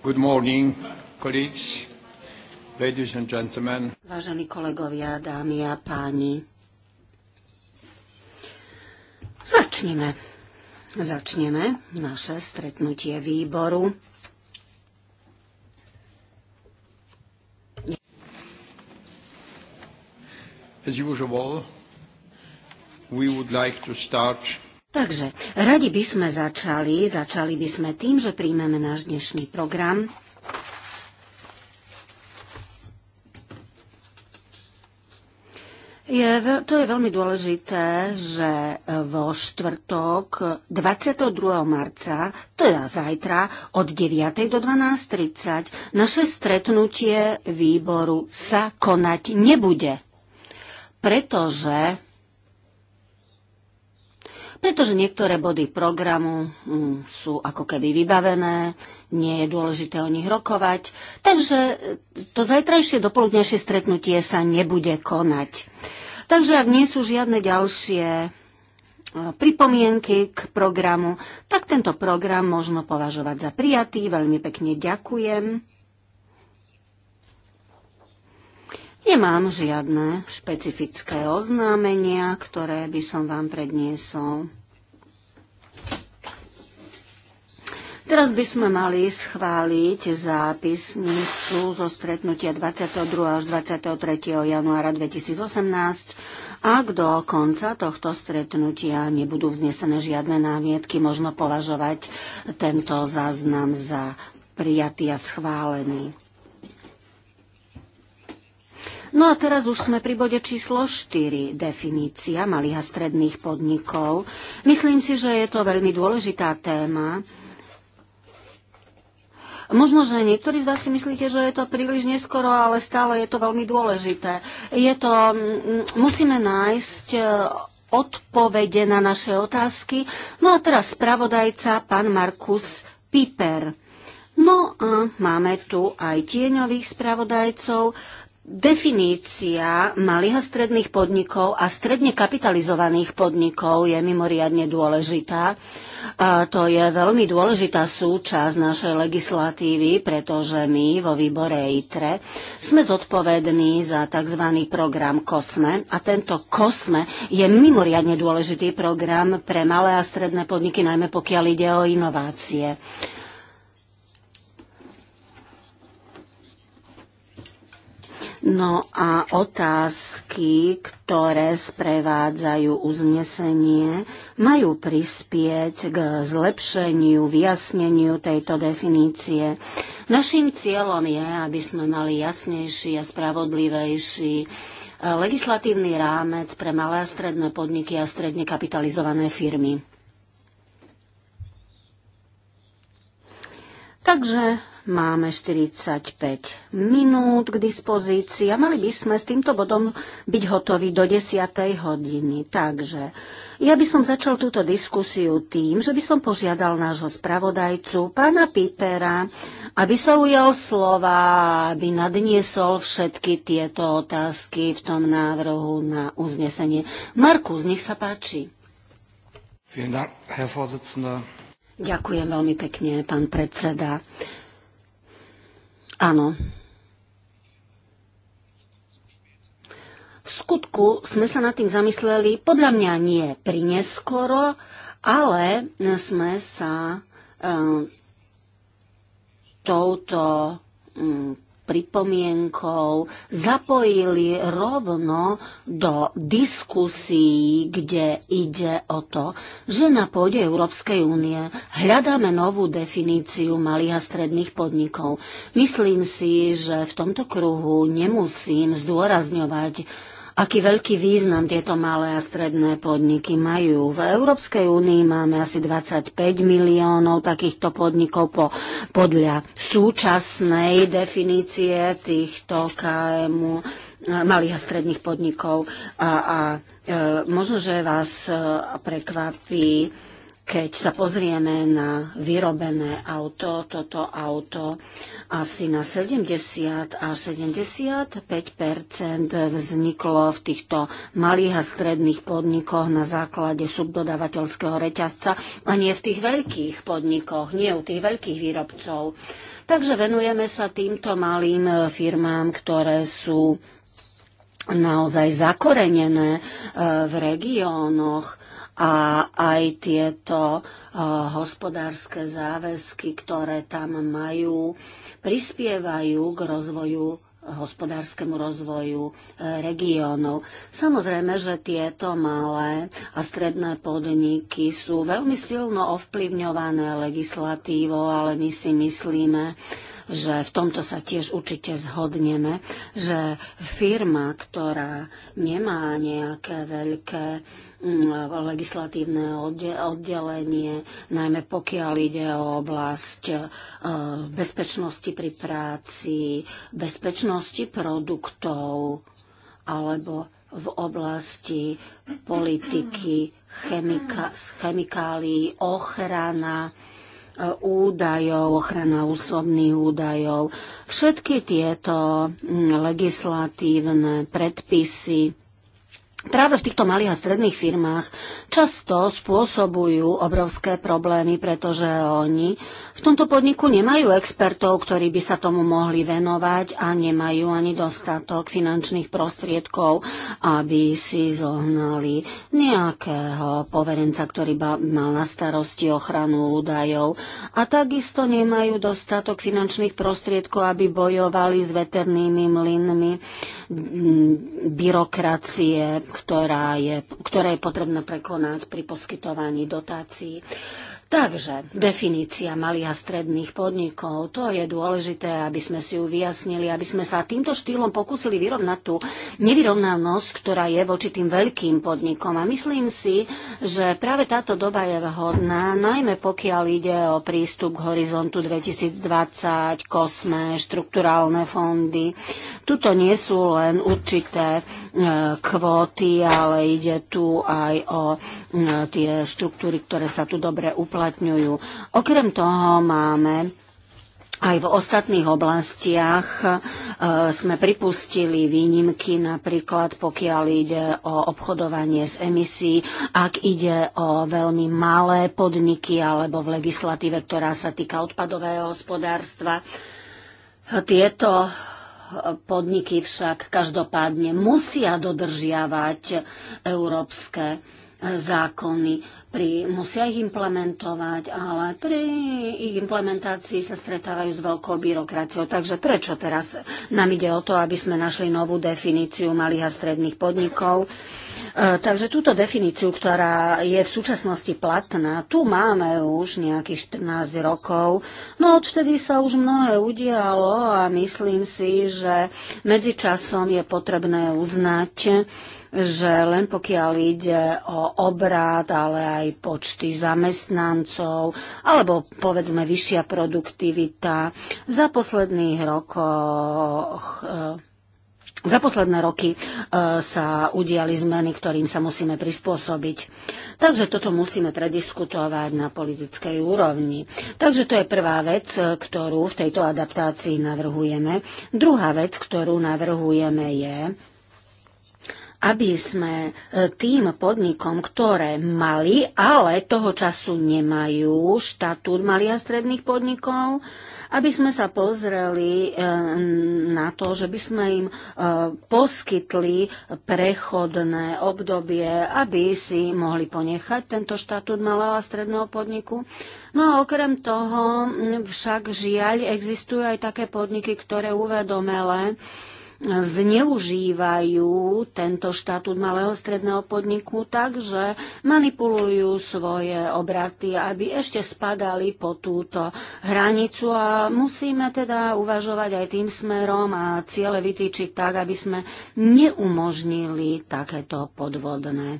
Good morning, colleagues, ladies and gentlemen. Vážení kolegovia, dámy a páni, začneme. Začneme naše stretnutie výboru. As usual, we would like to start Takže radi by sme začali. Začali by sme tým, že príjmeme náš dnešný program. Je, to je veľmi dôležité, že vo štvrtok 22. marca, teda zajtra od 9. do 12.30, naše stretnutie výboru sa konať nebude, pretože pretože niektoré body programu mm, sú ako keby vybavené, nie je dôležité o nich rokovať, takže e, to zajtrajšie dopoludnejšie stretnutie sa nebude konať. Takže ak nie sú žiadne ďalšie e, pripomienky k programu, tak tento program možno považovať za prijatý. Veľmi pekne ďakujem. Nemám žiadne špecifické oznámenia, ktoré by som vám predniesol. Teraz by sme mali schváliť zápisnicu zo stretnutia 22. až 23. januára 2018. Ak do konca tohto stretnutia nebudú vznesené žiadne námietky, možno považovať tento záznam za prijatý a schválený. No a teraz už sme pri bode číslo 4, definícia malých a stredných podnikov. Myslím si, že je to veľmi dôležitá téma. Možno, že niektorí z vás si myslíte, že je to príliš neskoro, ale stále je to veľmi dôležité. Je to, mm, musíme nájsť e, odpovede na naše otázky. No a teraz spravodajca, pán Markus Piper. No a máme tu aj tieňových spravodajcov. Definícia malých a stredných podnikov a stredne kapitalizovaných podnikov je mimoriadne dôležitá. A to je veľmi dôležitá súčasť našej legislatívy, pretože my vo výbore ITRE sme zodpovední za tzv. program COSME a tento COSME je mimoriadne dôležitý program pre malé a stredné podniky, najmä pokiaľ ide o inovácie. No a otázky, ktoré sprevádzajú uznesenie, majú prispieť k zlepšeniu, vyjasneniu tejto definície. Naším cieľom je, aby sme mali jasnejší a spravodlivejší eh, legislatívny rámec pre malé a stredné podniky a stredne kapitalizované firmy. Takže Máme 45 minút k dispozícii a mali by sme s týmto bodom byť hotoví do 10. hodiny. Takže ja by som začal túto diskusiu tým, že by som požiadal nášho spravodajcu, pána Pipera, aby sa ujal slova, aby nadniesol všetky tieto otázky v tom návrhu na uznesenie. Markus, nech sa páči. Ďakujem veľmi pekne, pán predseda. Áno. V skutku sme sa nad tým zamysleli, podľa mňa nie prineskoro, ale sme sa e, touto mm, pripomienkou zapojili rovno do diskusí, kde ide o to, že na pôde Európskej únie hľadáme novú definíciu malých a stredných podnikov. Myslím si, že v tomto kruhu nemusím zdôrazňovať, aký veľký význam tieto malé a stredné podniky majú. V Európskej únii máme asi 25 miliónov takýchto podnikov po, podľa súčasnej definície týchto KMU eh, malých a stredných podnikov. A, a e, možno, že vás e, prekvapí, keď sa pozrieme na vyrobené auto, toto auto asi na 70 až 75 vzniklo v týchto malých a stredných podnikoch na základe subdodávateľského reťazca a nie v tých veľkých podnikoch, nie u tých veľkých výrobcov. Takže venujeme sa týmto malým e, firmám, ktoré sú naozaj zakorenené e, v regiónoch a aj tieto eh, hospodárske záväzky, ktoré tam majú, prispievajú k rozvoju hospodárskemu rozvoju eh, regiónov. Samozrejme, že tieto malé a stredné podniky sú veľmi silno ovplyvňované legislatívou, ale my si myslíme, že v tomto sa tiež určite zhodneme, že firma, ktorá nemá nejaké veľké mm, legislatívne oddelenie, najmä pokiaľ ide o oblasť e, bezpečnosti pri práci, bezpečnosti produktov alebo v oblasti politiky chemika, chemikálií, ochrana údajov, ochrana úsobných údajov. Všetky tieto mm, legislatívne predpisy práve v týchto malých a stredných firmách často spôsobujú obrovské problémy, pretože oni v tomto podniku nemajú expertov, ktorí by sa tomu mohli venovať a nemajú ani dostatok finančných prostriedkov, aby si zohnali nejakého poverenca, ktorý mal na starosti ochranu údajov. A takisto nemajú dostatok finančných prostriedkov, aby bojovali s veternými mlynmi byrokracie, ktorá je, ktoré je potrebné prekonať pri poskytovaní dotácií. Takže definícia malých a stredných podnikov, to je dôležité, aby sme si ju vyjasnili, aby sme sa týmto štýlom pokúsili vyrovnať tú nevyrovnanosť, ktorá je voči tým veľkým podnikom. A myslím si, že práve táto doba je vhodná, najmä pokiaľ ide o prístup k horizontu 2020, kosme, štrukturálne fondy. Tuto nie sú len určité e, kvóty, ale ide tu aj o e, tie štruktúry, ktoré sa tu dobre uplatňujú uplatňujú. Okrem toho máme aj v ostatných oblastiach e, sme pripustili výnimky, napríklad pokiaľ ide o obchodovanie s emisí, ak ide o veľmi malé podniky alebo v legislatíve, ktorá sa týka odpadového hospodárstva. Tieto e, podniky však každopádne musia dodržiavať európske zákony, pri, musia ich implementovať, ale pri ich implementácii sa stretávajú s veľkou byrokraciou. Takže prečo teraz nám ide o to, aby sme našli novú definíciu malých a stredných podnikov? E, takže túto definíciu, ktorá je v súčasnosti platná, tu máme už nejakých 14 rokov. No odvtedy sa už mnohé udialo a myslím si, že medzičasom je potrebné uznať, že len pokiaľ ide o obrad, ale aj počty zamestnancov, alebo povedzme vyššia produktivita, za posledných rokoch e, za posledné roky e, sa udiali zmeny, ktorým sa musíme prispôsobiť. Takže toto musíme prediskutovať na politickej úrovni. Takže to je prvá vec, e, ktorú v tejto adaptácii navrhujeme. Druhá vec, ktorú navrhujeme je, aby sme e, tým podnikom, ktoré mali, ale toho času nemajú štatút malých a stredných podnikov, aby sme sa pozreli e, na to, že by sme im e, poskytli prechodné obdobie, aby si mohli ponechať tento štatút malého a stredného podniku. No a okrem toho však žiaľ existujú aj také podniky, ktoré uvedomele zneužívajú tento štatút malého stredného podniku tak, že manipulujú svoje obraty, aby ešte spadali po túto hranicu a musíme teda uvažovať aj tým smerom a ciele vytýčiť tak, aby sme neumožnili takéto podvodné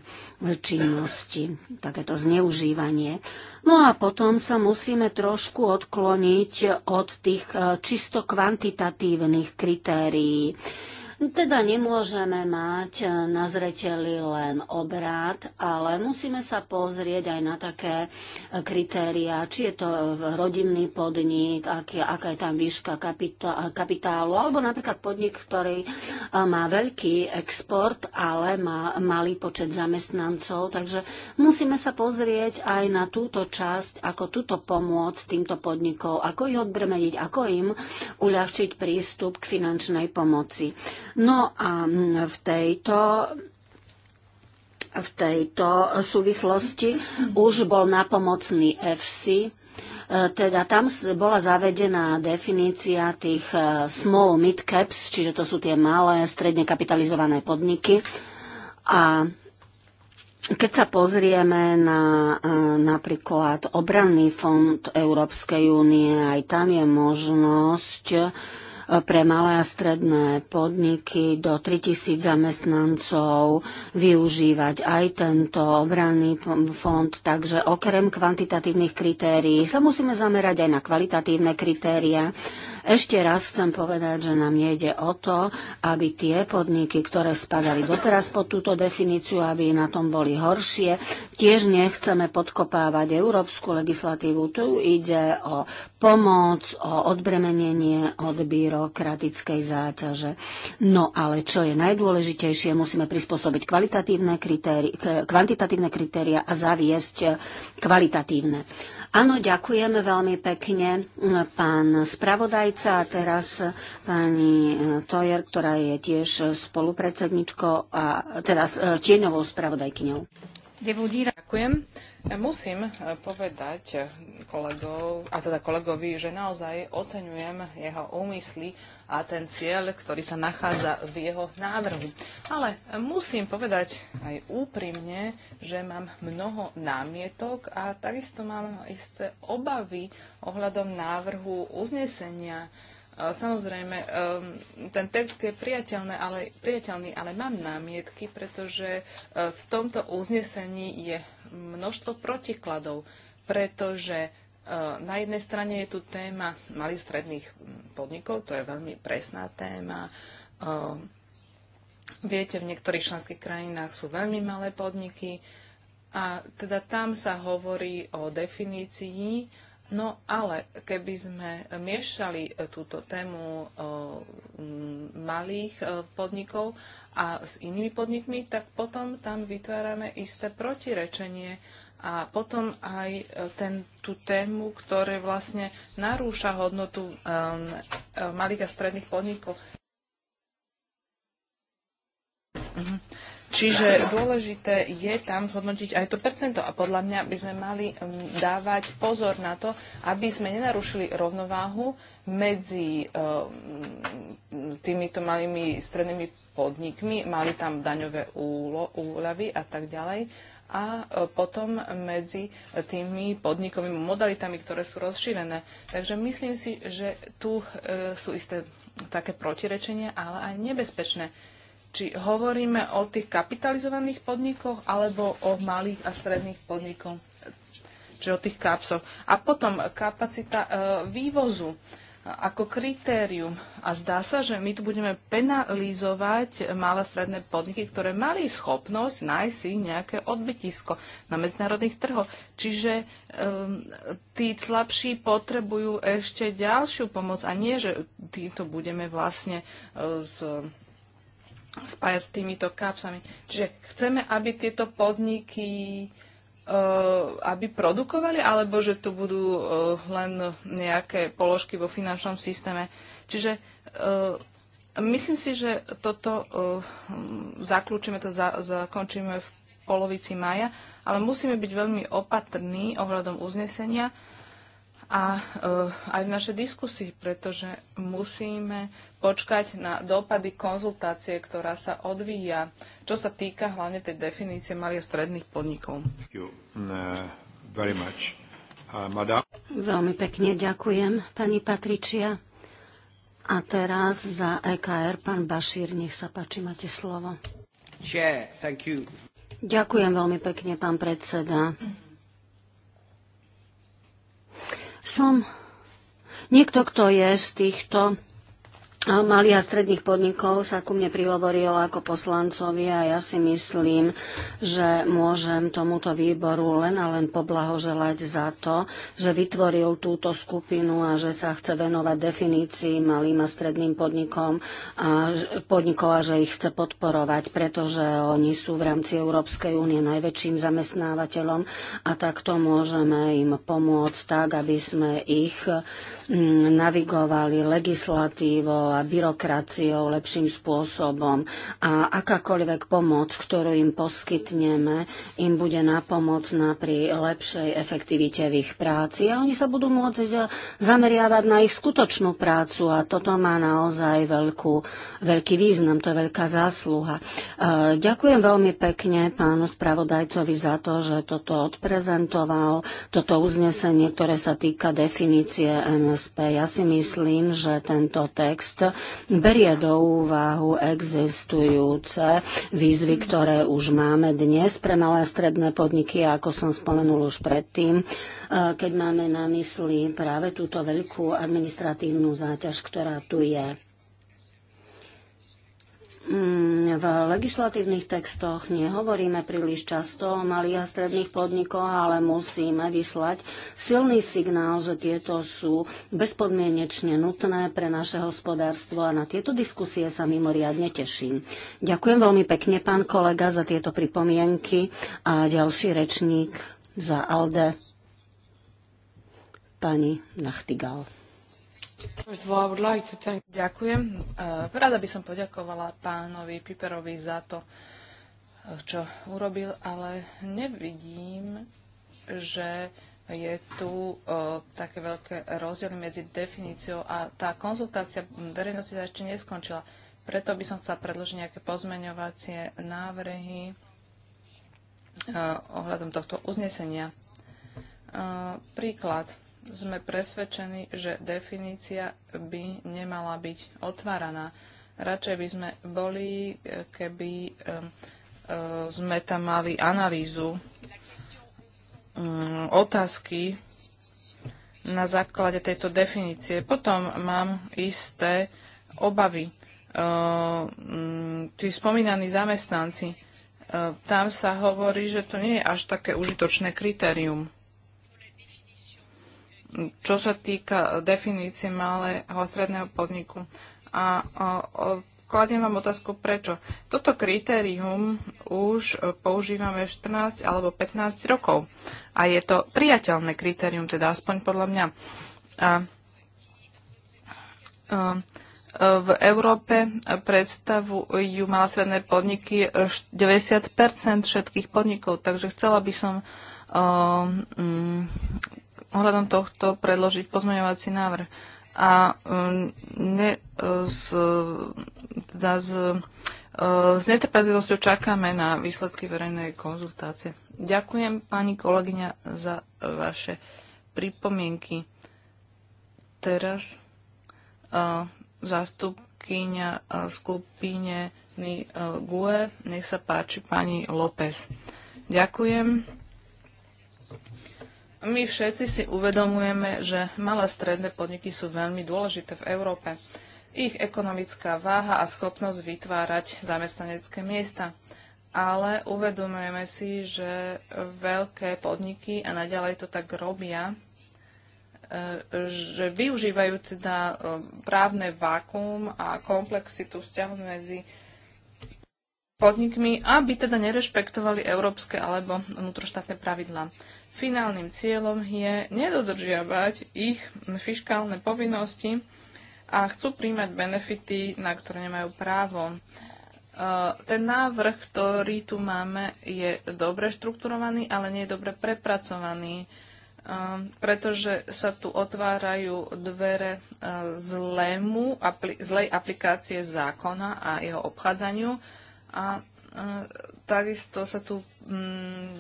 činnosti, takéto zneužívanie. No a potom sa musíme trošku odkloniť od tých eh, čisto kvantitatívnych kritérií. No teda nemôžeme mať e, na zreteli len obrad, ale musíme sa pozrieť aj na také e, kritéria, či je to rodinný podnik, aký, aká je tam výška kapitálu, alebo napríklad podnik, ktorý e, má veľký export, ale má malý počet zamestnancov. Takže musíme sa pozrieť aj na túto časť, ako túto pomôcť týmto podnikom, ako ich odbrmeniť, ako im uľahčiť prístup k finančnej pomoci. No a mm, v tejto v tejto súvislosti už bol napomocný FC, e, teda tam bola zavedená definícia tých e, small mid caps, čiže to sú tie malé, stredne kapitalizované podniky. A keď sa pozrieme na e, napríklad obranný fond Európskej únie, aj tam je možnosť pre malé a stredné podniky do 3000 zamestnancov využívať aj tento obranný fond. Takže okrem kvantitatívnych kritérií sa musíme zamerať aj na kvalitatívne kritéria. Ešte raz chcem povedať, že nám nejde o to, aby tie podniky, ktoré spadali doteraz pod túto definíciu, aby na tom boli horšie. Tiež nechceme podkopávať európsku legislatívu. Tu ide o pomoc, o odbremenenie od byrokratickej záťaže. No ale čo je najdôležitejšie, musíme prispôsobiť kvalitatívne kritéri- kvantitatívne kritéria a zaviesť kvalitatívne. Áno, ďakujeme veľmi pekne, pán spravodajca a teraz pani eh, Tojer, ktorá je tiež spolupredsedničkou a teraz eh, tieňovou spravodajkyňou. Ďakujem. Musím e, povedať e, kolegov, a teda kolegovi, že naozaj oceňujem jeho úmysly a ten cieľ, ktorý sa nachádza v jeho návrhu. Ale musím povedať aj úprimne, že mám mnoho námietok a takisto mám isté obavy ohľadom návrhu uznesenia Samozrejme, ehm, ten text je priateľný ale, priateľný, ale mám námietky, pretože e, v tomto uznesení je množstvo protikladov, pretože e, na jednej strane je tu téma malých stredných podnikov, to je veľmi presná téma. Ehm, viete, v niektorých členských krajinách sú veľmi malé podniky a teda tam sa hovorí o definícii No ale keby sme miešali e, túto tému e, malých e, podnikov a s inými podnikmi, tak potom tam vytvárame isté protirečenie a potom aj ten, tú tému, ktoré vlastne narúša hodnotu malých a stredných podnikov. Mhm. Čiže dôležité je tam zhodnotiť aj to percento a podľa mňa by sme mali um, dávať pozor na to, aby sme nenarušili rovnováhu medzi um, týmito malými strednými podnikmi, mali tam daňové úľavy a tak ďalej a e, potom medzi tými podnikovými modalitami, ktoré sú rozšírené. Takže myslím si, že tu e, sú isté také protirečenia, ale aj nebezpečné či hovoríme o tých kapitalizovaných podnikoch alebo o malých a stredných podnikoch, či o tých kapsoch. A potom kapacita e, vývozu ako kritérium. A zdá sa, že my tu budeme penalizovať malé stredné podniky, ktoré mali schopnosť nájsť si nejaké odbytisko na medzinárodných trhoch. Čiže um, tí slabší potrebujú ešte ďalšiu pomoc a nie, že týmto budeme vlastne uh, e, z spájať s týmito kapsami. Čiže chceme, aby tieto podniky e, aby produkovali, alebo že tu budú e, len nejaké položky vo finančnom systéme. Čiže e, myslím si, že toto zaklúčime, to zakončíme v polovici maja, ale musíme byť veľmi opatrní ohľadom uznesenia, a eh, aj v našej diskusii, pretože musíme počkať na dopady konzultácie, ktorá sa odvíja, čo sa týka hlavne tej definície malých stredných podnikov. Eh, eh, veľmi pekne ďakujem, pani Patričia. A teraz za EKR pán Bašír, nech sa páči, máte slovo. Chair, thank you. Ďakujem veľmi pekne, pán predseda. Mm. Som niekto, kto je z týchto malých a stredných podnikov sa ku mne prihovorilo ako poslancovi a ja si myslím, že môžem tomuto výboru len a len poblahoželať za to, že vytvoril túto skupinu a že sa chce venovať definícii malým a stredným podnikom a podnikov a že ich chce podporovať, pretože oni sú v rámci Európskej únie najväčším zamestnávateľom a takto môžeme im pomôcť tak, aby sme ich mm, navigovali legislatívou byrokraciou lepším spôsobom a akákoľvek pomoc, ktorú im poskytneme, im bude napomocná pri lepšej efektivite v ich práci a oni sa budú môcť zameriavať na ich skutočnú prácu a toto má naozaj veľkú, veľký význam, to je veľká zásluha. E, ďakujem veľmi pekne pánu spravodajcovi za to, že toto odprezentoval, toto uznesenie, ktoré sa týka definície MSP. Ja si myslím, že tento text text berie do úvahu existujúce výzvy, ktoré už máme dnes pre malé stredné podniky, ako som spomenul už predtým, e, keď máme na mysli práve túto veľkú administratívnu záťaž, ktorá tu je. Mm, v legislatívnych textoch nehovoríme príliš často o malých a stredných podnikoch, ale musíme vyslať silný signál, že tieto sú bezpodmienečne nutné pre naše hospodárstvo a na tieto diskusie sa mimoriadne teším. Ďakujem veľmi pekne, pán kolega, za tieto pripomienky a ďalší rečník za ALDE, pani Nachtigal. Ďakujem. E, rada by som poďakovala pánovi Piperovi za to, e, čo urobil, ale nevidím, že je tu e, také veľké rozdiely medzi definíciou a tá konzultácia verejnosti sa ešte neskončila. Preto by som chcela predložiť nejaké pozmeňovacie návrhy ohľadom tohto uznesenia. príklad sme presvedčení, že definícia by nemala byť otváraná. Radšej by sme boli, keby e, sme tam mali analýzu mm, otázky na základe tejto definície. Potom mám isté obavy. E, mm, tí spomínaní zamestnanci, e, tam sa hovorí, že to nie je až také užitočné kritérium čo sa týka definície malého stredného podniku. A o, o, kladiem vám otázku, prečo. Toto kritérium už používame 14 alebo 15 rokov. A je to priateľné kritérium, teda aspoň podľa mňa. A, a, v Európe predstavujú malosredné podniky 90 všetkých podnikov, takže chcela by som mm, ohľadom tohto predložiť pozmeňovací návrh. A um, ne, z, uh, teda z, z uh, netrpezlivosťou čakáme na výsledky verejnej konzultácie. Ďakujem pani kolegyňa za uh, vaše pripomienky. Teraz zástupkyňa skupine GUE, nech sa páči pani López. Ďakujem my všetci si uvedomujeme, že malé stredné podniky sú veľmi dôležité v Európe. Ich ekonomická váha a schopnosť vytvárať zamestnanecké miesta. Ale uvedomujeme si, že veľké podniky, a naďalej to tak robia, e, že využívajú teda e, právne vákuum a komplexitu vzťahu medzi podnikmi, aby teda nerešpektovali európske alebo vnútroštátne pravidlá. Finálnym cieľom je nedodržiavať ich fiškálne povinnosti a chcú príjmať benefity, na ktoré nemajú právo. E, ten návrh, ktorý tu máme, je dobre štrukturovaný, ale nie je dobre prepracovaný, e, pretože sa tu otvárajú dvere e, zlému, zlej aplikácie zákona a jeho obchádzaniu a takisto sa tu mm,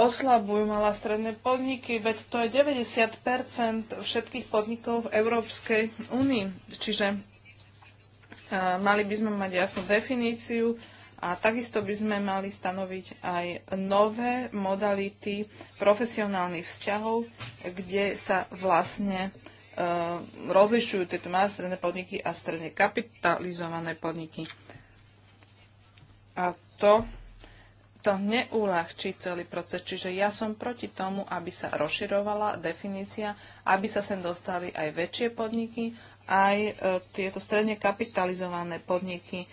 oslabujú malé stredné podniky, veď to je 90 všetkých podnikov v Európskej únii. Čiže e, mali by sme mať jasnú definíciu a takisto by sme mali stanoviť aj nové modality profesionálnych vzťahov, kde sa vlastne e, rozlišujú tieto malé stredné podniky a stredne kapitalizované podniky. A to to neulahčí celý proces. Čiže ja som proti tomu, aby sa rozširovala definícia, aby sa sem dostali aj väčšie podniky, aj e, tieto stredne kapitalizované podniky. E,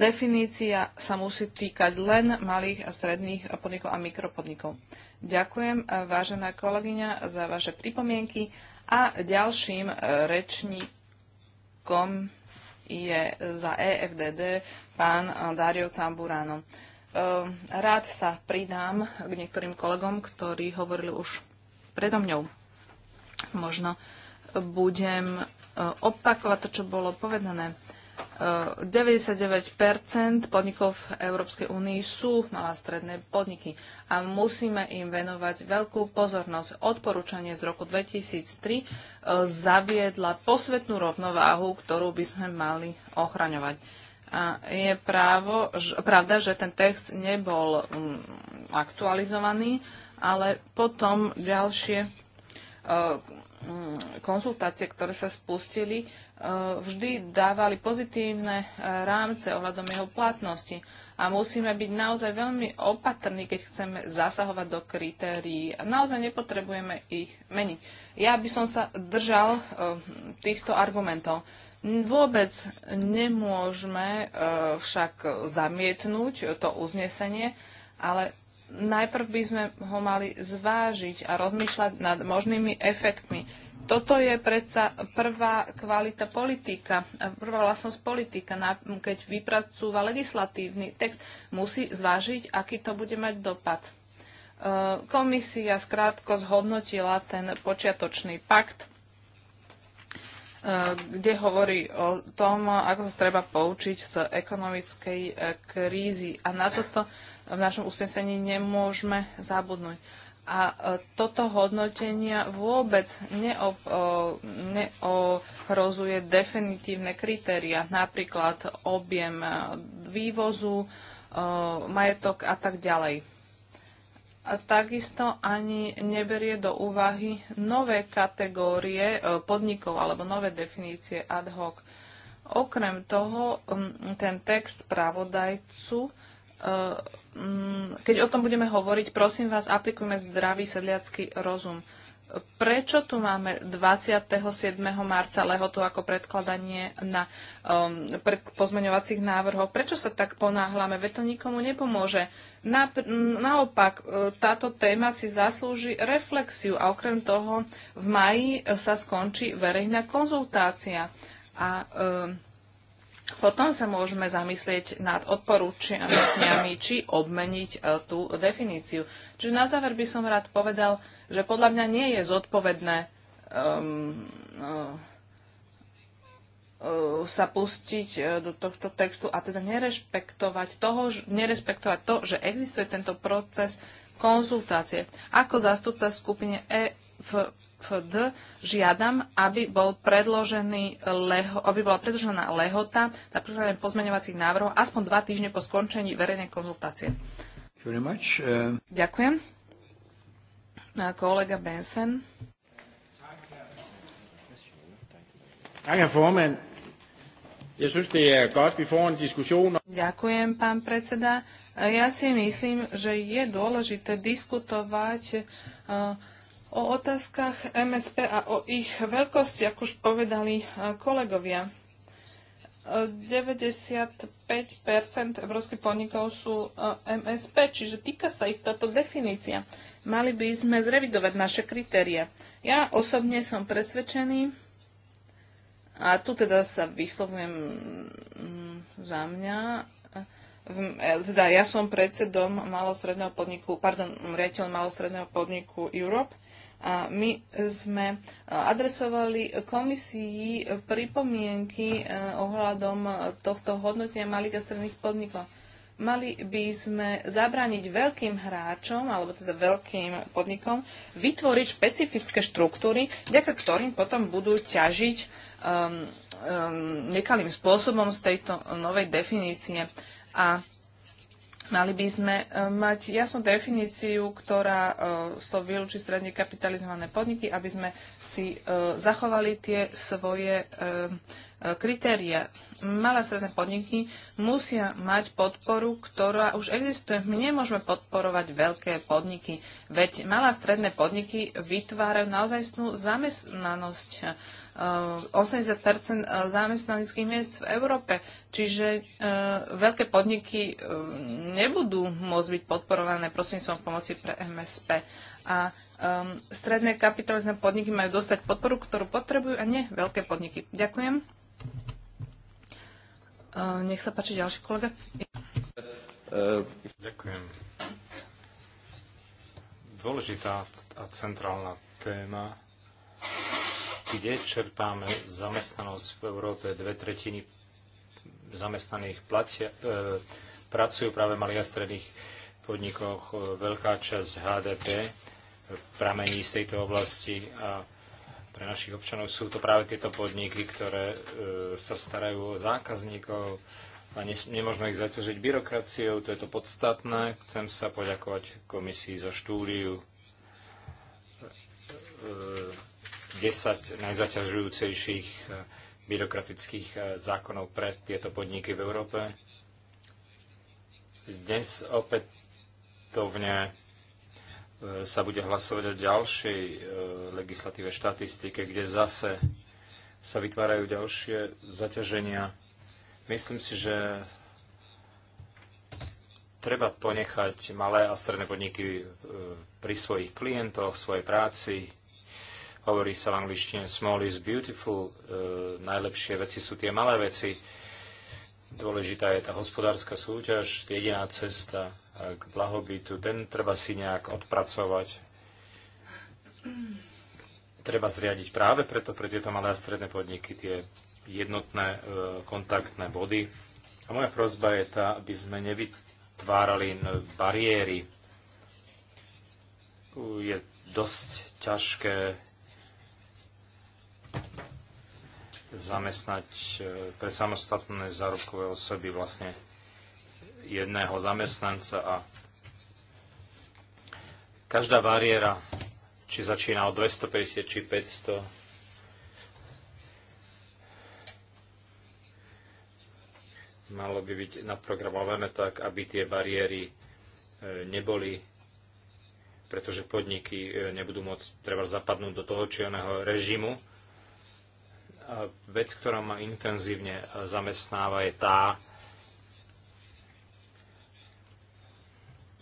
definícia sa musí týkať len malých a stredných podnikov a mikropodnikov. Ďakujem, e, vážená kolegyňa, za vaše pripomienky a ďalším e, rečníkom je za EFDD pán Dario Tamburano. Ehm, rád sa pridám k niektorým kolegom, ktorí hovorili už predo mňou. Možno budem e, opakovať to, čo bolo povedané. 99 ehm, podnikov v Európskej únii sú malá stredné podniky a musíme im venovať veľkú pozornosť. Odporúčanie z roku 2003 e, zaviedla posvetnú rovnováhu, ktorú by sme mali ochraňovať a je právo, že, pravda, že ten text nebol um, aktualizovaný, ale potom ďalšie uh, konzultácie, ktoré sa spustili, uh, vždy dávali pozitívne uh, rámce ohľadom jeho platnosti. A musíme byť naozaj veľmi opatrní, keď chceme zasahovať do kritérií. Naozaj nepotrebujeme ich meniť. Ja by som sa držal týchto argumentov. Vôbec nemôžeme e, však zamietnúť to uznesenie, ale najprv by sme ho mali zvážiť a rozmýšľať nad možnými efektmi. Toto je predsa prvá kvalita politika, prvá vlastnosť politika. Keď vypracúva legislatívny text, musí zvážiť, aký to bude mať dopad. E, komisia skrátko zhodnotila ten počiatočný pakt kde hovorí o tom, ako sa treba poučiť z ekonomickej e, krízy. A na toto v našom usnesení nemôžeme zabudnúť. A e, toto hodnotenia vôbec neob, neohrozuje definitívne kritéria, napríklad objem e, vývozu, majetok a tak ďalej takisto ani neberie do úvahy nové kategórie e, podnikov alebo nové definície ad hoc. Okrem toho, ten text spravodajcu, e, keď o tom budeme hovoriť, prosím vás, aplikujme zdravý sedliacký rozum prečo tu máme 27. marca lehotu ako predkladanie na um, pred pozmeňovacích návrhov? Prečo sa tak ponáhľame? Veď to nikomu nepomôže. Na, naopak, e, táto téma si zaslúži reflexiu a okrem toho v maji sa skončí verejná konzultácia a um, potom sa môžeme zamyslieť nad odporúčaniami, či obmeniť uh, tú definíciu. Čiže na záver by som rád povedal, uh, že podľa mňa nie je zodpovedné um, uh, uh, sa pustiť uh, do tohto textu a teda nerespektovať toho, nerespektovať to, že existuje tento proces konzultácie. Ako zástupca skupine EFD, žiadam, aby, bol predložený leho, aby bola predložená lehota na prekladanie pozmeňovacích návrhov aspoň dva týždne po skončení verejnej konzultácie. Uh, Ďakujem. No kolega er Ďakujem, pán predseda. Ja si myslím, že je dôležité diskutovať eh, o otázkach MSP a o ich veľkosti, ako už povedali eh, kolegovia. 95 európskych podnikov sú e, MSP, čiže týka sa ich táto definícia. Mali by sme zrevidovať naše kritéria. Ja osobne som presvedčený, a tu teda sa vyslovujem mm, za mňa, e, teda ja som predsedom malostredného podniku, pardon, riaditeľom malostredného podniku Europe a my sme e, adresovali komisii pripomienky e, ohľadom tohto hodnotenia malých a stredných podnikov. Mali by sme zabrániť veľkým hráčom, alebo teda veľkým podnikom, vytvoriť špecifické štruktúry, ďaká ktorým potom budú ťažiť um, um, nekalým spôsobom z tejto novej definície. A Mali by sme e, mať jasnú definíciu, ktorá e, z toho vylúči stredne kapitalizované podniky, aby sme si e, zachovali tie svoje E, kritéria. Malé stredné podniky musia mať podporu, ktorá už existuje. My nemôžeme podporovať veľké podniky, veď malé stredné podniky vytvárajú naozaj snú zamestnanosť. 80 e, e, zamestnaneckých miest v Európe. Čiže veľké podniky nebudú môcť byť podporované prostredníctvom pomoci pre MSP. A stredné kapitalizné podniky majú dostať podporu, ktorú potrebujú, a nie veľké podniky. Ďakujem. Nech sa páči ďalší kolega. E, ďakujem. Dôležitá a centrálna téma, kde čerpáme zamestnanosť v Európe. Dve tretiny zamestnaných platia, e, pracujú práve v malých a stredných podnikoch. E, veľká časť HDP pramení z tejto oblasti a pre našich občanov sú to práve tieto podniky, ktoré e, sa starajú o zákazníkov a ne, nemožno ich zaťažiť byrokraciou, to je to podstatné. Chcem sa poďakovať komisii za štúdiu e, 10 najzaťažujúcejších e, byrokratických e, zákonov pre tieto podniky v Európe. Dnes opätovne E, sa bude hlasovať o ďalšej e, legislatíve štatistike, kde zase sa vytvárajú ďalšie zaťaženia. Myslím si, že treba ponechať malé a stredné podniky e, pri svojich klientoch, svojej práci. Hovorí sa v angličtine small is beautiful, najlepšie veci sú tie malé veci. Dôležitá je tá hospodárska súťaž, jediná cesta k blahobytu, ten treba si nejak odpracovať. Treba zriadiť práve preto pre tieto malé a stredné podniky tie jednotné e, kontaktné body. A moja prozba je tá, aby sme nevytvárali bariéry. Je dosť ťažké zamestnať e, pre samostatné zárobkové osoby vlastne jedného zamestnanca a každá bariéra, či začína od 250 či 500, malo by byť naprogramované tak, aby tie bariéry e, neboli, pretože podniky e, nebudú môcť treba zapadnúť do toho či oného režimu. A vec, ktorá ma intenzívne zamestnáva, je tá,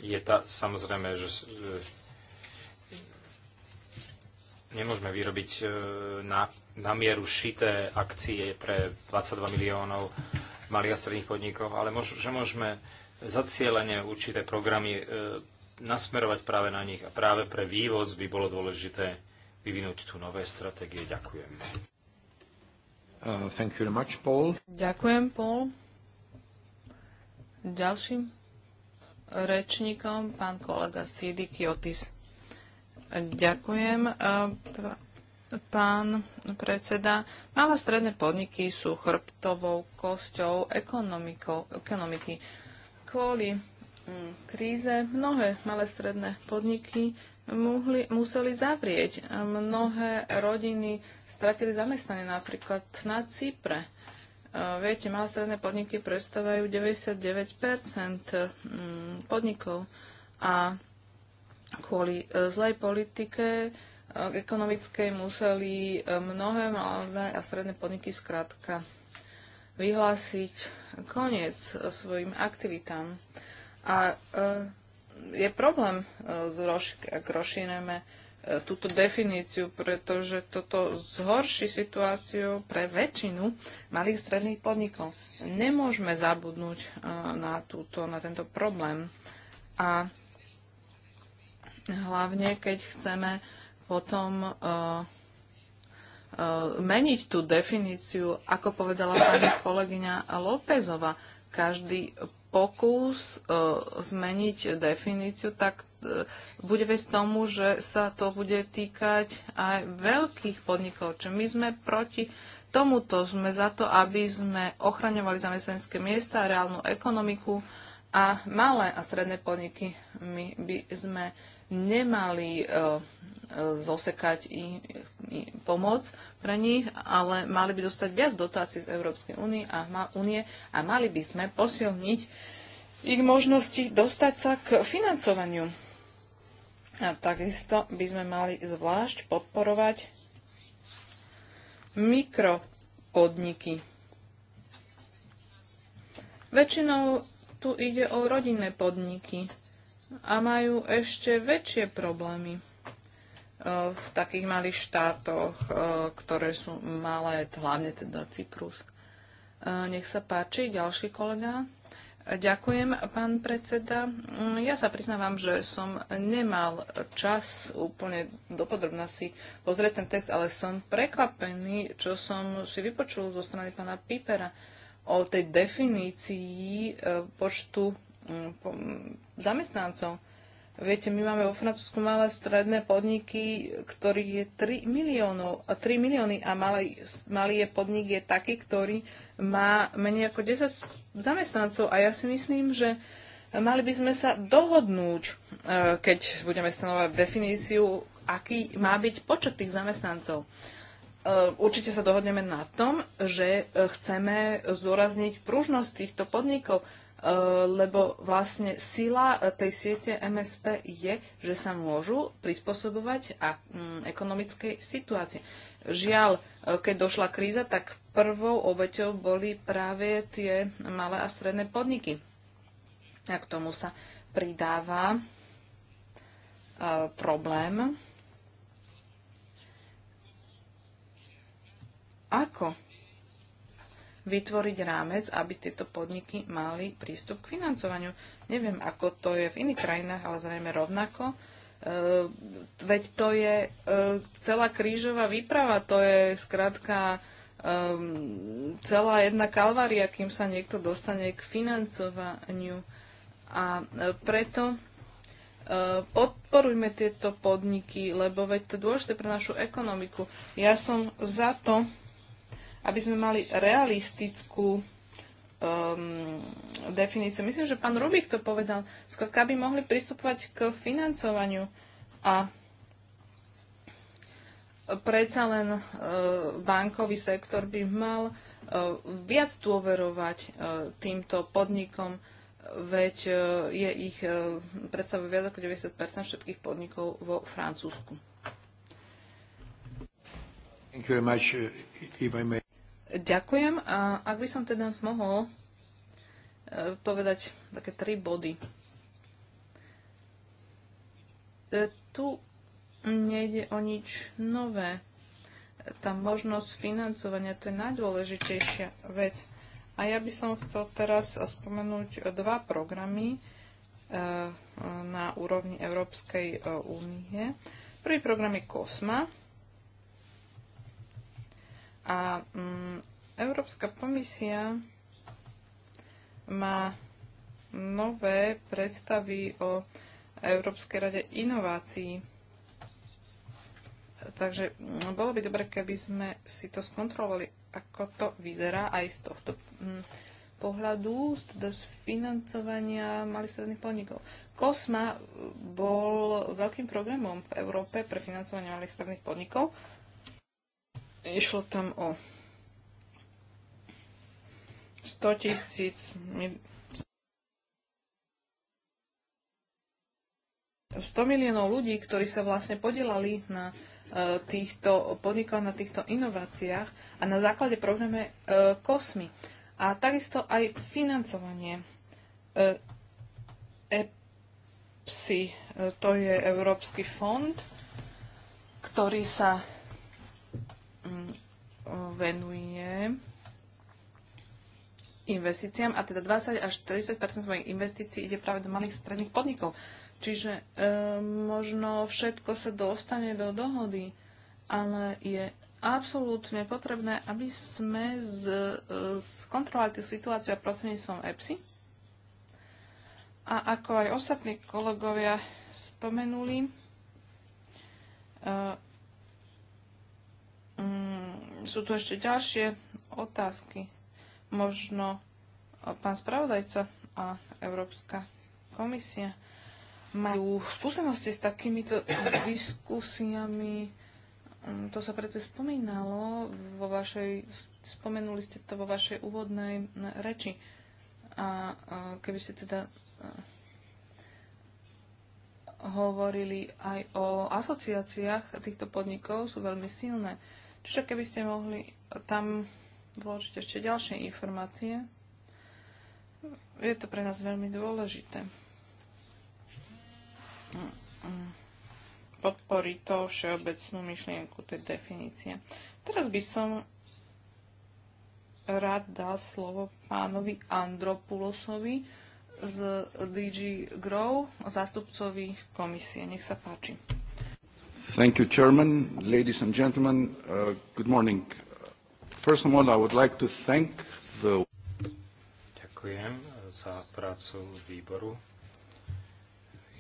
je tá, samozrejme, že nemôžeme vyrobiť e, na, na mieru šité akcie pre 22 miliónov malých a stredných podnikov, ale môž, že môžeme zacielenie určité programy e, nasmerovať práve na nich a práve pre vývoz by bolo dôležité vyvinúť tu nové stratégie. Ďakujem. Uh, thank you very much, Paul. Ďakujem, Paul. Ďalším rečníkom, pán kolega Sidy Kiotis. Ďakujem, e, pán predseda. Malé stredné podniky sú chrbtovou kosťou ekonomiky. Kvôli mm, kríze mnohé malé stredné podniky mohli, museli zavrieť. Mnohé rodiny stratili zamestnanie napríklad na Cypre. Viete, malé stredné podniky predstavajú 99 mm, podnikov a kvôli e, zlej politike e, ekonomickej museli e, mnohé malé a stredné podniky zkrátka vyhlásiť koniec svojim aktivitám. A je problém ak rozšírime túto definíciu, pretože toto zhorší situáciu pre väčšinu malých stredných podnikov. Nemôžeme zabudnúť e, na, túto, na tento problém. A hlavne, keď chceme potom e, e, meniť tú definíciu, ako povedala pani kolegyňa Lópezova, každý pokus zmeniť definíciu, tak E, bude viesť tomu, že sa to bude týkať aj veľkých podnikov. Čiže my sme proti tomuto, sme za to, aby sme ochraňovali zamestnanecké miesta, reálnu ekonomiku a malé a stredné podniky. My by sme nemali e, e, zosekať i, pomoc pre nich, ale mali by dostať viac dotácií z Európskej únie a, únie a mali by sme posilniť ich možnosti dostať sa k financovaniu. A takisto by sme mali zvlášť podporovať mikropodniky. Väčšinou tu ide o rodinné podniky a majú ešte väčšie problémy e, v takých malých štátoch, e, ktoré sú malé, hlavne teda Cyprus. E, nech sa páči, ďalší kolega. Ďakujem, pán predseda. Ja sa priznávam, že som nemal čas úplne dopodrobná si pozrieť ten text, ale som prekvapený, čo som si vypočul zo strany pána Pipera o tej definícii eh, počtu mm, mm, zamestnancov. Viete, my máme vo Francúzsku malé stredné podniky, ktorý je 3 miliónov, 3 milióny a malý, malý je podnik je taký, ktorý má menej ako 10 zamestnancov a ja si myslím, že mali by sme sa dohodnúť, e, keď budeme stanovať definíciu, aký má byť počet tých zamestnancov. E, určite sa dohodneme na tom, že e, chceme zdôrazniť pružnosť týchto podnikov, E, lebo vlastne sila e, tej siete MSP je, že sa môžu prispôsobovať a mm, ekonomickej situácii. Žiaľ, e, keď došla kríza, tak prvou obeťou boli práve tie malé a stredné podniky. A k tomu sa pridáva problém, ako vytvoriť rámec, aby tieto podniky mali prístup k financovaniu. Neviem, ako to je v iných krajinách, ale zrejme rovnako. E, veď to je e, celá krížová výprava, to je skrátka e, celá jedna kalvária, kým sa niekto dostane k financovaniu. A e, preto e, podporujme tieto podniky, lebo veď to je dôležité pre našu ekonomiku. Ja som za to, aby sme mali realistickú um, definíciu. Myslím, že pán Rubik to povedal. Skladka by mohli pristupovať k financovaniu a predsa len uh, bankový sektor by mal uh, viac dôverovať uh, týmto podnikom, veď uh, je ich uh, predstavuje viac ako 90 všetkých podnikov vo Francúzsku. Thank you very much, uh, if I may. Ďakujem a ak by som teda mohol e, povedať také tri body. E, tu nejde o nič nové. Tá možnosť financovania, to je najdôležitejšia vec. A ja by som chcel teraz spomenúť dva programy e, na úrovni Európskej únie. Prvý program je COSMA, a um, Európska komisia má nové predstavy o Európskej rade inovácií. Takže mm, bolo by dobre, keby sme si to skontrolovali, ako to vyzerá aj z tohto mm, pohľadu, teda z financovania malých stredných podnikov. COSMA bol veľkým programom v Európe pre financovanie malých stredných podnikov Išlo tam o 100 tisíc 100 miliónov ľudí, ktorí sa vlastne podielali na e, týchto podnikov, na týchto inováciách a na základe programe COSMI. E, a takisto aj financovanie e, EPSI, to je Európsky fond, ktorý sa Mm, venuje investíciám a teda 20 až 40 svojich investícií ide práve do malých stredných podnikov. Čiže e, možno všetko sa dostane do dohody, ale je absolútne potrebné, aby sme z, e, skontrolovali tú situáciu a prostredníctvom EPSI. A ako aj ostatní kolegovia spomenuli, e, sú tu ešte ďalšie otázky. Možno pán spravodajca a Európska komisia majú skúsenosti s takýmito diskusiami. Mm, to sa predsa spomínalo vo vašej, spomenuli ste to vo vašej úvodnej reči. A keby ste teda e, hovorili aj o asociáciách týchto podnikov, sú veľmi silné. Čiže keby ste mohli tam vložiť ešte ďalšie informácie, je to pre nás veľmi dôležité. Podporí to všeobecnú myšlienku tej definície. Teraz by som rád dal slovo pánovi Andropulosovi z DG Grow, zástupcovi komisie. Nech sa páči. Thank you, Chairman. Ladies and gentlemen, uh, good morning. First of all, I would like to thank the... Ďakujem za prácu výboru.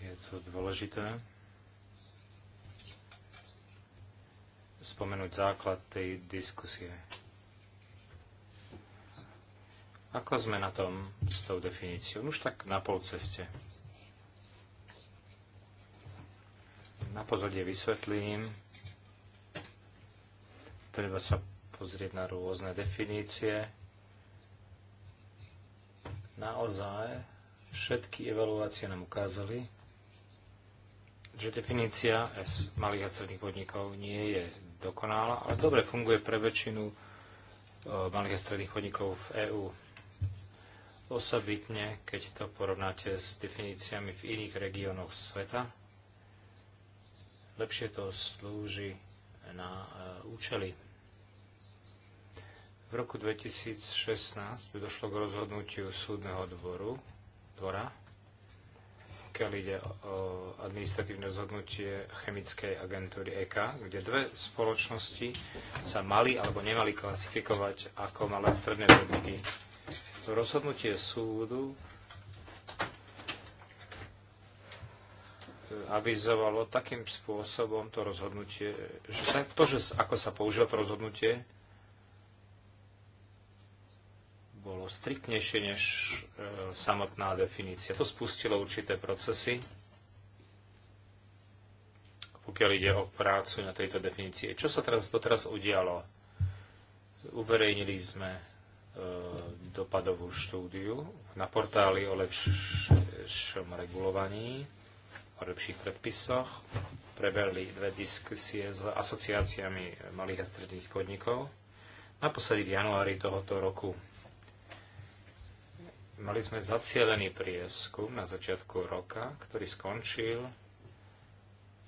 Je to dôležité spomenúť základ tej diskusie. Ako sme na tom s tou definíciou? Už tak na pol ceste. na pozadie vysvetlím. Treba sa pozrieť na rôzne definície. Naozaj všetky evaluácie nám ukázali, že definícia S malých a stredných podnikov nie je dokonalá, ale dobre funguje pre väčšinu e, malých a stredných podnikov v EÚ. Osobitne, keď to porovnáte s definíciami v iných regiónoch sveta, lepšie to slúži na e, účely. V roku 2016 by došlo k rozhodnutiu súdneho dvoru, dvora, pokiaľ ide o administratívne rozhodnutie chemickej agentúry EK, kde dve spoločnosti sa mali alebo nemali klasifikovať ako malé stredné podniky. Rozhodnutie súdu avizovalo takým spôsobom to rozhodnutie, že to, že ako sa použilo to rozhodnutie, bolo striktnejšie než e, samotná definícia. To spustilo určité procesy, pokiaľ ide o prácu na tejto definície. Čo sa teraz doteraz udialo? Uverejnili sme e, dopadovú štúdiu na portáli o lepšom regulovaní o lepších predpisoch. Prebehli dve diskusie s asociáciami malých a stredných podnikov. Naposledy v januári tohoto roku mali sme zacielený prieskum na začiatku roka, ktorý skončil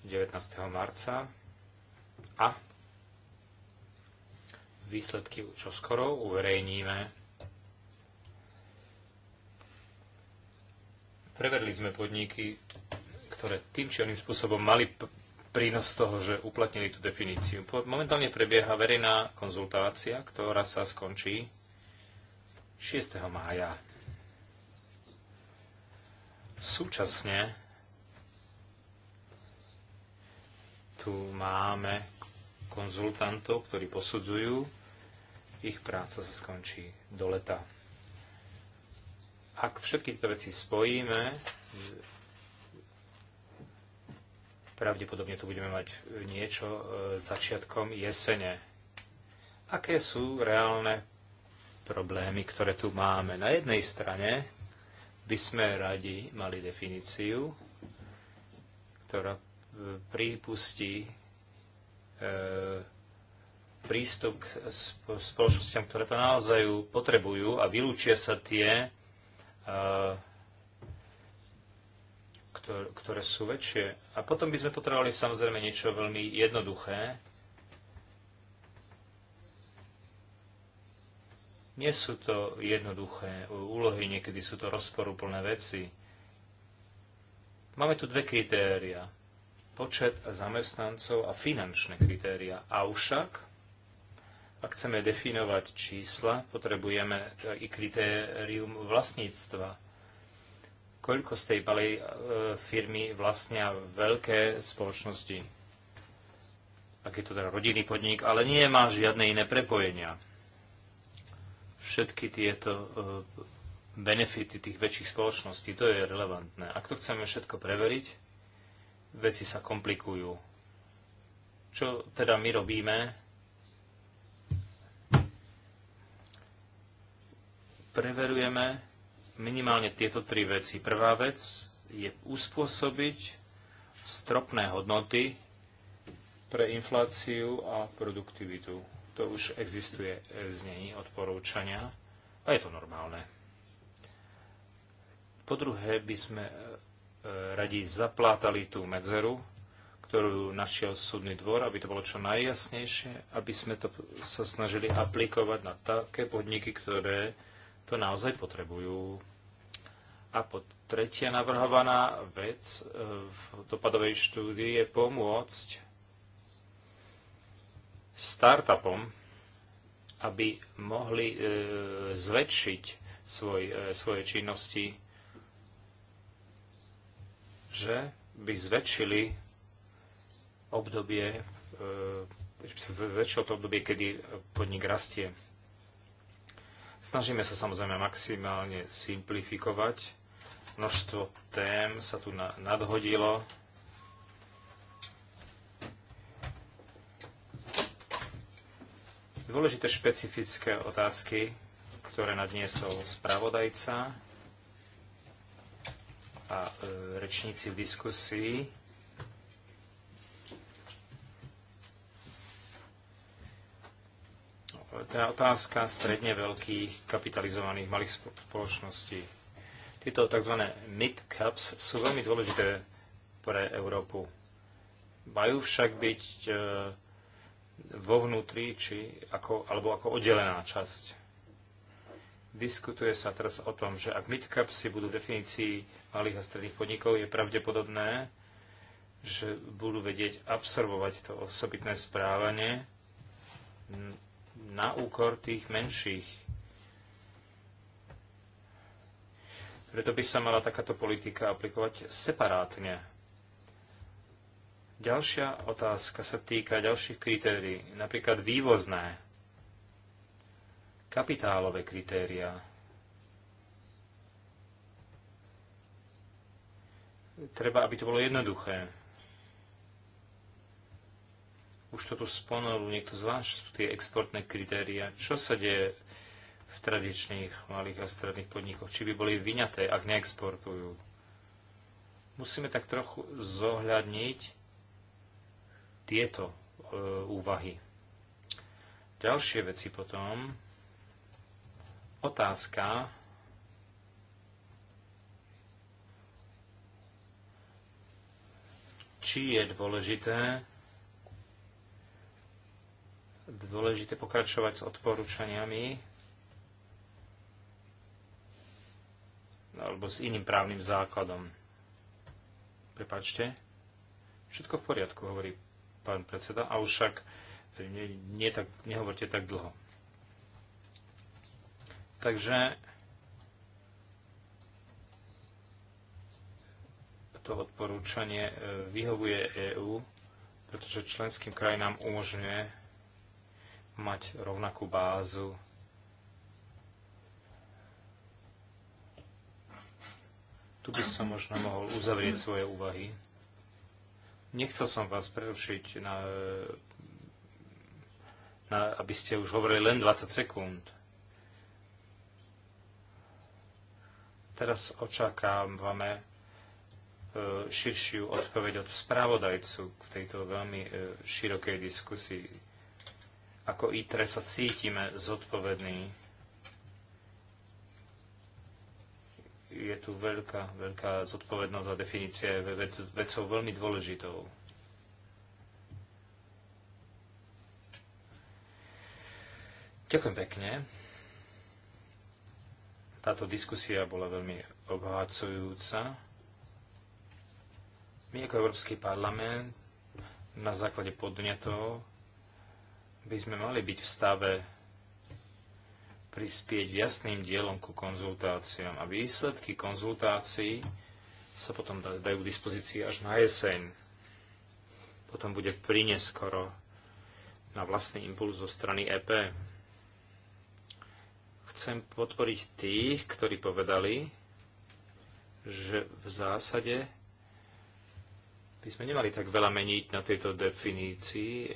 19. marca a výsledky čoskoro uverejníme. Preverili sme podniky ktoré tým či oným spôsobom mali prínos toho, že uplatnili tú definíciu. Momentálne prebieha verejná konzultácia, ktorá sa skončí 6. mája. Súčasne tu máme konzultantov, ktorí posudzujú. Ich práca sa skončí do leta. Ak všetky tieto veci spojíme, Pravdepodobne tu budeme mať e, niečo e, začiatkom jesene. Aké sú reálne problémy, ktoré tu máme? Na jednej strane by sme radi mali definíciu, ktorá e, prípustí prístup k spoločnostiam, ktoré to naozaj potrebujú a vylúčia sa tie ktoré, ktoré sú väčšie. A potom by sme potrebovali samozrejme niečo veľmi jednoduché. Nie sú to jednoduché úlohy, niekedy sú to rozporúplné veci. Máme tu dve kritéria. Počet zamestnancov a finančné kritéria. Avšak, ak chceme definovať čísla, potrebujeme i kritérium vlastníctva koľko z tej balej e, firmy vlastnia veľké spoločnosti. Ak je to teda rodinný podnik, ale nie má žiadne iné prepojenia. Všetky tieto e, benefity tých väčších spoločností, to je relevantné. Ak to chceme všetko preveriť, veci sa komplikujú. Čo teda my robíme, preverujeme minimálne tieto tri veci. Prvá vec je uspôsobiť stropné hodnoty pre infláciu a produktivitu. To už existuje e, v znení odporúčania a je to normálne. Po druhé by sme e, e, radi zaplátali tú medzeru, ktorú našiel súdny dvor, aby to bolo čo najjasnejšie, aby sme to sa snažili aplikovať na také podniky, ktoré to naozaj potrebujú. A pod tretia navrhovaná vec e, v dopadovej štúdii je pomôcť startupom, aby mohli e, zväčšiť svoj, e, svoje činnosti, že by zväčšili obdobie, e, by sa zväčšilo to obdobie, kedy podnik rastie. Snažíme sa samozrejme maximálne simplifikovať. Množstvo tém sa tu nadhodilo. Dôležité špecifické otázky, ktoré nadniesol spravodajca a e, rečníci v diskusii tá otázka stredne veľkých kapitalizovaných malých spoločností. Tieto tzv. mid-caps sú veľmi dôležité pre Európu. Majú však byť e, vo vnútri, či ako, alebo ako oddelená časť. Diskutuje sa teraz o tom, že ak si budú definícií definícii malých a stredných podnikov, je pravdepodobné, že budú vedieť absorbovať to osobitné správanie na úkor tých menších. Preto by sa mala takáto politika aplikovať separátne. Ďalšia otázka sa týka ďalších kritérií, napríklad vývozné, kapitálové kritéria. Treba, aby to bolo jednoduché. Už to tu spomenul niekto sú tie exportné kritéria. Čo sa deje v tradičných malých a stredných podnikoch? Či by boli vyňaté, ak neexportujú? Musíme tak trochu zohľadniť tieto e, úvahy. Ďalšie veci potom. Otázka či je dôležité dôležité pokračovať s odporúčaniami alebo s iným právnym základom. Prepačte. Všetko v poriadku, hovorí pán predseda, a však nie, nie tak, nehovorte tak dlho. Takže to odporúčanie eh, vyhovuje EÚ, pretože členským krajinám umožňuje mať rovnakú bázu Tu by som možno mohol uzavrieť svoje úvahy. Nechcel som vás prerušiť, na, na, aby ste už hovorili len 20 sekúnd. Teraz očakávame e, širšiu odpoveď od správodajcu v tejto veľmi e, širokej diskusii. Ako ITRE sa cítime zodpovední. Je tu veľká, veľká zodpovednosť a definícia je vec, vecou veľmi dôležitou. Ďakujem pekne. Táto diskusia bola veľmi obhácujúca. My ako Európsky parlament na základe podnetov by sme mali byť v stave prispieť jasným dielom ku konzultáciám. A výsledky konzultácií sa potom dajú k dispozícii až na jeseň. Potom bude prineskoro na vlastný impuls zo strany EP. Chcem podporiť tých, ktorí povedali, že v zásade by sme nemali tak veľa meniť na tejto definícii e,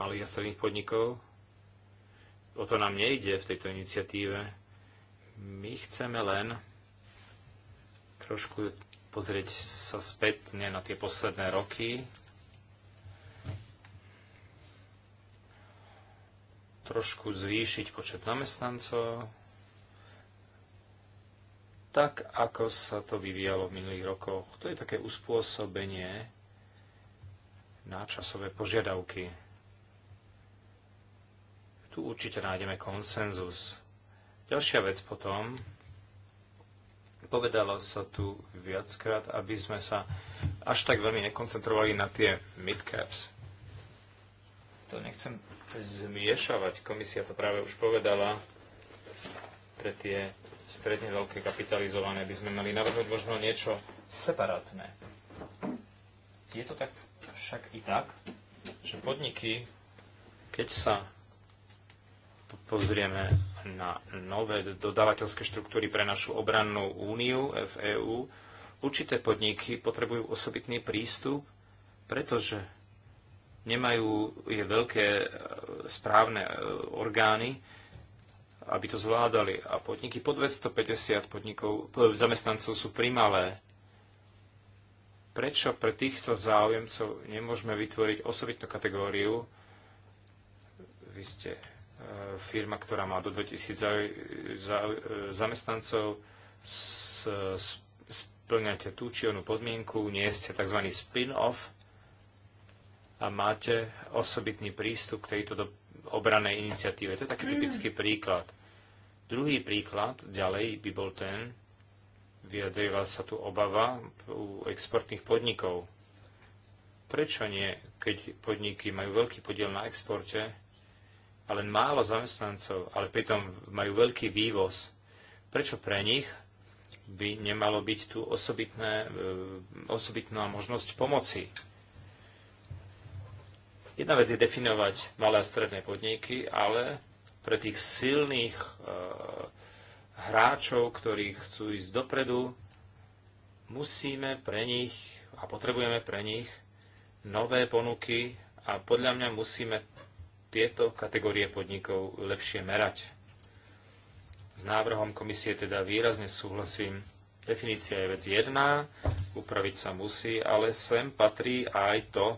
malých a stredných podnikov. O to nám nejde v tejto iniciatíve. My chceme len trošku pozrieť sa spätne na tie posledné roky, trošku zvýšiť počet zamestnancov, tak ako sa to vyvíjalo v minulých rokoch. To je také uspôsobenie na časové požiadavky. Tu určite nájdeme konsenzus. Ďalšia vec potom, povedalo sa tu viackrát, aby sme sa až tak veľmi nekoncentrovali na tie midcaps. To nechcem zmiešavať, komisia to práve už povedala pre tie stredne veľké kapitalizované, by sme mali navrhnúť možno niečo separátne. Je to tak však i tak, že podniky, keď sa pozrieme na nové dodávateľské štruktúry pre našu obrannú úniu v EÚ, určité podniky potrebujú osobitný prístup, pretože nemajú je veľké e, správne e, orgány, aby to zvládali. A podniky po 250 podnikov, zamestnancov sú primalé. Prečo pre týchto záujemcov nemôžeme vytvoriť osobitnú kategóriu? Vy ste e, firma, ktorá má do 2000 e, zamestnancov, splňate tú či onú podmienku, nie ste tzv. spin-off a máte osobitný prístup k tejto obranej iniciatíve. To je taký typický príklad. Druhý príklad ďalej by bol ten, vyjadrila sa tu obava u exportných podnikov. Prečo nie, keď podniky majú veľký podiel na exporte a len málo zamestnancov, ale pritom majú veľký vývoz? Prečo pre nich by nemalo byť tu osobitné, e, osobitná možnosť pomoci? Jedna vec je definovať malé a stredné podniky, ale pre tých silných e, hráčov, ktorí chcú ísť dopredu, musíme pre nich a potrebujeme pre nich nové ponuky a podľa mňa musíme tieto kategórie podnikov lepšie merať. S návrhom komisie teda výrazne súhlasím. Definícia je vec jedná, upraviť sa musí, ale sem patrí aj to,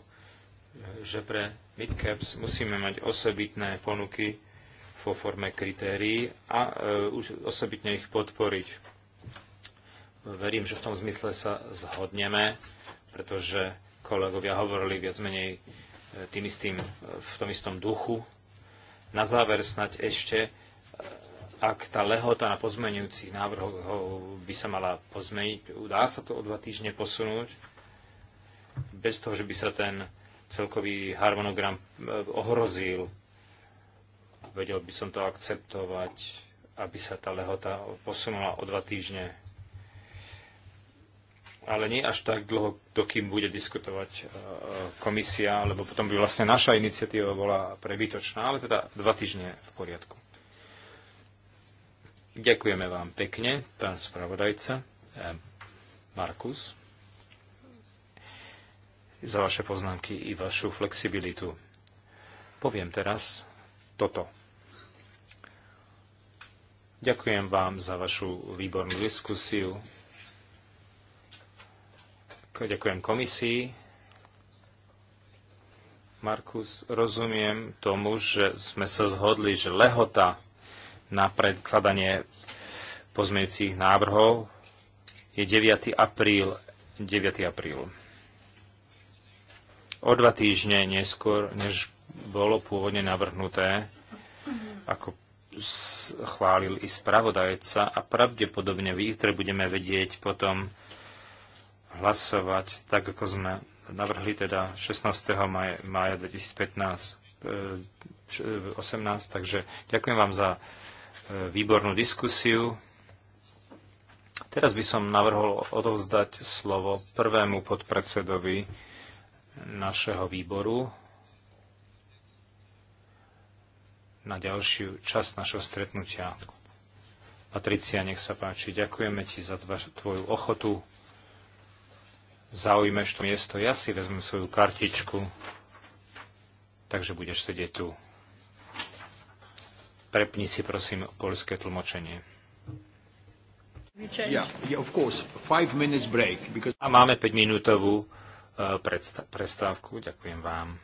že pre midcaps musíme mať osobitné ponuky, vo forme kritérií a e, osobitne ich podporiť. Verím, že v tom zmysle sa zhodneme, pretože kolegovia hovorili viac menej e, tým istým, e, v tom istom duchu. Na záver snať ešte, ak tá lehota na pozmenujúcich návrhoch by sa mala pozmeniť, dá sa to o dva týždne posunúť, bez toho, že by sa ten celkový harmonogram ohrozil vedel by som to akceptovať, aby sa tá lehota posunula o dva týždne. Ale nie až tak dlho, dokým bude diskutovať e, komisia, lebo potom by vlastne naša iniciatíva bola prebytočná, ale teda dva týždne v poriadku. Ďakujeme vám pekne, pán spravodajca e, Markus, za vaše poznámky i vašu flexibilitu. Poviem teraz toto. Ďakujem vám za vašu výbornú diskusiu. Ďakujem komisii. Markus, rozumiem tomu, že sme sa zhodli, že lehota na predkladanie pozmejúcich návrhov je 9. apríl. 9. apríl. O dva týždne neskôr, než bolo pôvodne navrhnuté ako chválil i spravodajca a pravdepodobne v ITRE budeme vedieť potom hlasovať tak, ako sme navrhli teda 16. Maja, maja 2015 18, takže ďakujem vám za e, výbornú diskusiu. Teraz by som navrhol odovzdať slovo prvému podpredsedovi našeho výboru, na ďalšiu časť našho stretnutia. Patricia, nech sa páči, ďakujeme ti za tvoju ochotu. Zaujmeš to miesto, ja si vezmem svoju kartičku, takže budeš sedieť tu. Prepni si prosím polské tlmočenie. Yeah, yeah, break, because... A máme 5-minútovú eh, prestávku. Ďakujem vám.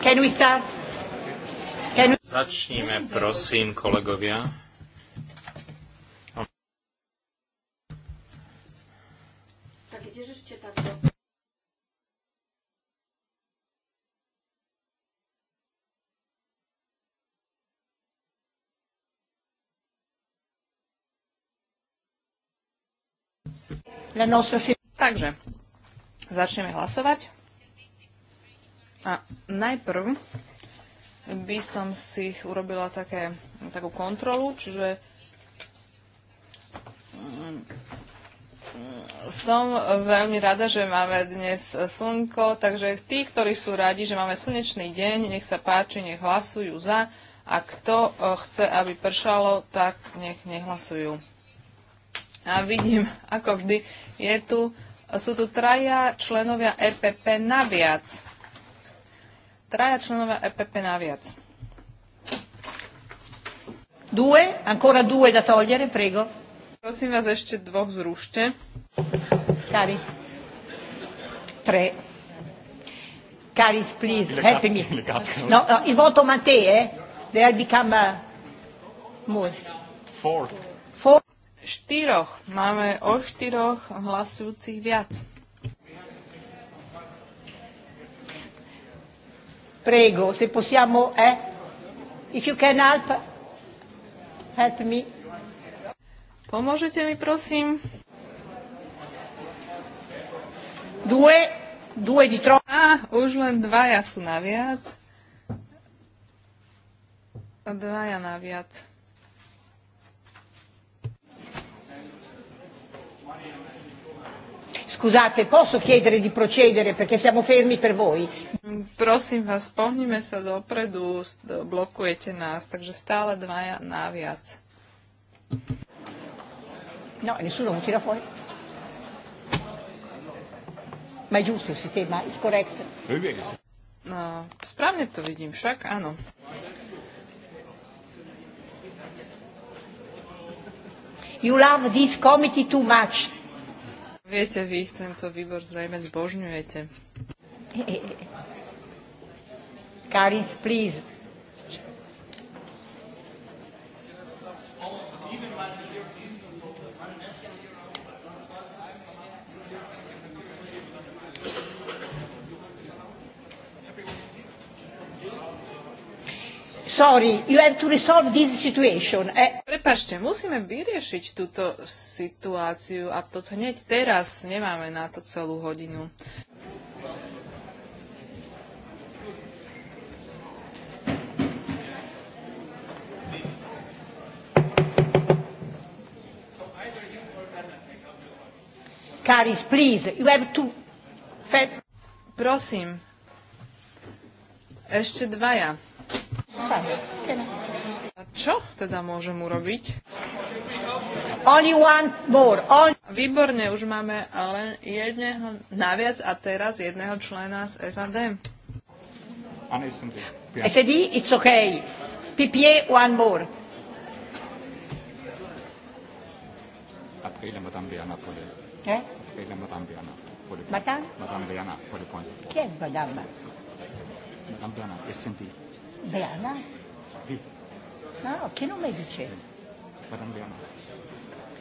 Can we start? Can we... Začníme, prosím, kolegovia. Tak kdeže ešte takto? Takže, začneme hlasovať. A najprv by som si urobila také, takú kontrolu, čiže mm, som veľmi rada, že máme dnes slnko, takže tí, ktorí sú radi, že máme slnečný deň, nech sa páči, nech hlasujú za a kto eh, chce, aby pršalo, tak nech nehlasujú. A vidím, ako vždy, je tu, sú tu traja členovia EPP naviac traja členové EPP naviac. Due, ancora due da togliere, prego. Prosím vás, ešte dvoch zrušte. Cari. Tre. Cari, please, le help me. No, no, eh, il voto Mattei, eh? They have become uh, more. Four. Four. Štyroch. Máme o štyroch hlasujúcich viac. Prego, se possiamo, eh? If you can help, help me. Pomôžete mi, prosím? Due, due di tro... Á, už len dvaja sú naviac. Dvaja naviac. Scusate, posso chiedere di procedere perché siamo fermi per voi? Prosím vás, pohnime sa dopredu, blokujete nás, takže stále dvaja naviac. No, nessuno mi tira fuori. Ma è giusto il sistema, è corretto. No, správne to vidím však, áno. You love this committee too much. Viete, vy ich tento výbor zrejme zbožňujete. Karis, please. sorry, you have to resolve this situation. Eh? Prepašte, musíme vyriešiť túto situáciu a to hneď teraz nemáme na to celú hodinu. Caris, please, you have to... Prosím, ešte dvaja. A čo teda môžem urobiť? Only one more. Only... Výborne, už máme ale jedného naviac a teraz jedného člena z SAD. SAD, it's okay. PPA, one more. Aprile, Madame Biana, pour le... Eh? Aprile, Madame Biana, pour le point. Madame? Madame Biana, pour le point. Qui est Madame? Madame Biana, SND. Berna? Ah, No, che nome dice? Madame Berna.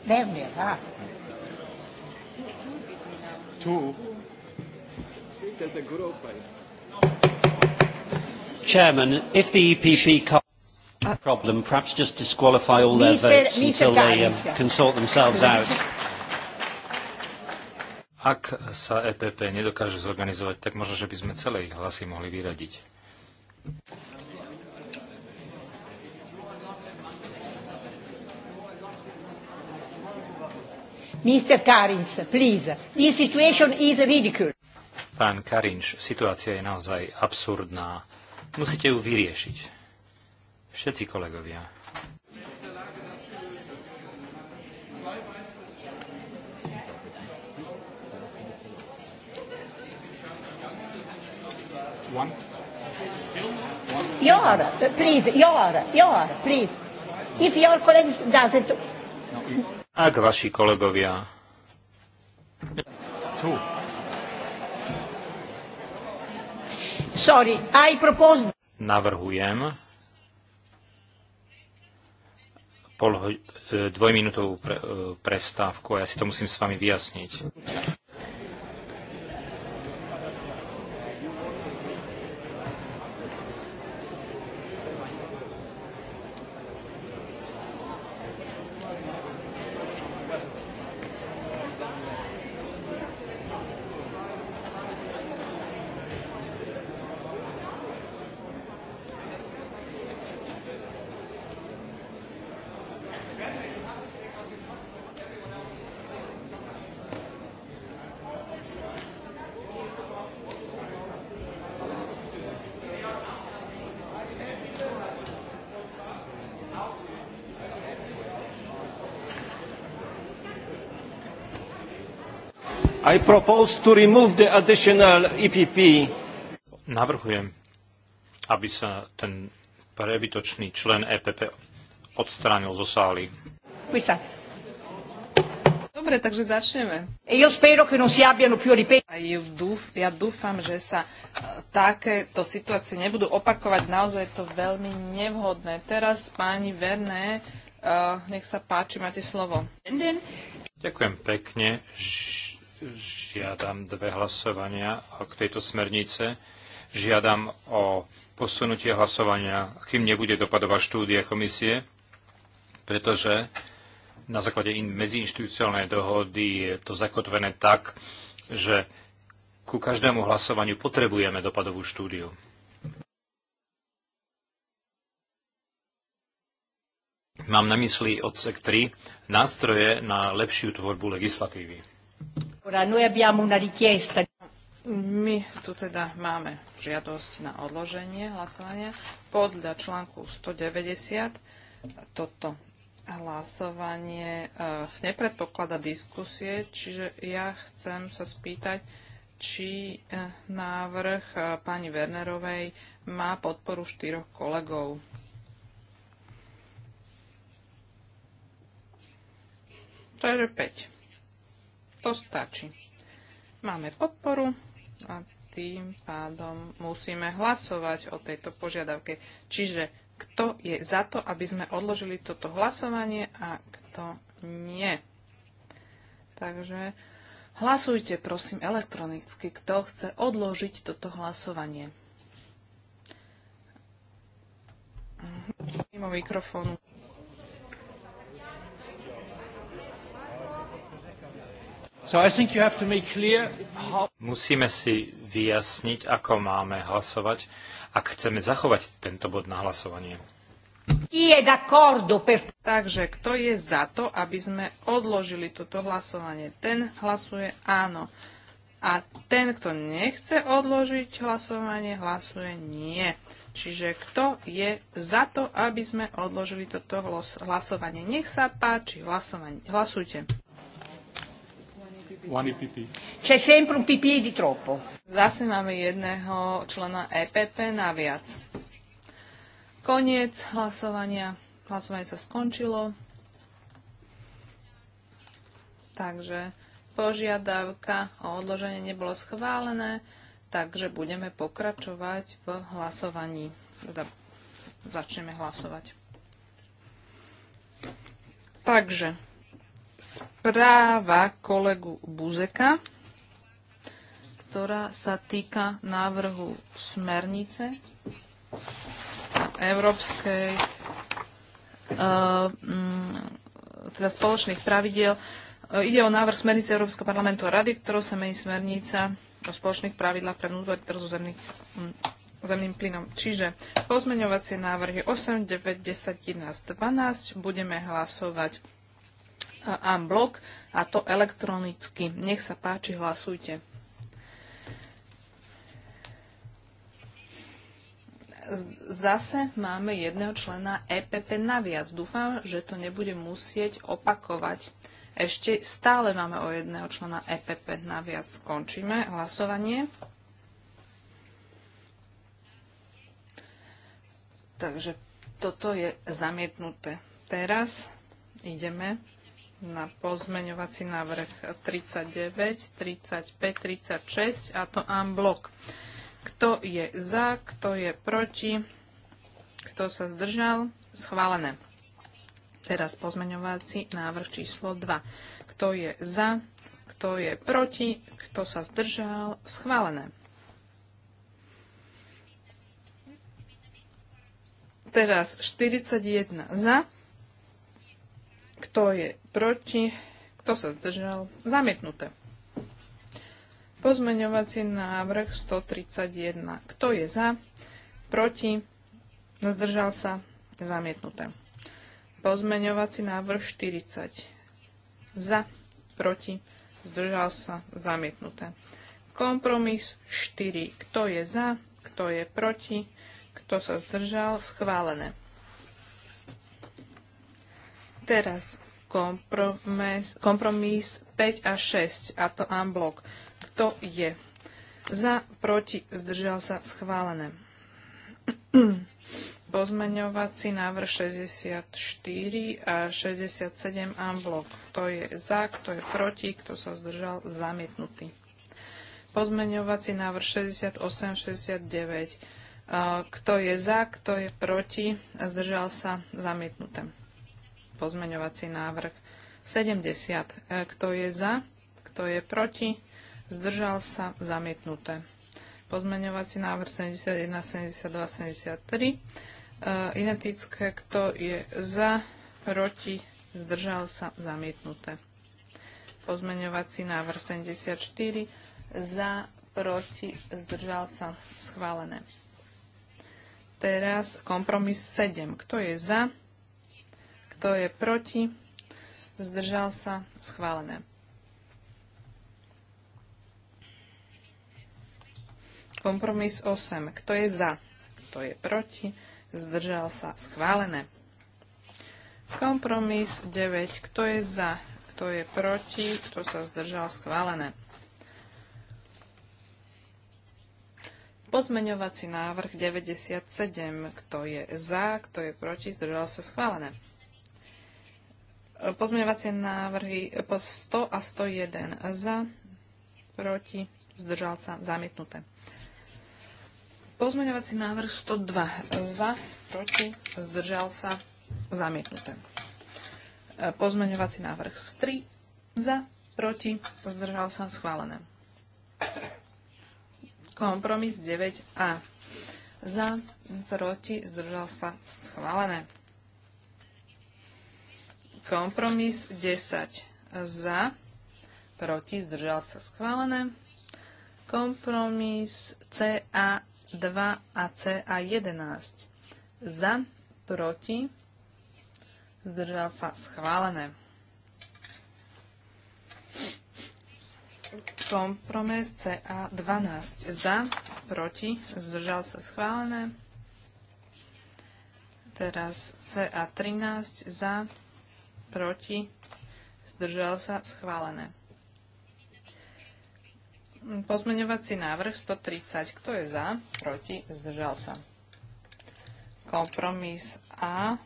Berna, ah. Tu? Chairman, if the EPP can't problem, perhaps just disqualify all their votes until they um, uh, consort themselves out. Ak sa EPP nedokáže zorganizovať, tak možno, že by sme celé ich hlasy mohli vyradiť. Mr. Karins, please. This situation is ridiculous. Pán Karinč, situácia je naozaj absurdná. Musíte ju vyriešiť. Všetci kolegovia. One. Your, please, your, your, please. If your colleagues doesn't... No, you... Ak vaši kolegovia... Tu. Sorry, I Navrhujem pol, e, dvojminútovú pre, e, prestávku a ja si to musím s vami vyjasniť. I propose to remove the additional EPP. Navrhujem, aby sa ten prebytočný člen EPP odstránil zo sály. Dobre, takže začneme. E A ja dúfam, že sa e, takéto situácie nebudú opakovať. Naozaj je to veľmi nevhodné. Teraz, páni Verné, e, nech sa páči, máte slovo. Ďakujem pekne žiadam dve hlasovania k tejto smernice. Žiadam o posunutie hlasovania, kým nebude dopadová štúdia komisie, pretože na základe medziinstitucionálnej dohody je to zakotvené tak, že ku každému hlasovaniu potrebujeme dopadovú štúdiu. Mám na mysli odsek 3 nástroje na lepšiu tvorbu legislatívy. My tu teda máme žiadosť na odloženie hlasovania. Podľa článku 190 toto hlasovanie eh, nepredpokladá diskusie, čiže ja chcem sa spýtať, či eh, návrh eh, pani Wernerovej má podporu štyroch kolegov. To je 5. To stačí. Máme podporu a tým pádom musíme hlasovať o tejto požiadavke. Čiže kto je za to, aby sme odložili toto hlasovanie a kto nie. Takže hlasujte prosím elektronicky, kto chce odložiť toto hlasovanie. Mimo mikrofónu. Musíme si vyjasniť, ako máme hlasovať, ak chceme zachovať tento bod na hlasovanie. Takže kto je za to, aby sme odložili toto hlasovanie? Ten hlasuje áno. A ten, kto nechce odložiť hlasovanie, hlasuje nie. Čiže kto je za to, aby sme odložili toto hlasovanie? Nech sa páči, hlasujte. E C'è sempre un pipì e di troppo. Zase máme jedného člena EPP naviac. Koniec hlasovania. Hlasovanie sa skončilo. Takže požiadavka o odloženie nebolo schválené, takže budeme pokračovať v hlasovaní. Teda začneme hlasovať. Takže správa kolegu Buzeka, ktorá sa týka návrhu smernice Európskej e, mm, teda spoločných pravidiel. E, ide o návrh smernice Európskeho parlamentu a rady, ktorou sa mení smernica o spoločných pravidlách pre vnútorný trh mm, zemným plynom. Čiže pozmeňovacie návrhy 8, 9, 10, 11, 12 budeme hlasovať blok a to elektronicky. Nech sa páči, hlasujte. Zase máme jedného člena EPP naviac. Dúfam, že to nebude musieť opakovať. Ešte stále máme o jedného člena EPP naviac. Skončíme hlasovanie. Takže toto je zamietnuté. Teraz ideme na pozmeňovací návrh 39, 35, 36 a to en blok. Kto je za, kto je proti, kto sa zdržal, schválené. Teraz pozmeňovací návrh číslo 2. Kto je za, kto je proti, kto sa zdržal, schválené. Teraz 41 za, kto je proti? Kto sa zdržal? Zamietnuté. Pozmeňovací návrh 131. Kto je za? Proti? Zdržal sa? Zamietnuté. Pozmeňovací návrh 40. Za? Proti? Zdržal sa? Zamietnuté. Kompromis 4. Kto je za? Kto je proti? Kto sa zdržal? Schválené. Teraz kompromis, kompromis 5 a 6, a to unblock. Kto je? Za, proti, zdržal sa, schválené. Pozmeňovací návrh 64 a 67 unblock. Kto je za, kto je proti, kto sa zdržal, zamietnutý. Pozmeňovací návrh 68, 69. Kto je za, kto je proti, zdržal sa, zamietnuté. Pozmeňovací návrh 70. E, kto je za? Kto je proti? Zdržal sa? Zamietnuté. Pozmeňovací návrh 71, 72, 73. Identické. Kto je za? Proti? Zdržal sa? Zamietnuté. Pozmeňovací návrh 74. Za? Proti? Zdržal sa? Schválené. Teraz kompromis 7. Kto je za? Kto je proti? Zdržal sa? Schválené. Kompromis 8. Kto je za? Kto je proti? Zdržal sa? Schválené. Kompromis 9. Kto je za? Kto je proti? Kto sa zdržal? Schválené. Pozmeňovací návrh 97. Kto je za? Kto je proti? Zdržal sa? Schválené. Pozmeňovacie návrhy po 100 a 101 za, proti, zdržal sa, zamietnuté. Pozmeňovací návrh 102 za, proti, zdržal sa, zamietnuté. Pozmeňovací návrh 3 za, proti, zdržal sa, schválené. Kompromis 9a za, proti, zdržal sa, schválené. Kompromis 10 za, proti, zdržal sa schválené. Kompromis CA2 a CA11 za, proti, zdržal sa schválené. Kompromis CA12 za, proti, zdržal sa schválené. Teraz CA13 za, proti, zdržal sa, schválené. Pozmeňovací návrh 130. Kto je za? Proti? Zdržal sa. Kompromis A.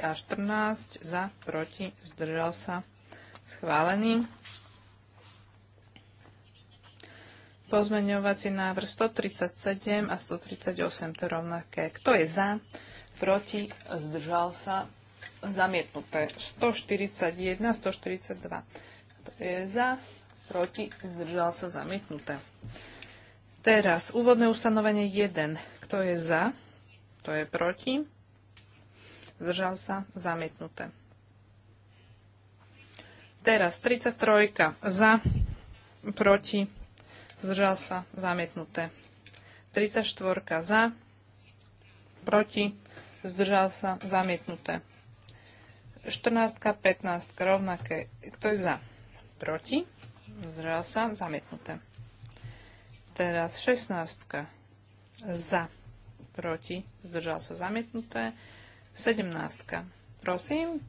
a 14 Za? Proti? Zdržal sa. Schválený. Pozmeňovací návrh 137 a 138. To rovnaké. Kto je za? Proti? Zdržal sa zamietnuté. 141, 142. Kto je za? Proti? Zdržal sa zamietnuté. Teraz úvodné ustanovenie 1. Kto je za? Kto je proti? Zdržal sa zamietnuté. Teraz 33. Za? Proti? Zdržal sa zamietnuté. 34. Za? Proti? Zdržal sa zamietnuté. 14, 15, rovnaké. Kto je za? Proti? Zdržal sa? Zamietnuté. Teraz 16. Za. Proti. Zdržal sa zamietnuté. 17. Prosím.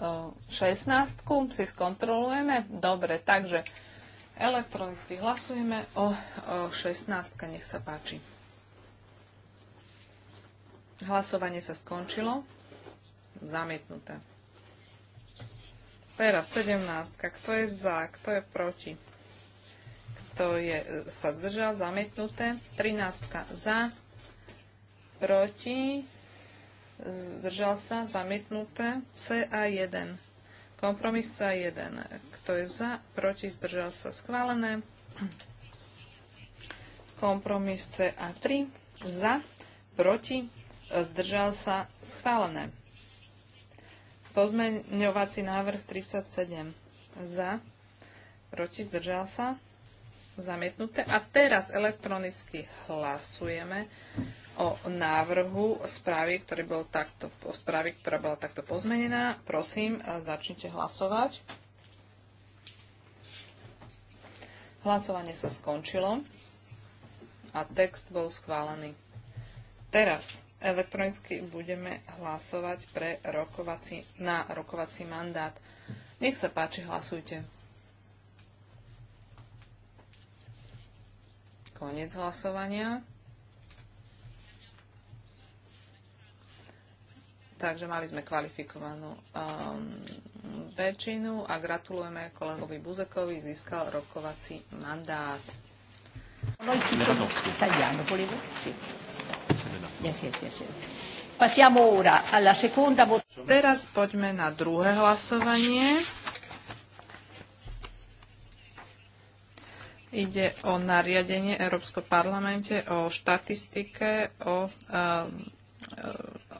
16. si skontrolujeme. Dobre, takže elektronicky hlasujeme o, o 16. Nech sa páči. Hlasovanie sa skončilo zamietnuté. Teraz 17. Kto je za, kto je proti? Kto je, e, sa zdržal, zamietnuté. 13. Za, proti, zdržal sa, zamietnuté. CA1. Kompromis CA1. Kto je za, proti, zdržal sa, schválené. Kompromis CA3. Za, proti, zdržal sa, schválené. Pozmeňovací návrh 37 za, proti, zdržal sa, zamietnuté. A teraz elektronicky hlasujeme o návrhu správy, ktorý bol takto, správy, ktorá bola takto pozmenená. Prosím, začnite hlasovať. Hlasovanie sa skončilo a text bol schválený. Teraz elektronicky budeme hlasovať pre rokovací, na rokovací mandát. Nech sa páči, hlasujte. Koniec hlasovania. Takže mali sme kvalifikovanú um, väčšinu a gratulujeme kolegovi Buzekovi, získal rokovací mandát. Teraz poďme na druhé hlasovanie. Ide o nariadenie Európskeho parlamente o štatistike, o, ehm, ehm,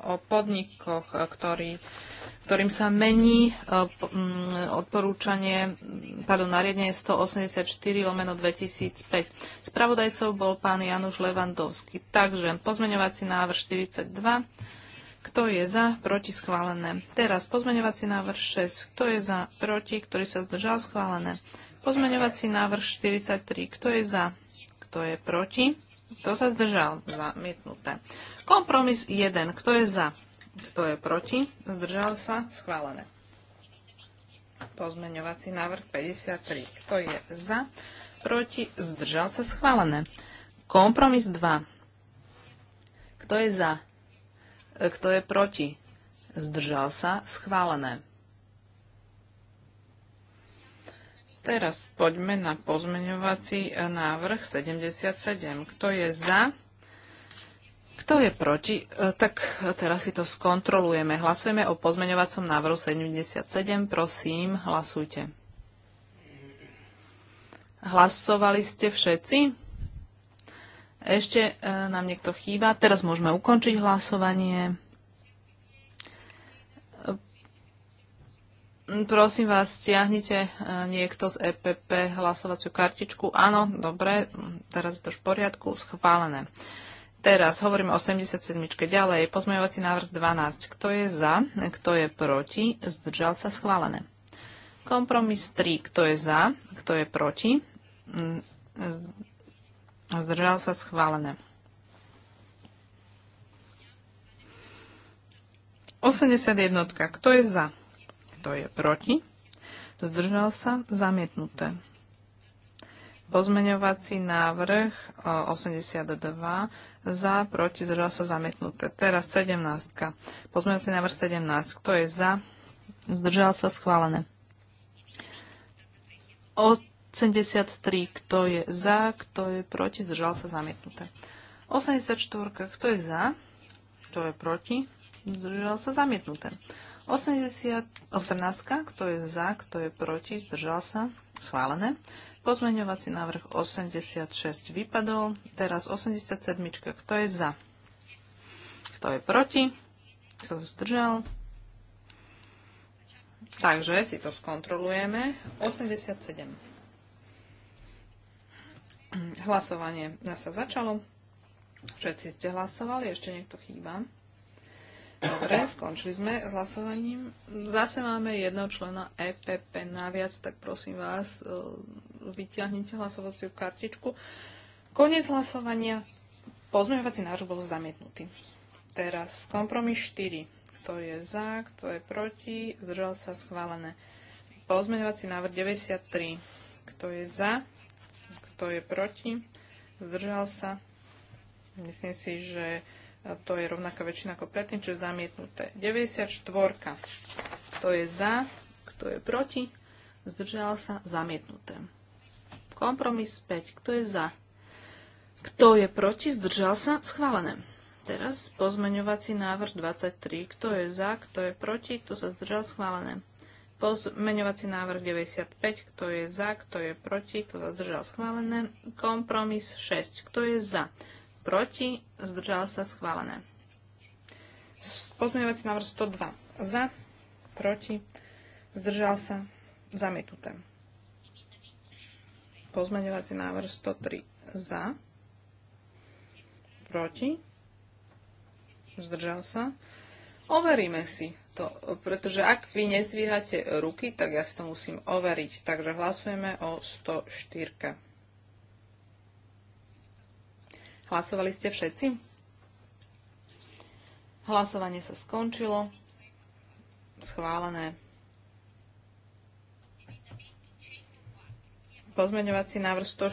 o podnikoch, ktorí ktorým sa mení e, odporúčanie, pardon, nariadenie 184 lomeno 2005. Spravodajcov bol pán Januš Levandovský. Takže pozmeňovací návrh 42. Kto je za? Proti schválené. Teraz pozmeňovací návrh 6. Kto je za? Proti. Ktorý sa zdržal? Schválené. Pozmeňovací návrh 43. Kto je za? Kto je proti? Kto sa zdržal? Zamietnuté. Kompromis 1. Kto je za? Kto je proti? Zdržal sa? Schválené. Pozmeňovací návrh 53. Kto je za? Proti? Zdržal sa? Schválené. Kompromis 2. Kto je za? E, kto je proti? Zdržal sa? Schválené. Teraz poďme na pozmeňovací e, návrh 77. Kto je za? Kto je proti? E, tak teraz si to skontrolujeme. Hlasujeme o pozmeňovacom návrhu 77. Prosím, hlasujte. Hlasovali ste všetci? Ešte e, nám niekto chýba. Teraz môžeme ukončiť hlasovanie. E, prosím vás, stiahnite niekto z EPP hlasovaciu kartičku. Áno, dobre, teraz je to v poriadku, schválené. Teraz hovorím o 87. Ďalej, pozmeňovací návrh 12. Kto je za, kto je proti, zdržal sa schválené. Kompromis 3. Kto je za, kto je proti, mm, zdržal sa schválené. 81. Kto je za, kto je proti, zdržal sa zamietnuté. Pozmeňovací návrh 82 za, proti, zdržal sa zamietnuté. Teraz 17. Pozmeňovací návrh 17. Kto je za? Zdržal sa schválené. 83. Kto je za? Kto je proti? Zdržal sa zamietnuté. 84. Kto je za? Kto je proti? Zdržal sa zamietnuté. 80, 18. Kto je za? Kto je proti? Zdržal sa schválené. Pozmeňovací návrh 86 vypadol. Teraz 87. Kto je za? Kto je proti? Kto sa zdržal? Takže si to skontrolujeme. 87. Hlasovanie sa začalo. Všetci ste hlasovali, ešte niekto chýba. Dobre, skončili sme s hlasovaním. Zase máme jedného člena EPP naviac, tak prosím vás, vyťahnite hlasovaciu kartičku. Koniec hlasovania. Pozmeňovací návrh bol zamietnutý. Teraz kompromis 4. Kto je za, kto je proti, zdržal sa schválené. Pozmeňovací návrh 93. Kto je za, kto je proti, zdržal sa. Myslím si, že to je rovnaká väčšina ako predtým, čo je zamietnuté. 94. Kto je za, kto je proti, zdržal sa, zamietnuté. Kompromis 5. Kto je za? Kto je proti? Zdržal sa? Schválené. Teraz pozmeňovací návrh 23. Kto je za? Kto je proti? Kto sa zdržal? Schválené. Pozmeňovací návrh 95. Kto je za? Kto je proti? Kto sa zdržal? Schválené. Kompromis 6. Kto je za? Proti? Zdržal sa? Schválené. Pozmeňovací návrh 102. Za? Proti? Zdržal sa? Zamietnuté. Pozmeňovací návrh 103 za, proti, zdržal sa. Overíme si to, pretože ak vy nezvíhate ruky, tak ja si to musím overiť. Takže hlasujeme o 104. Hlasovali ste všetci? Hlasovanie sa skončilo. Schválené. Pozmeňovací návrh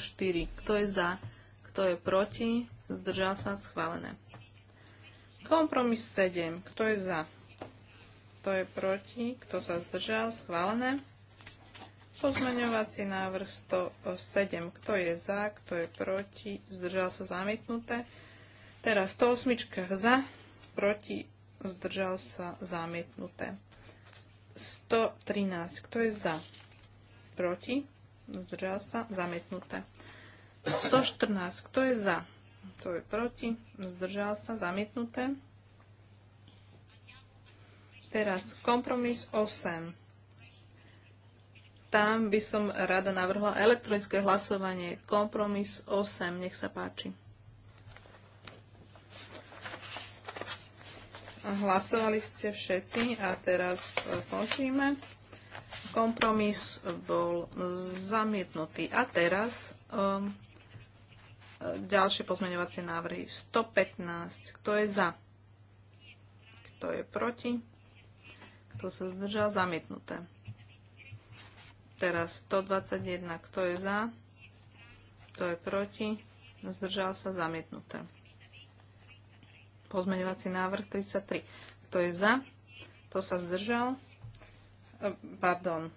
104. Kto je za? Kto je proti? Zdržal sa? Schválené. Kompromis 7. Kto je za? Kto je proti? Kto sa zdržal? Schválené. Pozmeňovací návrh 107. Kto je za? Kto je proti? Zdržal sa? Zamietnuté. Teraz 108. Za? Proti? Zdržal sa? Zamietnuté. 113. Kto je za? Proti? zdržal sa, zamietnuté. 114, kto je za, kto je proti, zdržal sa, zamietnuté. Teraz kompromis 8. Tam by som rada navrhla elektronické hlasovanie. Kompromis 8, nech sa páči. Hlasovali ste všetci a teraz e, končíme. Kompromis bol zamietnutý. A teraz um, ďalšie pozmeňovacie návrhy. 115. Kto je za? Kto je proti? Kto sa zdržal? Zamietnuté. Teraz 121. Kto je za? Kto je proti? Zdržal sa? Zamietnuté. Pozmeňovací návrh 33. Kto je za? Kto sa zdržal? Pardon,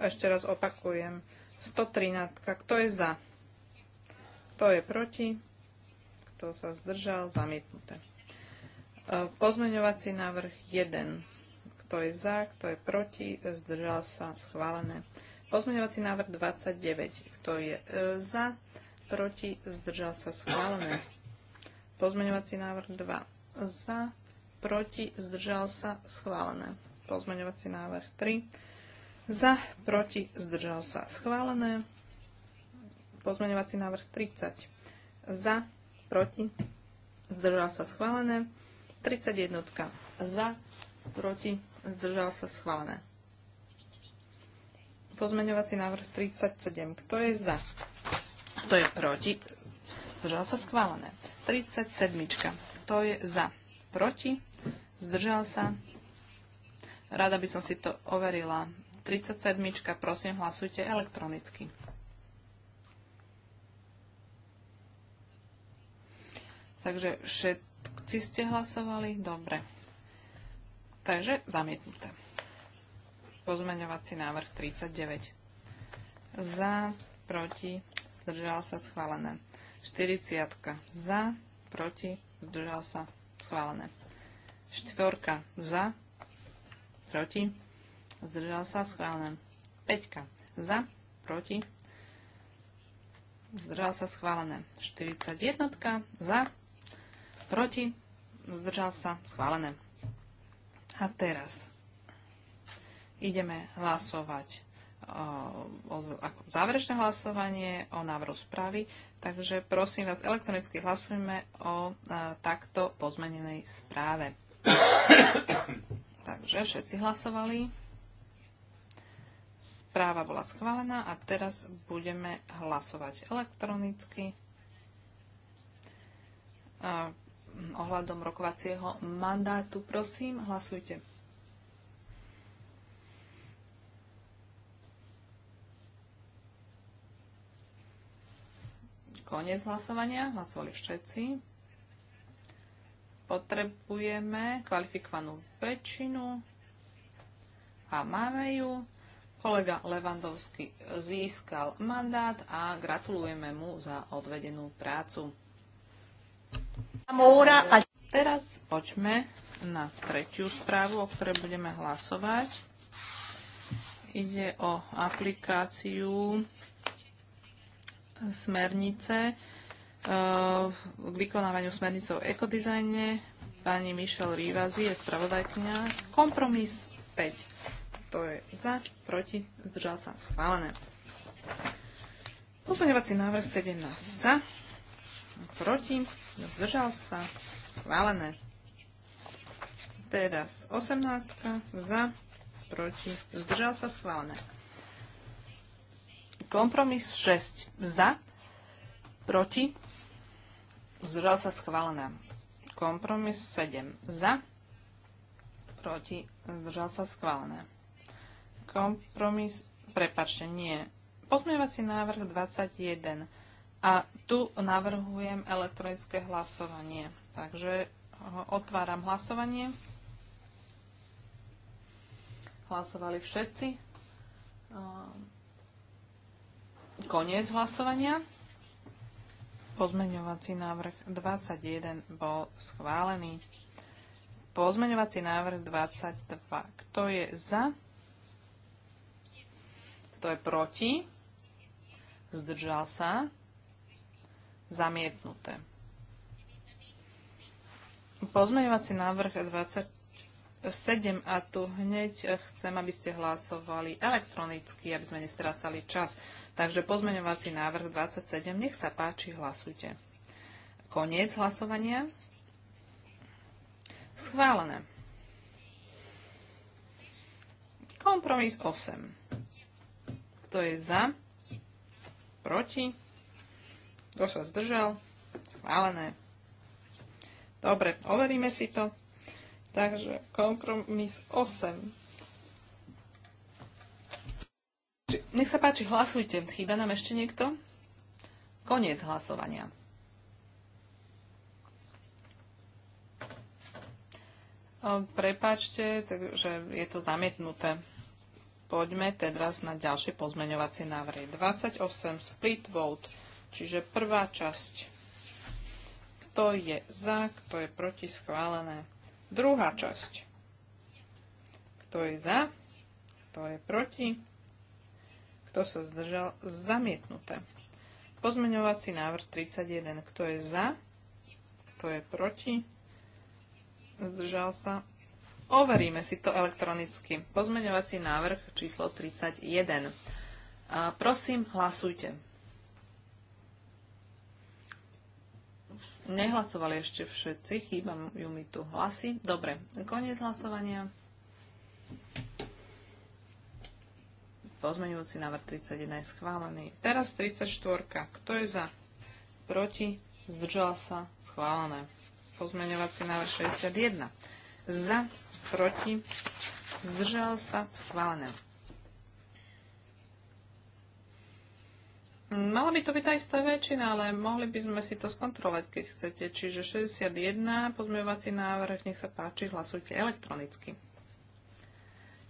ešte raz opakujem. 113. Kto je za? Kto je proti? Kto sa zdržal? Zamietnuté. E, pozmeňovací návrh 1. Kto je za? Kto je proti? Zdržal sa? Schválené. Pozmeňovací návrh 29. Kto je e, za? Proti? Zdržal sa? Schválené. Pozmeňovací návrh 2. Za? Proti? Zdržal sa? Schválené. Pozmeňovací návrh 3. Za, proti, zdržal sa. Schválené. Pozmeňovací návrh 30. Za, proti, zdržal sa. Schválené. 31. Za, proti, zdržal sa. Schválené. Pozmeňovací návrh 37. Kto je za? Kto je proti? Zdržal sa. Schválené. 37. Kto je za? Proti? Zdržal sa. Rada by som si to overila. 37. Prosím, hlasujte elektronicky. Takže všetci ste hlasovali? Dobre. Takže zamietnuté. Pozmeňovací návrh 39. Za, proti, zdržal sa schválené. 40. Za, proti, zdržal sa schválené. Štvorka za, proti, zdržal sa, schválené. 5 za, proti, zdržal sa, schválené. 41 za, proti, zdržal sa, schválené. A teraz ideme hlasovať o, záverečné hlasovanie o návrhu správy. Takže prosím vás, elektronicky hlasujme o a, takto pozmenenej správe. Takže všetci hlasovali. Správa bola schválená a teraz budeme hlasovať elektronicky a mm, ohľadom rokovacieho mandátu. Prosím, hlasujte. Koniec hlasovania. Hlasovali všetci potrebujeme kvalifikovanú väčšinu a máme ju. Kolega Levandovský získal mandát a gratulujeme mu za odvedenú prácu. Teraz poďme na tretiu správu, o ktorej budeme hlasovať. Ide o aplikáciu smernice k vykonávaniu smernicov o ekodizajne. Pani Michelle Rivazi je spravodajkňa. Kompromis 5. To je za, proti, zdržal sa, schválené. Pozmeňovací návrh 17 za, proti, zdržal sa, schválené. Teraz 18 za, proti, zdržal sa, schválené. Kompromis 6 za, proti, zdržal sa schválená. Kompromis 7 za, proti, zdržal sa schválené. Kompromis, prepačte, nie. Pozmievací návrh 21. A tu navrhujem elektronické hlasovanie. Takže otváram hlasovanie. Hlasovali všetci. Ehm, koniec hlasovania. Pozmeňovací návrh 21 bol schválený. Pozmeňovací návrh 22. Kto je za? Kto je proti? Zdržal sa? Zamietnuté. Pozmeňovací návrh 23 7 a tu hneď chcem, aby ste hlasovali elektronicky, aby sme nestrácali čas. Takže pozmeňovací návrh 27, nech sa páči, hlasujte. Koniec hlasovania. Schválené. Kompromis 8. Kto je za? Proti? Kto sa zdržal? Schválené. Dobre, overíme si to. Takže kompromis 8. Nech sa páči, hlasujte. Chýba nám ešte niekto? Koniec hlasovania. Prepačte, že je to zamietnuté. Poďme teraz na ďalšie pozmeňovacie návrhy. 28 split vote, čiže prvá časť. Kto je za, kto je proti, schválené. Druhá časť. Kto je za? Kto je proti? Kto sa zdržal? Zamietnuté. Pozmeňovací návrh 31. Kto je za? Kto je proti? Zdržal sa? Overíme si to elektronicky. Pozmeňovací návrh číslo 31. prosím, hlasujte. Nehlasovali ešte všetci, ju mi tu hlasy. Dobre, koniec hlasovania. Pozmeňujúci návrh 31 je schválený. Teraz 34. Kto je za? Proti? Zdržala sa? Schválené. Pozmeňovací návrh 61. Za? Proti? Zdržal sa? Schválené. Mala by to byť tá istá väčšina, ale mohli by sme si to skontrolovať, keď chcete. Čiže 61, pozmeňovací návrh, nech sa páči, hlasujte elektronicky.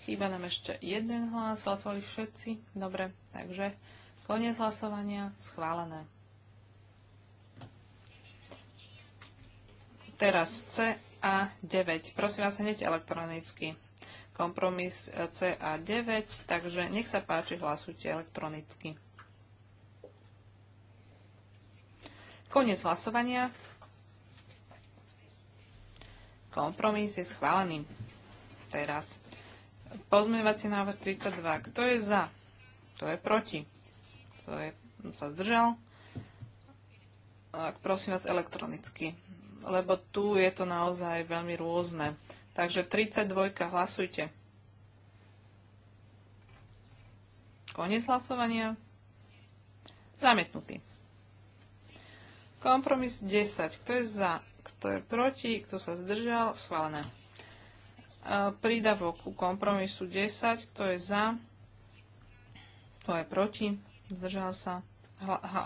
Chýba nám ešte jeden hlas, hlasovali všetci. Dobre, takže koniec hlasovania, schválené. Teraz CA9. Prosím vás, hneď elektronicky. Kompromis CA9, takže nech sa páči, hlasujte elektronicky. Koniec hlasovania. Kompromis je schválený. Teraz pozmievací návrh 32. Kto je za? Kto je proti? Kto je, sa zdržal? Prosím vás elektronicky, lebo tu je to naozaj veľmi rôzne. Takže 32. Hlasujte. Konec hlasovania. Zamietnutý. Kompromis 10. Kto je za? Kto je proti? Kto sa zdržal? Schválené. Prídavok ku kompromisu 10. Kto je za? Kto je proti? Zdržal sa.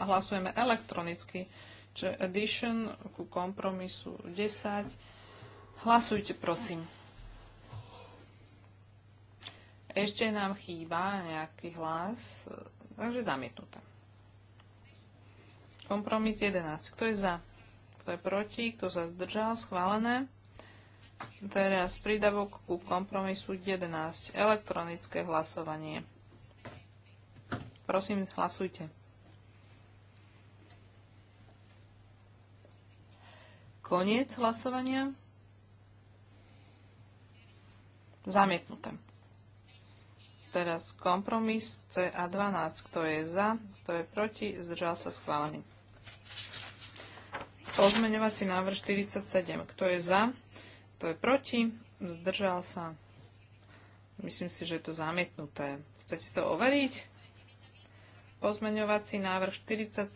Hlasujeme elektronicky. Čiže addition ku kompromisu 10. Hlasujte, prosím. Ešte nám chýba nejaký hlas, takže zamietnuté. Kompromis 11. Kto je za? Kto je proti? Kto sa zdržal? Schválené. Teraz prídavok ku kompromisu 11. Elektronické hlasovanie. Prosím, hlasujte. Koniec hlasovania. Zamietnuté. Teraz kompromis C 12. Kto je za, kto je proti, zdržal sa schválený. Pozmeňovací návrh 47. Kto je za? Kto je proti? Zdržal sa? Myslím si, že je to zamietnuté. Chcete to overiť? Pozmeňovací návrh 47.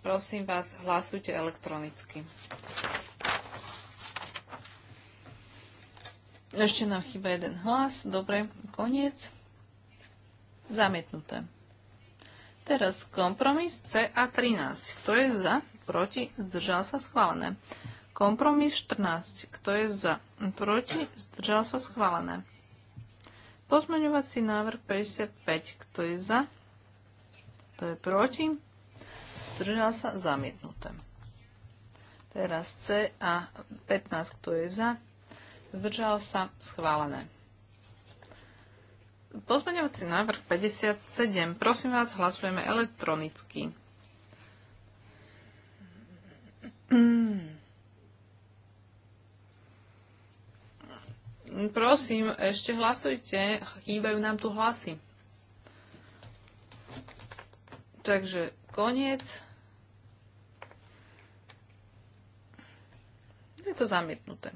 Prosím vás, hlasujte elektronicky. Ešte nám chýba jeden hlas. Dobre, koniec. Zamietnuté. Teraz kompromis CA13. Kto je za? Proti? Zdržal sa schválené. Kompromis 14. Kto je za? Proti? Zdržal sa schválené. Pozmeňovací návrh 55. Kto je za? Kto je proti? Zdržal sa zamietnuté. Teraz CA15. Kto je za? Zdržal sa schválené. Pozmeňovací návrh 57. Prosím vás, hlasujeme elektronicky. Prosím, ešte hlasujte. Chýbajú nám tu hlasy. Takže koniec. Je to zamietnuté.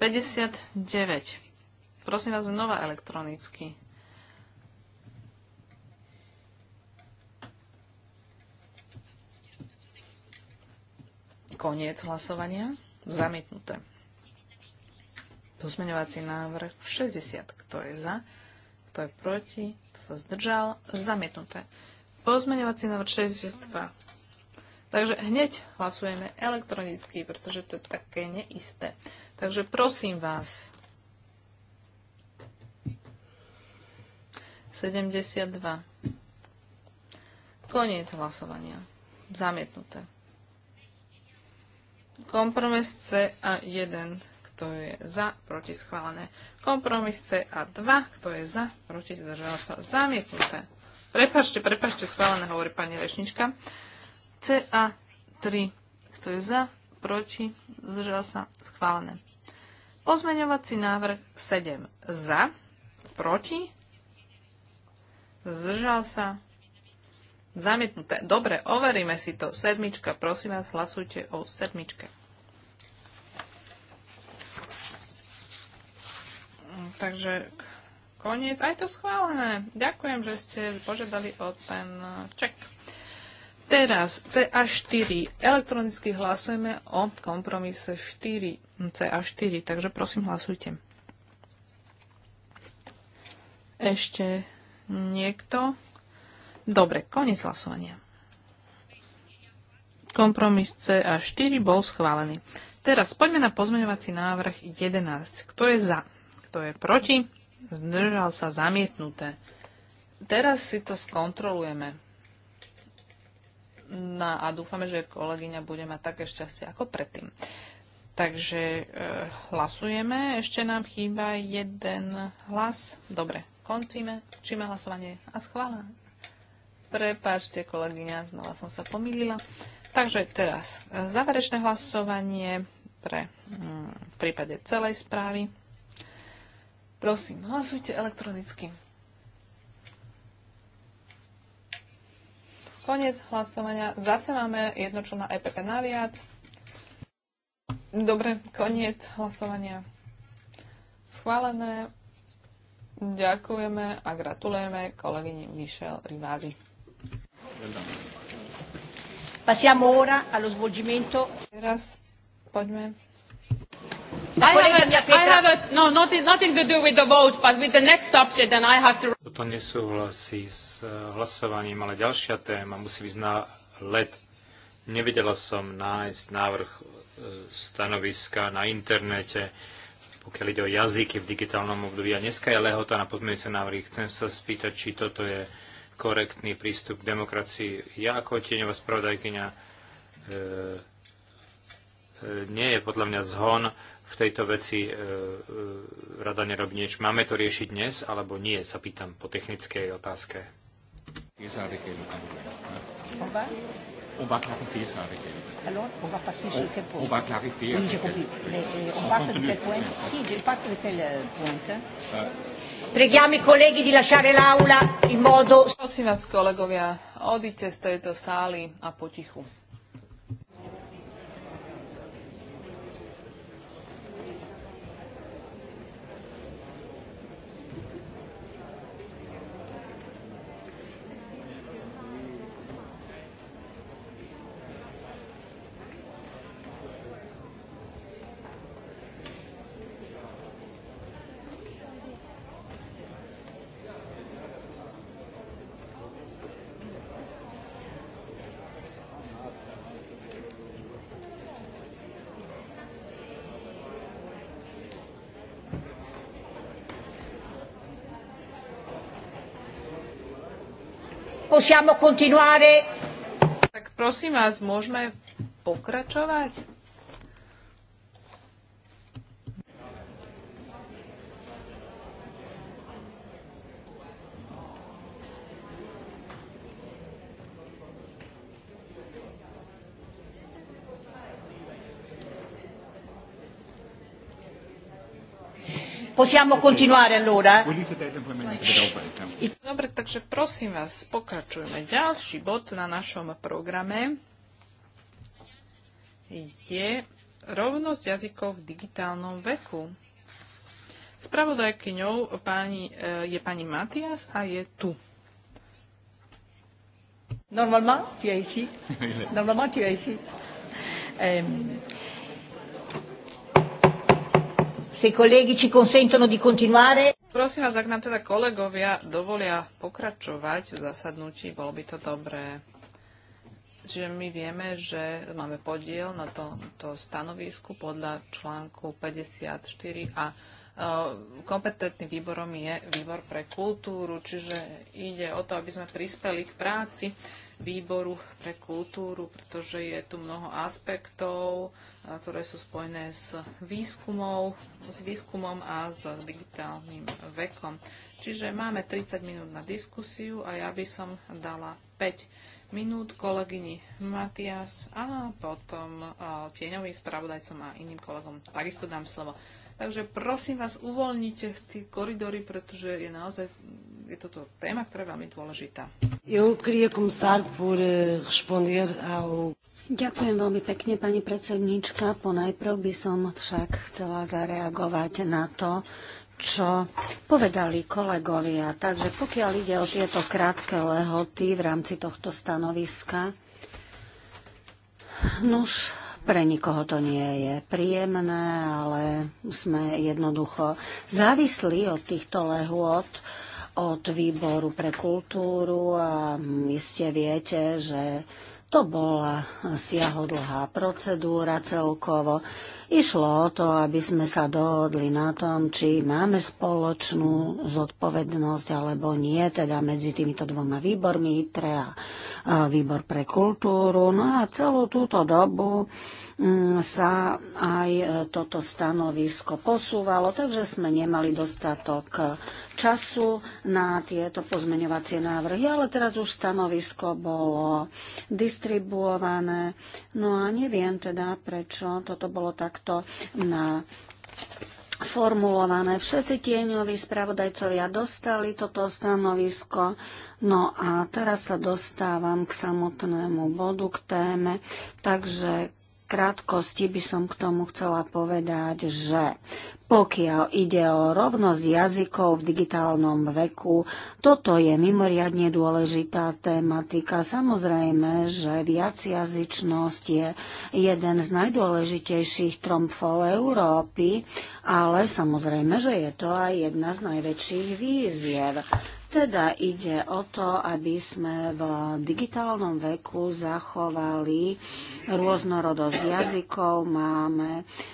59. Prosím vás znova elektronicky. Koniec hlasovania. Zamietnuté. Pozmeňovací návrh 60. Kto je za? Kto je proti? Kto sa zdržal? Zamietnuté. Pozmeňovací návrh 62. Takže hneď hlasujeme elektronicky, pretože to je také neisté. Takže prosím vás, 72. Koniec hlasovania. Zamietnuté. Kompromis C a 1, kto je za, proti schválené. Kompromis C a 2, kto je za, proti zdržala sa. Zamietnuté. Prepačte, prepačte, schválené, hovorí pani rečnička. C a 3, kto je za, proti zdržala sa. Schválené. Pozmeňovací návrh 7 za, proti Zdržal sa? Zamietnuté. Dobre, overíme si to. Sedmička, prosím vás, hlasujte o sedmičke. Mm, takže koniec. Aj to schválené. Ďakujem, že ste požiadali o ten e, ček. Teraz CA4. Elektronicky hlasujeme o kompromise 4 CA4, takže prosím hlasujte. Ešte Niekto? Dobre, koniec hlasovania. Kompromis C a 4 bol schválený. Teraz poďme na pozmeňovací návrh 11. Kto je za? Kto je proti? Zdržal sa zamietnuté. Teraz si to skontrolujeme. No a dúfame, že kolegyňa bude mať také šťastie ako predtým. Takže e, hlasujeme. Ešte nám chýba jeden hlas. Dobre, Končíme, číme hlasovanie a schválené. Prepačte, kolegyňa, znova som sa pomýlila. Takže teraz e, záverečné hlasovanie pre, mm, v prípade celej správy. Prosím, hlasujte elektronicky. Konec hlasovania. Zase máme jednočlná EPP naviac. Dobre, koniec hlasovania. Schválené. Ďakujeme a gratulujeme kolegyni Michelle Rivázi. Passiamo ora allo svolgimento. Teraz poďme. I have, a, I have a, no, nothing, nothing to do with the vote, but with the next subject, and I have to... Toto nesúhlasí s eh, hlasovaním, ale ďalšia téma musí byť na let. Nevedela som nájsť návrh eh, stanoviska na internete pokiaľ ide o jazyky v digitálnom období. A dneska je lehota na pozmeňujúce návrhy. Chcem sa spýtať, či toto je korektný prístup k demokracii. Ja ako tieňová spravodajkynia e, e, nie je podľa mňa zhon v tejto veci e, e, rada nerobí nič. Máme to riešiť dnes, alebo nie, sa pýtam po technickej otázke on va clarifier ça avec elle. Alors, on va passer sur quel point On va clarifier. Oui, j'ai compris. Mais on, on parte continue. de quel point Si, je parte de quel euh, point euh. Preghiamo i colleghi di lasciare l'aula in modo... Prosím vás, kolegovia, odite z tejto sály a potichu. possiamo continuare? Tak prosím vás, môžeme pokračovať? Possiamo continuare allora? Dobre, takže prosím vás, pokračujeme. Ďalší bod na našom programe je rovnosť jazykov v digitálnom veku. Spravodajkyňou pani, eh, je pani Matias a je tu. Normálne, tu je ici. Normálne, tu je ici. Um, se colleghi ci consentono di continuare. Prosím vás, ak nám teda kolegovia dovolia pokračovať v zasadnutí, bolo by to dobré. Čiže my vieme, že máme podiel na tomto stanovisku podľa článku 54 a e, kompetentným výborom je výbor pre kultúru, čiže ide o to, aby sme prispeli k práci výboru pre kultúru, pretože je tu mnoho aspektov, ktoré sú spojené s, výskumov, s výskumom a s digitálnym vekom. Čiže máme 30 minút na diskusiu a ja by som dala 5 minút kolegyni Matias a potom tieňovým spravodajcom a iným kolegom takisto dám slovo. Takže prosím vás, uvoľnite tie koridory, pretože je naozaj je toto téma, ktorá je veľmi dôležitá. Eh, Ďakujem veľmi pekne, pani predsednička. Ponajprv by som však chcela zareagovať na to, čo povedali kolegovia. Takže pokiaľ ide o tieto krátke lehoty v rámci tohto stanoviska, nož pre nikoho to nie je príjemné, ale sme jednoducho závislí od týchto lehôd od výboru pre kultúru a iste viete, že to bola siahodlhá procedúra celkovo. Išlo o to, aby sme sa dohodli na tom, či máme spoločnú zodpovednosť alebo nie, teda medzi týmito dvoma výbormi, ITRE a výbor pre kultúru. No a celú túto dobu mm, sa aj toto stanovisko posúvalo, takže sme nemali dostatok času na tieto pozmeňovacie návrhy, ale teraz už stanovisko bolo distribuované. No a neviem teda, prečo toto bolo takto na formulované. Všetci tieňoví spravodajcovia dostali toto stanovisko. No a teraz sa dostávam k samotnému bodu, k téme. Takže krátkosti by som k tomu chcela povedať, že pokiaľ ide o rovnosť jazykov v digitálnom veku, toto je mimoriadne dôležitá tematika. Samozrejme, že viacjazyčnosť je jeden z najdôležitejších tromfov Európy, ale samozrejme, že je to aj jedna z najväčších výziev. Teda ide o to, aby sme v digitálnom veku zachovali rôznorodosť jazykov. Máme eh,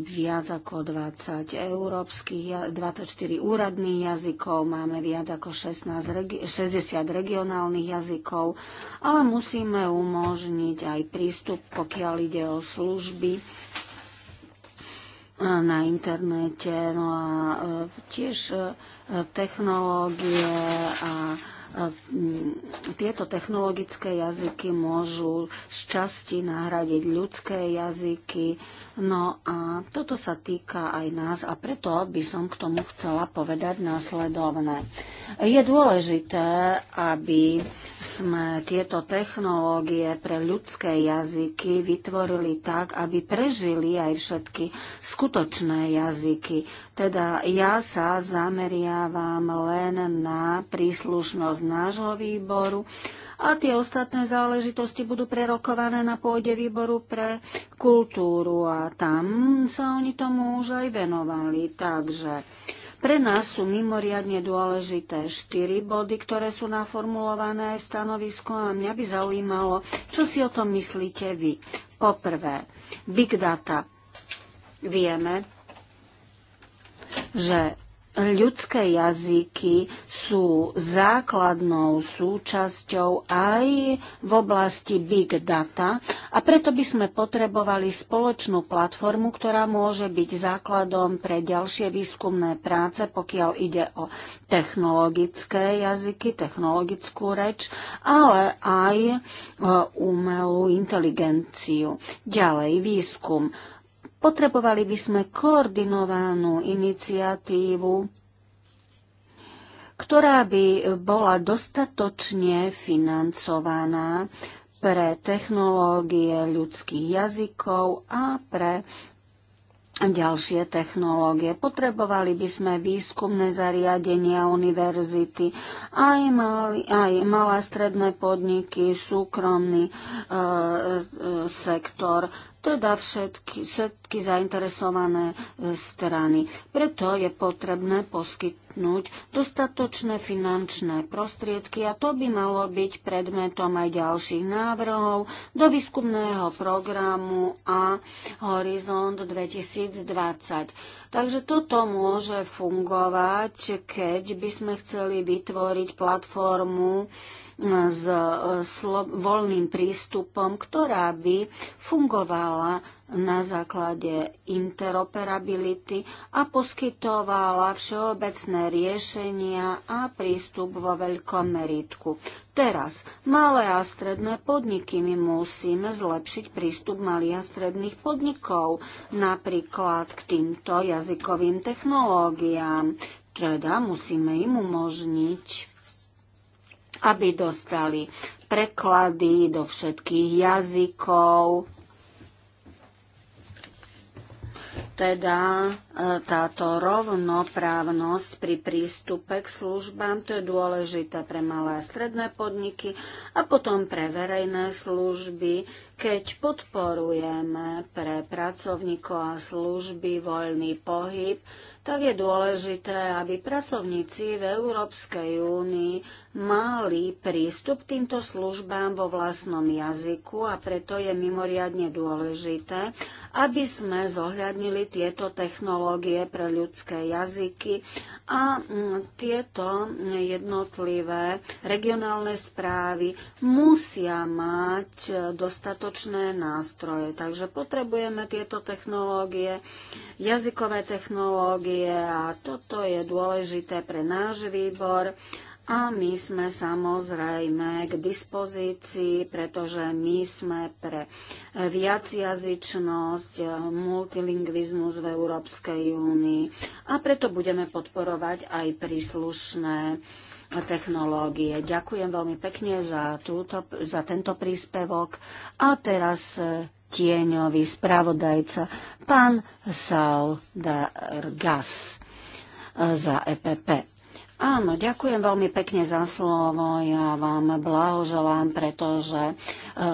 viac ako 20 európskych, 24 úradných jazykov, máme viac ako 16, 60 regionálnych jazykov, ale musíme umožniť aj prístup, pokiaľ ide o služby eh, na internete. No a eh, tiež technológie a mm, tieto technologické jazyky môžu z časti nahradiť ľudské jazyky No a toto sa týka aj nás a preto by som k tomu chcela povedať následovné. Je dôležité, aby sme tieto technológie pre ľudské jazyky vytvorili tak, aby prežili aj všetky skutočné jazyky. Teda ja sa zameriavam len na príslušnosť nášho výboru a tie ostatné záležitosti budú prerokované na pôde výboru pre kultúru a tam sa oni tomu už aj venovali. Takže pre nás sú mimoriadne dôležité štyri body, ktoré sú naformulované v stanovisku a mňa by zaujímalo, čo si o tom myslíte vy. Poprvé, big data. Vieme, že ľudské jazyky sú základnou súčasťou aj v oblasti big data a preto by sme potrebovali spoločnú platformu, ktorá môže byť základom pre ďalšie výskumné práce, pokiaľ ide o technologické jazyky, technologickú reč, ale aj e, umelú inteligenciu. Ďalej výskum Potrebovali by sme koordinovanú iniciatívu, ktorá by bola dostatočne financovaná pre technológie ľudských jazykov a pre ďalšie technológie. Potrebovali by sme výskumné zariadenia univerzity, aj, mali, aj malé stredné podniky, súkromný e, e, sektor teda všetky, všetky zainteresované e, strany. Preto je potrebné poskytnúť poskytnúť dostatočné finančné prostriedky a to by malo byť predmetom aj ďalších návrhov do výskumného programu a Horizont 2020. Takže toto môže fungovať, keď by sme chceli vytvoriť platformu e, s e, voľným prístupom, ktorá by fungovala na základe interoperability a poskytovala všeobecné riešenia a prístup vo veľkom meritku. Teraz malé a stredné podniky my musíme zlepšiť prístup malých a stredných podnikov, napríklad k týmto jazykovým technológiám. Teda musíme im umožniť aby dostali preklady do všetkých jazykov, teda e, táto rovnoprávnosť pri prístupe k službám, to je dôležité pre malé a stredné podniky a potom pre verejné služby, keď podporujeme pre pracovníkov a služby voľný pohyb, tak je dôležité, aby pracovníci v Európskej únii mali prístup k týmto službám vo vlastnom jazyku a preto je mimoriadne dôležité, aby sme zohľadnili tieto technológie pre ľudské jazyky a mm, tieto jednotlivé regionálne správy musia mať dostatočné nástroje. Takže potrebujeme tieto technológie, jazykové technológie a toto je dôležité pre náš výbor a my sme samozrejme k dispozícii, pretože my sme pre eh, viacjazyčnosť, eh, multilingvizmus v Európskej únii a preto budeme podporovať aj príslušné technológie. Ďakujem veľmi pekne za, túto, za tento príspevok a teraz eh, tieňový spravodajca pán Saul Dargas za EPP. Áno, ďakujem veľmi pekne za slovo. Ja vám blahoželám, pretože e,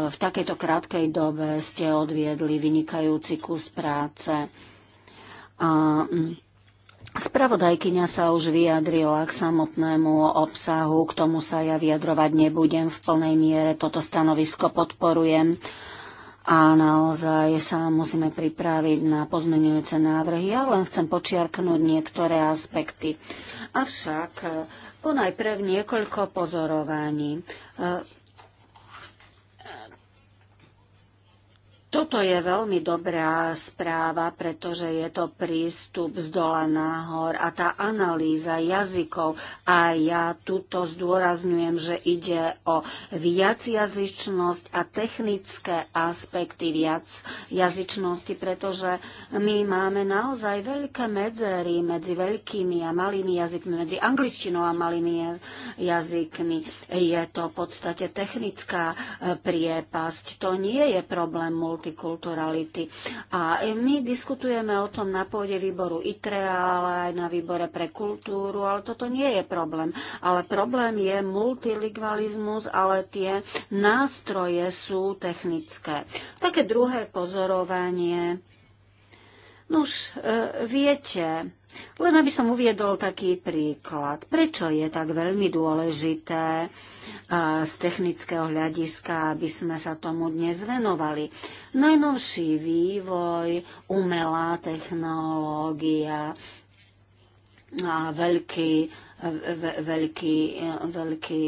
v takejto krátkej dobe ste odviedli vynikajúci kus práce. A mm, Spravodajkyňa sa už vyjadrila k samotnému obsahu, k tomu sa ja vyjadrovať nebudem v plnej miere, toto stanovisko podporujem a naozaj sa musíme pripraviť na pozmenujúce návrhy. Ja len chcem počiarknúť niektoré aspekty. Avšak eh, ponajprv niekoľko pozorovaní. Eh, Toto je veľmi dobrá správa, pretože je to prístup z dola nahor a tá analýza jazykov. A ja tuto zdôrazňujem, že ide o viac jazyčnosť a technické aspekty viac jazyčnosti, pretože my máme naozaj veľké medzery medzi veľkými a malými jazykmi, medzi angličtinou a malými jazykmi. Je to v podstate technická eh, priepasť. To nie je problém multi multikulturality. A my diskutujeme o tom na pôde výboru ITRE, ale aj na výbore pre kultúru, ale toto nie je problém. Ale problém je multiligvalizmus, ale tie nástroje sú technické. Také druhé pozorovanie Nuž, e, viete, len aby som uviedol taký príklad, prečo je tak veľmi dôležité e, z technického hľadiska, aby sme sa tomu dnes venovali. Najnovší vývoj, umelá technológia a veľký, veľký, e, veľký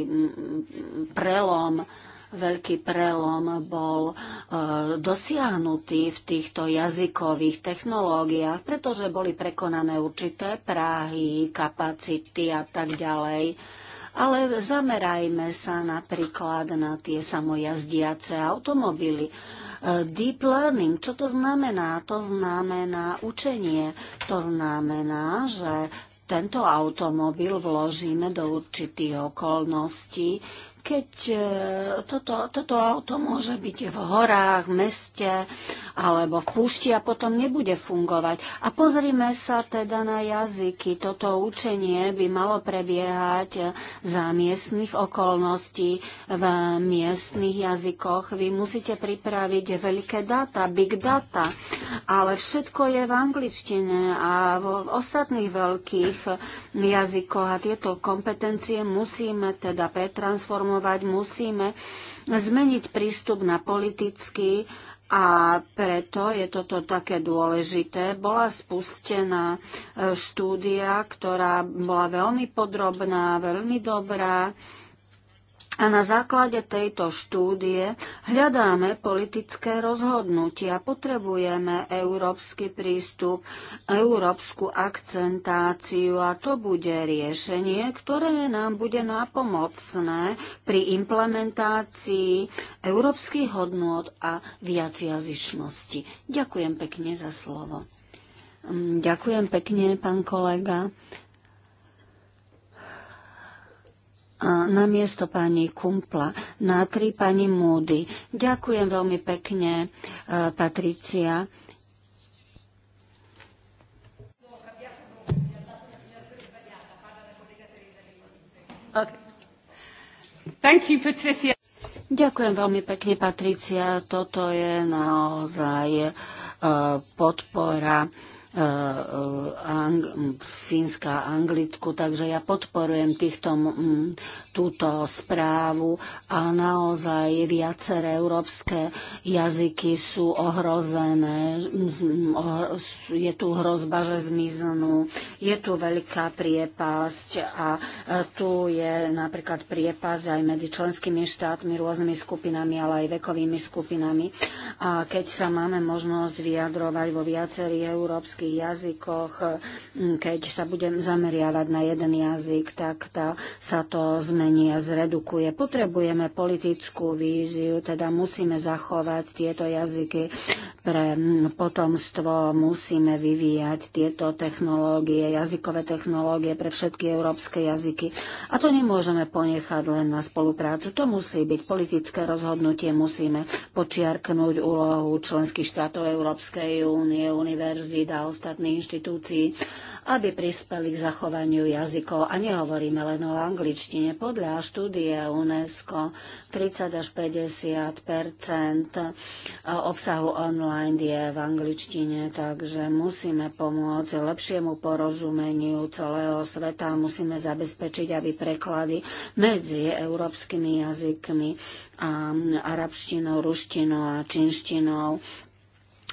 prelom veľký prelom bol e, dosiahnutý v týchto jazykových technológiách, pretože boli prekonané určité práhy, kapacity a tak ďalej ale zamerajme sa napríklad na tie samojazdiace automobily. E, deep learning, čo to znamená? To znamená učenie. To znamená, že tento automobil vložíme do určitých okolností, keď e, toto, toto auto môže byť v horách, v meste alebo v púšti a potom nebude fungovať. A pozrime sa teda na jazyky. Toto učenie by malo prebiehať za miestnych okolností v miestnych jazykoch. Vy musíte pripraviť veľké data, big data, ale všetko je v angličtine a v ostatných veľkých jazykoch a tieto kompetencie musíme teda pretransformovať konzumovať, musíme zmeniť prístup na politický a preto je toto také dôležité. Bola spustená e, štúdia, ktorá bola veľmi podrobná, veľmi dobrá a na základe tejto štúdie hľadáme politické rozhodnutia, potrebujeme európsky prístup, európsku akcentáciu a to bude riešenie, ktoré nám bude nápomocné pri implementácii európskych hodnôt a viacjazyčnosti. Ďakujem pekne za slovo. Ďakujem pekne, pán kolega. na miesto pani Kumpla, na tri pani Múdy. Ďakujem veľmi pekne, e, Patricia. Okay. Thank you, Patricia. Ďakujem veľmi pekne, Patricia. Toto je naozaj e, podpora Eh, ang, fínska anglitku, takže ja podporujem týchto túto správu a naozaj viaceré európske jazyky sú ohrozené. Je tu hrozba, že zmiznú. Je tu veľká priepasť a e, tu je napríklad priepasť aj medzi členskými štátmi, rôznymi skupinami, ale aj vekovými skupinami. A keď sa máme možnosť vyjadrovať vo viacerých európskych jazykoch, keď sa budem zameriavať na jeden jazyk, tak tá, sa to zmení zmení a zredukuje. Potrebujeme politickú víziu, teda musíme zachovať tieto jazyky pre potomstvo, musíme vyvíjať tieto technológie, jazykové technológie pre všetky európske jazyky. A to nemôžeme ponechať len na spoluprácu. To musí byť politické rozhodnutie, musíme počiarknúť úlohu členských štátov Európskej únie, univerzít a ostatných inštitúcií aby prispeli k zachovaniu jazykov. A nehovoríme len o angličtine. Podľa štúdie UNESCO 30 až 50 e, obsahu online je v angličtine, takže musíme pomôcť lepšiemu porozumeniu celého sveta. Musíme zabezpečiť, aby preklady medzi európskymi jazykmi a arabštinou, ruštinou a činštinou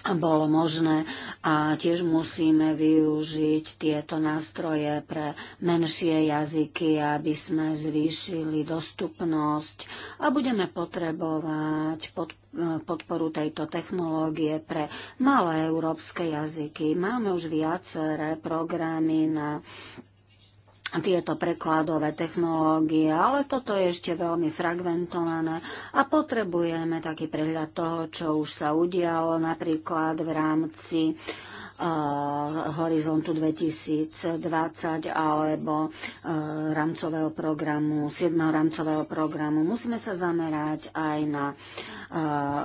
bolo možné a tiež musíme využiť tieto nástroje pre menšie jazyky, aby sme zvýšili dostupnosť a budeme potrebovať podporu podporu tejto technológie pre malé európske jazyky. Máme už viaceré programy na tieto prekladové technológie, ale toto je ešte veľmi fragmentované a potrebujeme taký prehľad toho, čo už sa udialo napríklad v rámci uh, Horizontu 2020 alebo eh, rámcového programu, 7. rámcového programu. Musíme sa zamerať aj na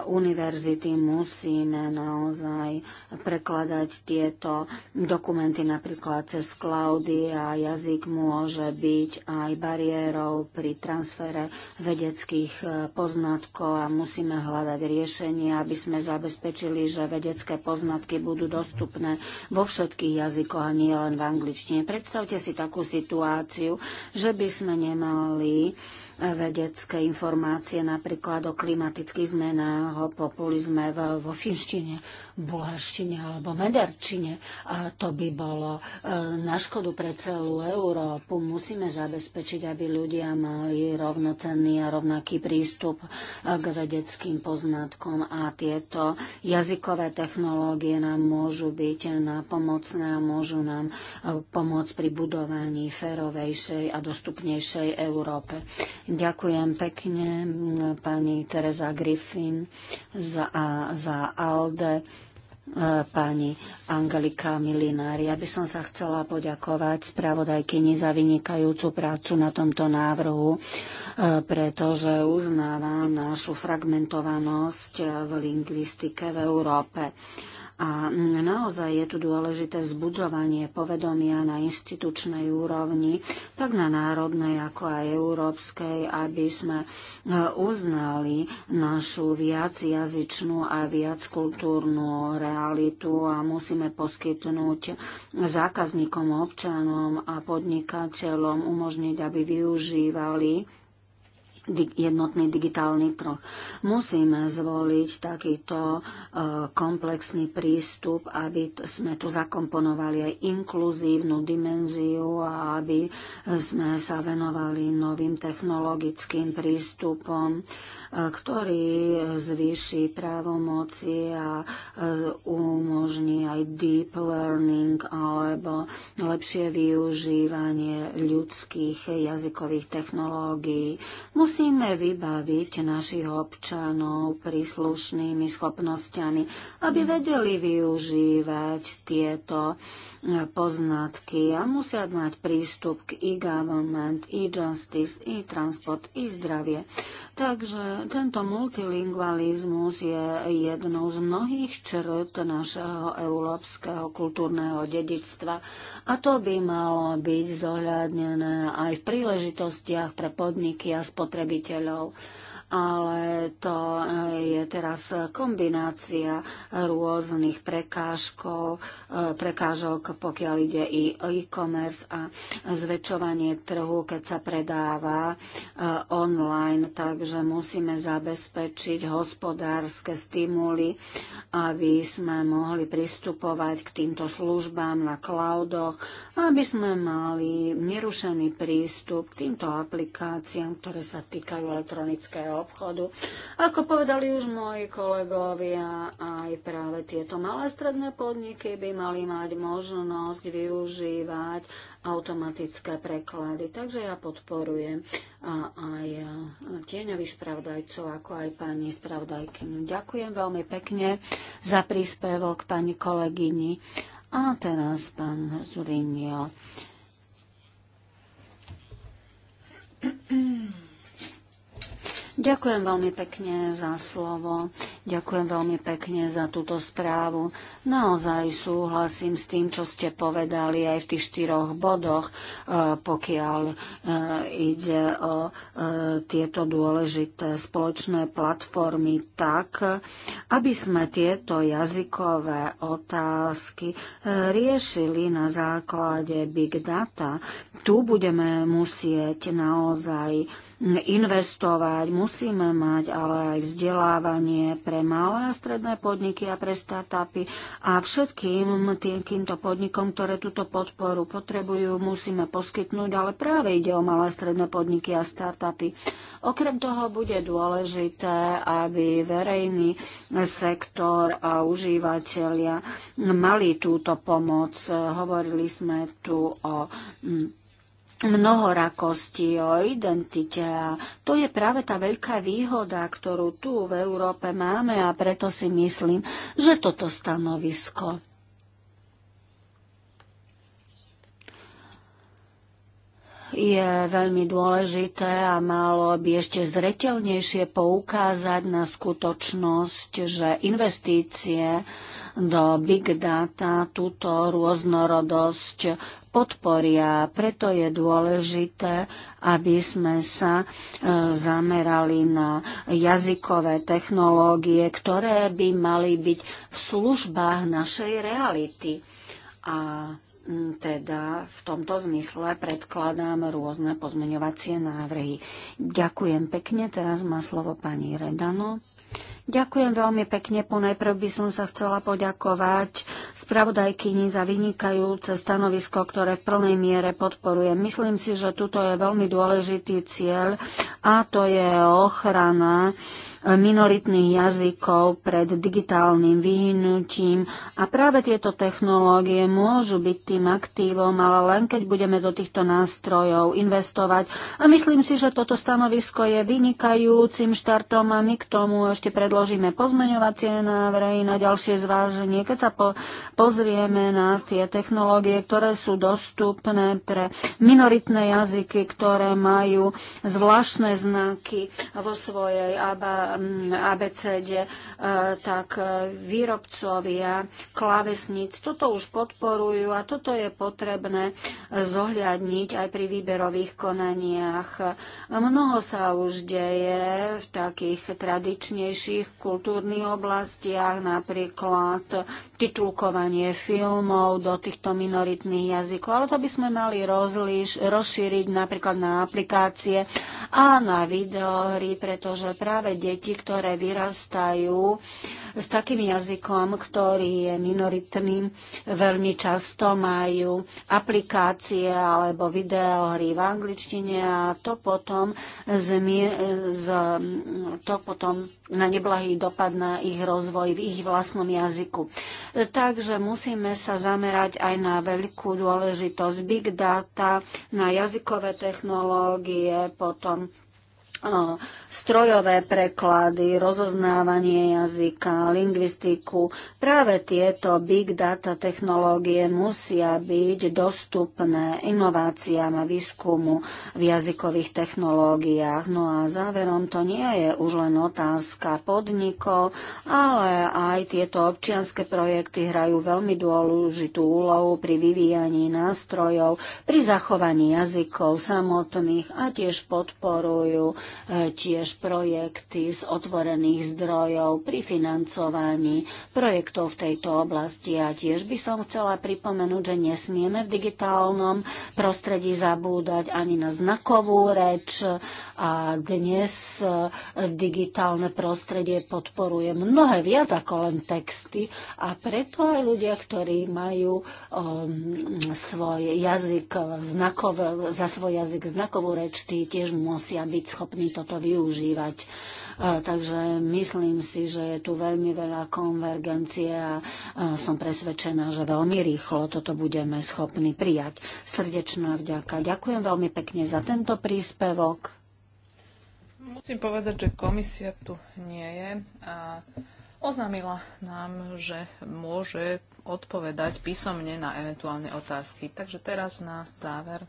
univerzity musíme naozaj prekladať tieto dokumenty napríklad cez cloudy a jazyk môže byť aj bariérou pri transfere vedeckých e, poznatkov a musíme hľadať riešenie, aby sme zabezpečili, že vedecké poznatky budú dostupné vo všetkých jazykoch a nie len v angličtine. Predstavte si takú situáciu, že by sme nemali vedecké informácie napríklad o klimatických zmenách, o populizme vo finštine, bulharštine alebo mederčine. A to by bolo e, na škodu pre celú Európu. Musíme zabezpečiť, aby ľudia mali rovnocenný a rovnaký prístup e, k vedeckým poznatkom a tieto jazykové technológie nám môžu byť napomocné a môžu nám e, pomôcť pri budovaní férovejšej a dostupnejšej Európe. Ďakujem pekne pani Teresa Griffin za, a, za ALDE e, pani Angelika Milinári. Ja by som sa chcela poďakovať spravodajkyni za vynikajúcu prácu na tomto návrhu, e, pretože uznáva našu fragmentovanosť v lingvistike v Európe. A naozaj je tu dôležité vzbudzovanie povedomia na institučnej úrovni, tak na národnej ako aj európskej, aby sme e, uznali našu viacjazyčnú a viackultúrnu realitu a musíme poskytnúť zákazníkom, občanom a podnikateľom umožniť, aby využívali jednotný digitálny trh. Musíme zvoliť takýto e, komplexný prístup, aby sme tu zakomponovali aj inkluzívnu dimenziu a aby sme sa venovali novým technologickým prístupom ktorý zvýši právomoci a e, umožní aj deep learning alebo lepšie využívanie ľudských jazykových technológií. Musíme vybaviť našich občanov príslušnými schopnosťami, aby mhm. vedeli využívať tieto e, poznatky a musia mať prístup k e-government, e-justice, e-transport, e-zdravie. Takže tento multilingualizmus je jednou z mnohých črt našeho európskeho kultúrneho dedičstva a to by malo byť zohľadnené aj v príležitostiach pre podniky a spotrebiteľov ale to eh, je teraz kombinácia rôznych prekážkov, eh, prekážok, pokiaľ ide i e-commerce a zväčšovanie trhu, keď sa predáva eh, online. Takže musíme zabezpečiť hospodárske stimuly, aby sme mohli pristupovať k týmto službám na cloudoch, aby sme mali nerušený prístup k týmto aplikáciám, ktoré sa týkajú elektronického obchodu. Ako povedali už moji kolegovia, aj práve tieto malé stredné podniky by mali mať možnosť využívať automatické preklady. Takže ja podporujem aj tieňových spravdajcov, ako aj pani spravodajkyňu. Ďakujem veľmi pekne za príspevok pani kolegyni. A teraz pán Zurinio. Ďakujem veľmi pekne za slovo, ďakujem veľmi pekne za túto správu. Naozaj súhlasím s tým, čo ste povedali aj v tých štyroch bodoch, e, pokiaľ e, ide o e, tieto dôležité spoločné platformy tak, aby sme tieto jazykové otázky riešili na základe big data. Tu budeme musieť naozaj investovať, musíme mať, ale aj vzdelávanie pre malé a stredné podniky a pre startupy. A všetkým týmto podnikom, ktoré túto podporu potrebujú, musíme poskytnúť, ale práve ide o malé a stredné podniky a startupy. Okrem toho bude dôležité, aby verejný sektor a užívateľia mali túto pomoc. Hovorili sme tu o mm, mnohorakosti, o identite. A to je práve tá veľká výhoda, ktorú tu v Európe máme a preto si myslím, že toto stanovisko je veľmi dôležité a malo by ešte zretelnejšie poukázať na skutočnosť, že investície do big data túto rôznorodosť podporia. Preto je dôležité, aby sme sa e, zamerali na jazykové technológie, ktoré by mali byť v službách našej reality. A teda v tomto zmysle predkladám rôzne pozmeňovacie návrhy. Ďakujem pekne. Teraz má slovo pani Redano. Ďakujem veľmi pekne. Ponajprv by som sa chcela poďakovať spravodajkyni za vynikajúce stanovisko, ktoré v plnej miere podporujem. Myslím si, že tuto je veľmi dôležitý cieľ a to je ochrana minoritných jazykov pred digitálnym vyhnutím a práve tieto technológie môžu byť tým aktívom, ale len keď budeme do týchto nástrojov investovať. A myslím si, že toto stanovisko je vynikajúcim štartom a my k tomu ešte pred predložíme pozmeňovacie návrhy na ďalšie zváženie, keď sa po, pozrieme na tie technológie, ktoré sú dostupné pre minoritné jazyky, ktoré majú zvláštne znaky vo svojej ABCD, e, tak e, výrobcovia, klavesníc, toto už podporujú a toto je potrebné zohľadniť aj pri výberových konaniach. Mnoho sa už deje v takých tradičnejších niektorých kultúrnych oblastiach, napríklad titulkovanie filmov do týchto minoritných jazykov. Ale to by sme mali rozliš, rozšíriť napríklad na aplikácie a na videohry, pretože práve deti, ktoré vyrastajú s takým jazykom, ktorý je minoritný, veľmi často majú aplikácie alebo videohry v angličtine a to potom, z, to potom na neblahý dopad na ich rozvoj v ich vlastnom jazyku. Takže musíme sa zamerať aj na veľkú dôležitosť big data, na jazykové technológie, potom strojové preklady, rozoznávanie jazyka, lingvistiku. Práve tieto big data technológie musia byť dostupné inováciám a výskumu v jazykových technológiách. No a záverom to nie je už len otázka podnikov, ale aj tieto občianské projekty hrajú veľmi dôležitú úlohu pri vyvíjaní nástrojov, pri zachovaní jazykov samotných a tiež podporujú E, tiež projekty z otvorených zdrojov pri financovaní projektov v tejto oblasti. A tiež by som chcela pripomenúť, že nesmieme v digitálnom prostredí zabúdať ani na znakovú reč. A dnes e, digitálne prostredie podporuje mnohé viac ako len texty a preto aj ľudia, ktorí majú um, svoj jazyk znakov, za svoj jazyk znakovú reč, tí tiež musia byť schopní schopní toto využívať. E, takže myslím si, že je tu veľmi veľa konvergencie a e, som presvedčená, že veľmi rýchlo toto budeme schopní prijať. Srdečná vďaka. Ďakujem veľmi pekne za tento príspevok. Musím povedať, že komisia tu nie je a oznámila nám, že môže odpovedať písomne na eventuálne otázky. Takže teraz na záver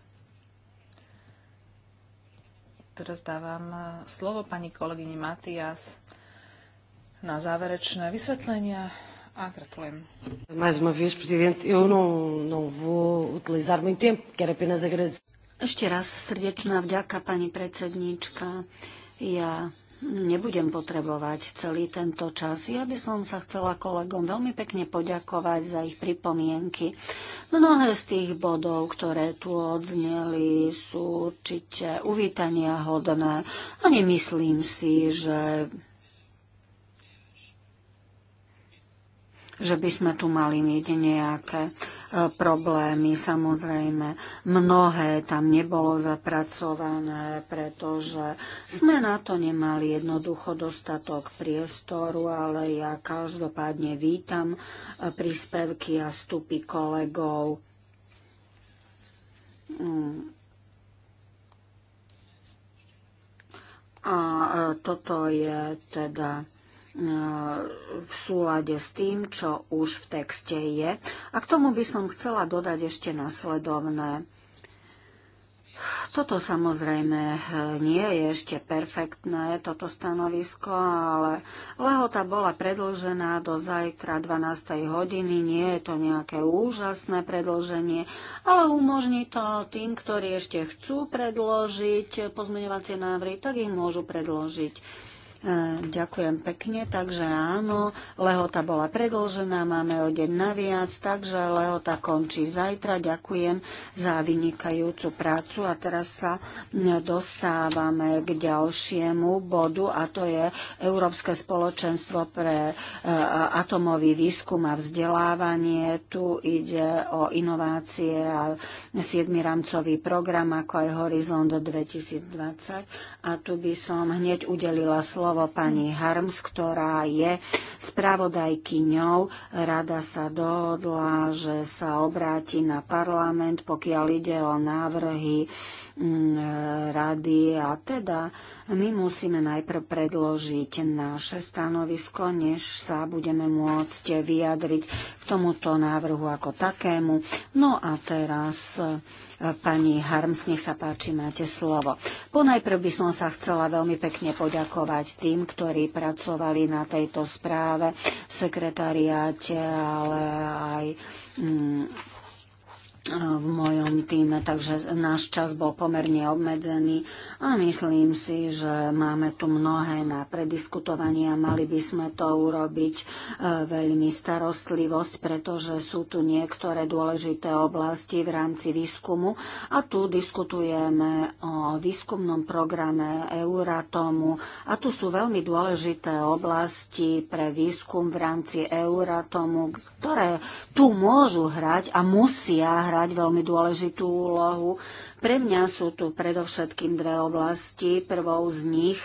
Teraz dávam e, slovo pani kolegyni Matias na záverečné vysvetlenia a gratulujem. Mais uma vez, prezident, eu não, não vou utilizar muito tempo, quero apenas agradecer. Ešte raz srdečná vďaka, pani predsedníčka. Ja nebudem potrebovať celý tento čas. Ja by som sa chcela kolegom veľmi pekne poďakovať za ich pripomienky. Mnohé z tých bodov, ktoré tu odzneli, sú určite uvítania hodné a nemyslím si, že že by sme tu mali mieť nejaké E, problémy. Samozrejme, mnohé tam nebolo zapracované, pretože sme na to nemali jednoducho dostatok priestoru, ale ja každopádne vítam e, príspevky a stupy kolegov. Mm. A e, toto je teda v súlade s tým, čo už v texte je. A k tomu by som chcela dodať ešte nasledovné. Toto samozrejme eh, nie je ešte perfektné, toto stanovisko, ale lehota bola predlžená do zajtra 12. hodiny. Nie je to nejaké úžasné predlženie, ale umožní to tým, ktorí ešte chcú predložiť pozmeňovacie návrhy, tak ich môžu predložiť Eh, ďakujem pekne, takže áno, lehota bola predlžená, máme o deň naviac, takže lehota končí zajtra. Ďakujem za vynikajúcu prácu a teraz sa mm, dostávame k ďalšiemu bodu a to je Európske spoločenstvo pre eh, atomový výskum a vzdelávanie. Tu ide o inovácie a 7 rámcový program, ako aj Horizont 2020. A tu by som hneď udelila slovo slovo pani Harms, ktorá je spravodajkyňou. Rada sa dohodla, že sa obráti na parlament, pokiaľ ide o návrhy mm, rady a teda my musíme najprv predložiť naše stanovisko, než sa budeme môcť vyjadriť k tomuto návrhu ako takému. No a teraz Pani Harms, nech sa páči, máte slovo. Ponajprv by som sa chcela veľmi pekne poďakovať tým, ktorí pracovali na tejto správe, sekretariáte, ale aj mm, v mojom týme, takže náš čas bol pomerne obmedzený a myslím si, že máme tu mnohé na prediskutovanie a mali by sme to urobiť e, veľmi starostlivosť, pretože sú tu niektoré dôležité oblasti v rámci výskumu a tu diskutujeme o výskumnom programe Euratomu a tu sú veľmi dôležité oblasti pre výskum v rámci Euratomu, ktoré tu môžu hrať a musia hrať hrať veľmi dôležitú úlohu pre mňa sú tu predovšetkým dve oblasti. Prvou z nich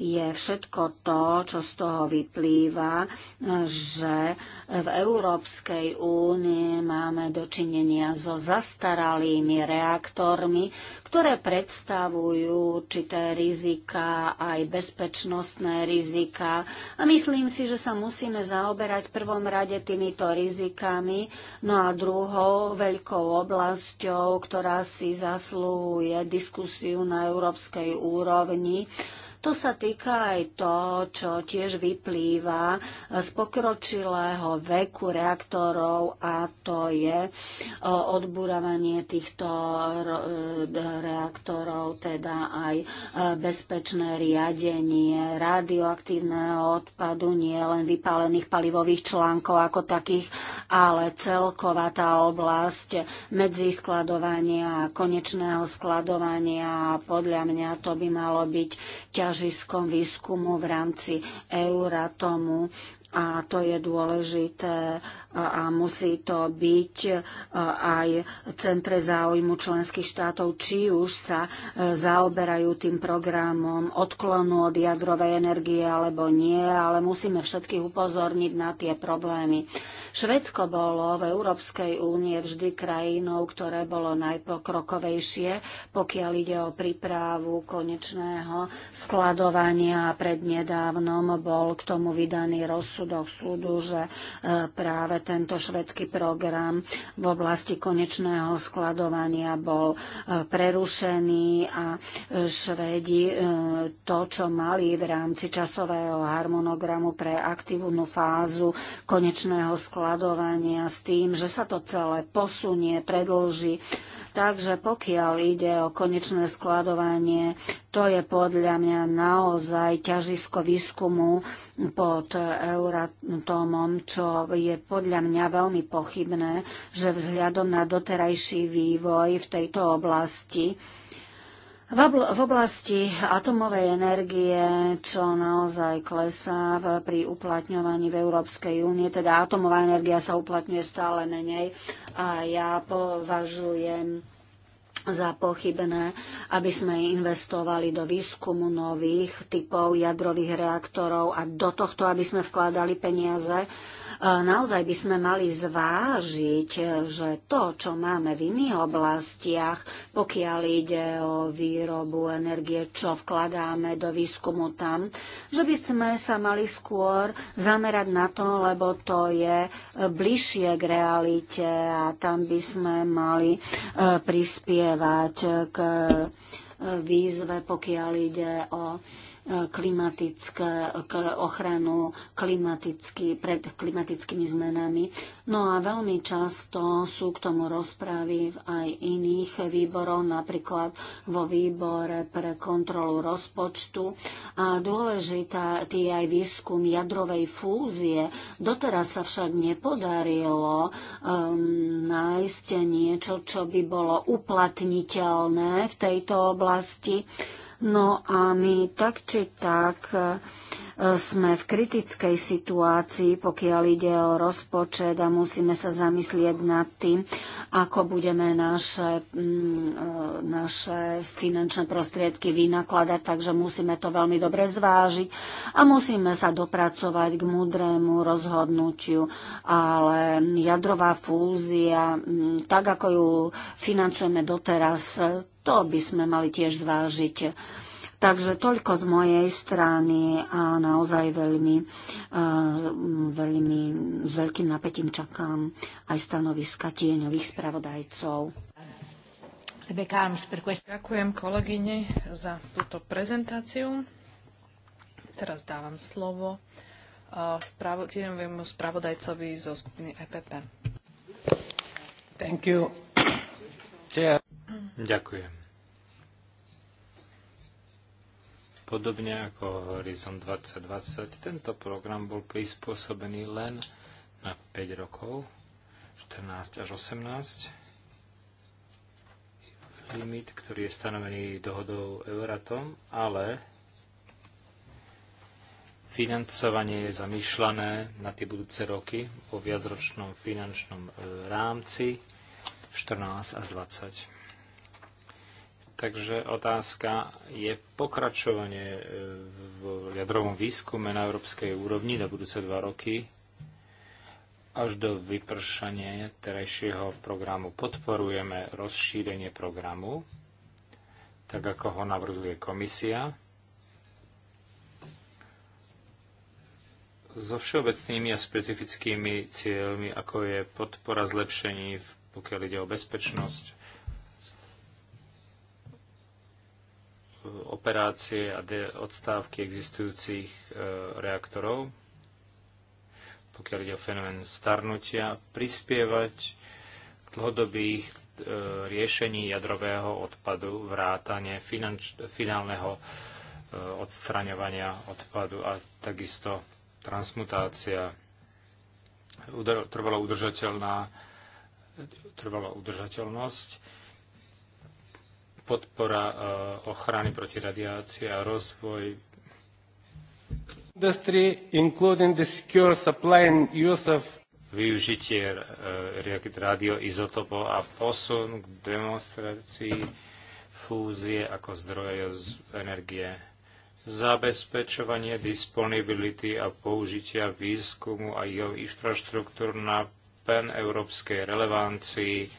je všetko to, čo z toho vyplýva, že v Európskej únie máme dočinenia so zastaralými reaktormi, ktoré predstavujú určité rizika, aj bezpečnostné rizika. A myslím si, že sa musíme zaoberať prvom rade týmito rizikami. No a druhou veľkou oblasťou, ktorá si zas zasluhuje diskusiu na európskej úrovni to sa týka aj to, čo tiež vyplýva z pokročilého veku reaktorov a to je e, odburávanie týchto e, reaktorov, teda aj e, bezpečné riadenie radioaktívneho odpadu, nie len vypálených palivových článkov ako takých, ale celková tá oblasť skladovania a konečného skladovania. Podľa mňa to by malo byť ťažké ťažiskom výskumu v rámci Euratomu a to je dôležité a musí to byť e, aj centre záujmu členských štátov, či už sa e, zaoberajú tým programom odklonu od jadrovej energie alebo nie, ale musíme všetkých upozorniť na tie problémy. Švedsko bolo v Európskej únie vždy krajinou, ktoré bolo najpokrokovejšie, pokiaľ ide o prípravu konečného skladovania a prednedávnom bol k tomu vydaný rozsudok súdu, že e, práve tento švedský program v oblasti konečného skladovania bol e, prerušený a e, Švédi e, to, čo mali v rámci časového harmonogramu pre aktívnu fázu konečného skladovania s tým, že sa to celé posunie, predlží, Takže pokiaľ ide o konečné skladovanie, to je podľa mňa naozaj ťažisko výskumu pod Euratomom, čo je podľa mňa veľmi pochybné, že vzhľadom na doterajší vývoj v tejto oblasti, v oblasti atomovej energie, čo naozaj klesá pri uplatňovaní v Európskej únie, teda atomová energia sa uplatňuje stále menej a ja považujem za pochybné, aby sme investovali do výskumu nových typov jadrových reaktorov a do tohto, aby sme vkladali peniaze, E, naozaj by sme mali zvážiť, e, že to, čo máme v iných oblastiach, pokiaľ ide o výrobu energie, čo vkladáme do výskumu tam, že by sme sa mali skôr zamerať na to, lebo to je e, bližšie k realite a tam by sme mali prispievať k výzve, pokiaľ ide o klimatické, k ochranu klimaticky, pred klimatickými zmenami. No a veľmi často sú k tomu rozprávy v aj iných výborov, napríklad vo výbore pre kontrolu rozpočtu. A dôležitá je aj výskum jadrovej fúzie. Doteraz sa však nepodarilo um, nájsť niečo, čo by bolo uplatniteľné v tejto oblasti. No a my tak či tak Eh, sme v kritickej situácii, pokiaľ ide o rozpočet a musíme sa zamyslieť nad tým, ako budeme naše, mm, eh, naše finančné prostriedky vynakladať, takže musíme to veľmi dobre zvážiť a musíme sa dopracovať k múdrému rozhodnutiu. Ale jadrová fúzia, mm, tak ako ju financujeme doteraz, to by sme mali tiež zvážiť. Takže toľko z mojej strany a naozaj veľmi, eh, veľmi s veľkým napätím čakám aj stanoviska tieňových spravodajcov. Ďakujem kolegyne za túto prezentáciu. Teraz dávam slovo eh, spravo, tieňovému spravodajcovi zo skupiny EPP. Thank you. Ďakujem. Podobne ako Horizon 2020, tento program bol prispôsobený len na 5 rokov, 14 až 18. Limit, ktorý je stanovený dohodou Euratom, ale financovanie je zamýšľané na tie budúce roky o viacročnom finančnom e, rámci 14 až 20. Takže otázka je pokračovanie e, v jadrovom výskume na európskej úrovni na budúce dva roky až do vypršania terajšieho programu. Podporujeme rozšírenie programu, tak ako ho navrhuje komisia. so všeobecnými a specifickými cieľmi, ako je podpora zlepšení, pokiaľ ide o bezpečnosť, operácie a odstávky existujúcich e, reaktorov, pokiaľ ide o fenomén starnutia, prispievať k dlhodobých e, riešení jadrového odpadu, vrátane finanč, finálneho e, odstraňovania odpadu a takisto transmutácia trvalo udržateľná trvalo udržateľnosť podpora e, ochrany proti radiácii a rozvoj industry, including the secure supply and use of využitie e, radioizotopov a posun k demonstrácii fúzie ako zdroje z energie, zabezpečovanie disponibility a použitia výskumu a jeho infraštruktúr na pan-európskej relevancii,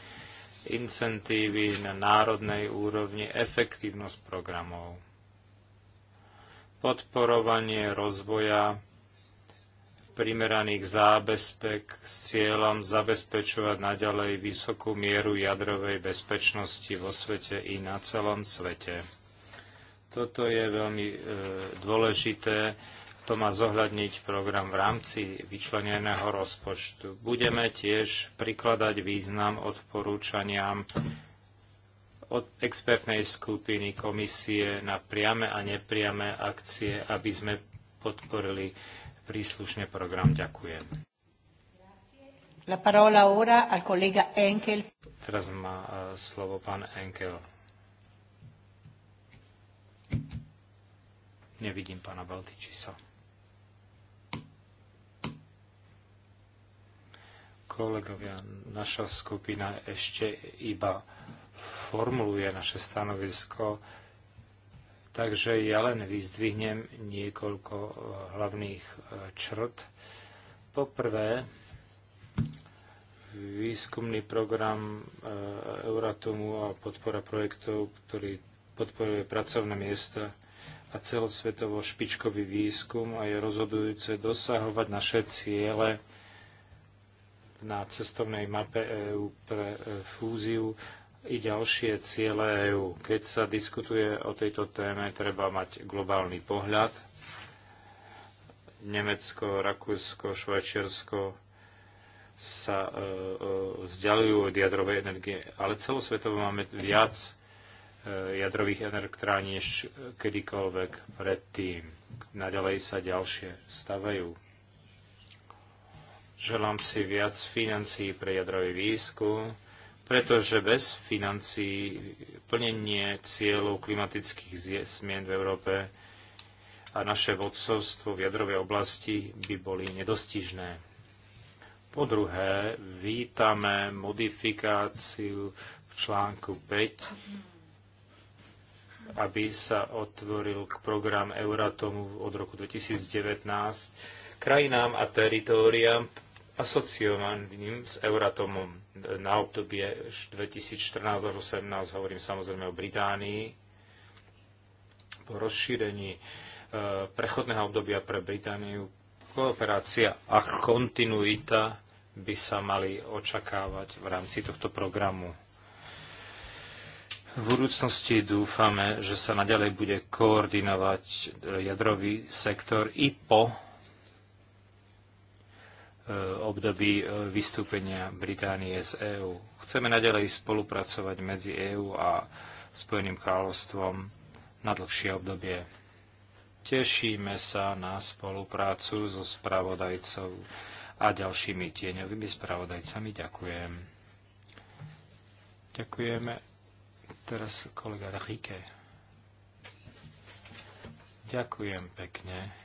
incentívy na národnej úrovni, efektívnosť programov, podporovanie rozvoja primeraných zábezpek s cieľom zabezpečovať naďalej vysokú mieru jadrovej bezpečnosti vo svete i na celom svete. Toto je veľmi e, dôležité to má zohľadniť program v rámci vyčleneného rozpočtu. Budeme tiež prikladať význam odporúčaniam od expertnej skupiny komisie na priame a nepriame akcie, aby sme podporili príslušne program. Ďakujem. La parola ora al collega Enkel. Teraz má e, slovo pán Enkel. Nevidím pána Baltičisa. Kolegovia, naša skupina ešte iba formuluje naše stanovisko, takže ja len vyzdvihnem niekoľko e, hlavných e, črt. Poprvé, výskumný program e, Euratomu a podpora projektov, ktorý podporuje pracovné miesta a celosvetovo špičkový výskum a je rozhodujúce dosahovať naše ciele na cestovnej mape EÚ pre e, fúziu i ďalšie ciele EÚ. Keď sa diskutuje o tejto téme, treba mať globálny pohľad. Nemecko, Rakúsko, Švajčiarsko sa e, e, vzdialujú od jadrovej energie, ale celosvetovo máme viac e, jadrových elektrární než kedykoľvek predtým. Naďalej sa ďalšie stavajú. Želám si viac financií pre jadrový výskum, pretože bez financií plnenie cieľov klimatických zmien v Európe a naše vodcovstvo v jadrovej oblasti by boli nedostižné. Po druhé, vítame modifikáciu v článku 5 aby sa otvoril k program Euratomu od roku 2019 krajinám a teritóriám asociovaným s Euratomom na obdobie 2014 až 2018, hovorím samozrejme o Británii, po rozšírení e, prechodného obdobia pre Britániu kooperácia a kontinuita by sa mali očakávať v rámci tohto programu. V budúcnosti dúfame, že sa naďalej bude koordinovať e, jadrový sektor i po Eh, období eh, vystúpenia Británie z EÚ. Chceme nadalej spolupracovať medzi EÚ a Spojeným kráľovstvom na dlhšie obdobie. Tešíme sa na spoluprácu so spravodajcov a ďalšími tieňovými spravodajcami. Ďakujem. Ďakujeme. Teraz kolega Rike. Ďakujem pekne.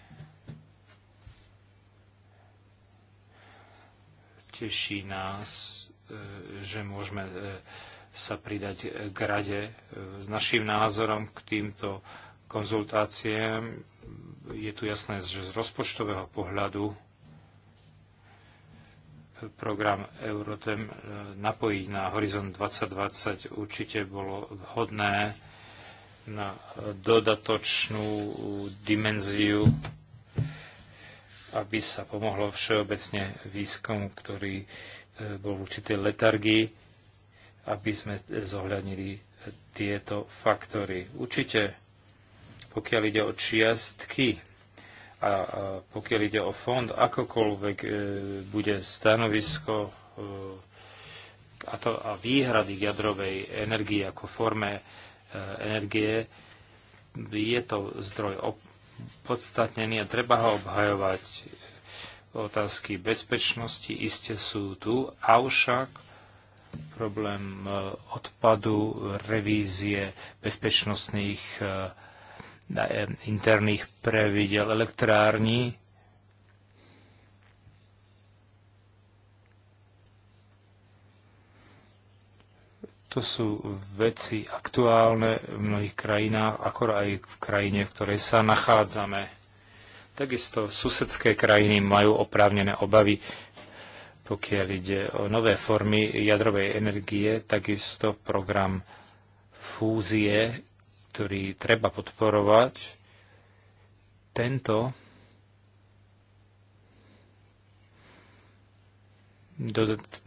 Teší nás, e, že môžeme e, sa pridať k rade e, s našim názorom k týmto konzultáciám. Je tu jasné, že z rozpočtového pohľadu program Eurotem napojiť na horizont 2020 určite bolo vhodné na dodatočnú dimenziu aby sa pomohlo všeobecne výskumu, ktorý e, bol v určitej letargii, aby sme zohľadnili tieto faktory. Určite, pokiaľ ide o čiastky a, pokiaľ ide o fond, akokoľvek e, bude stanovisko e, a, to, a výhrady k jadrovej energii ako forme energie, je to zdroj podstatnený a treba ho obhajovať. Otázky bezpečnosti iste sú tu, avšak problém e, odpadu, revízie bezpečnostných e, e, interných previdel elektrární To sú veci aktuálne v mnohých krajinách, ako aj v krajine, v ktorej sa nachádzame. Takisto susedské krajiny majú oprávnené obavy, pokiaľ ide o nové formy jadrovej energie, takisto program fúzie, ktorý treba podporovať. Tento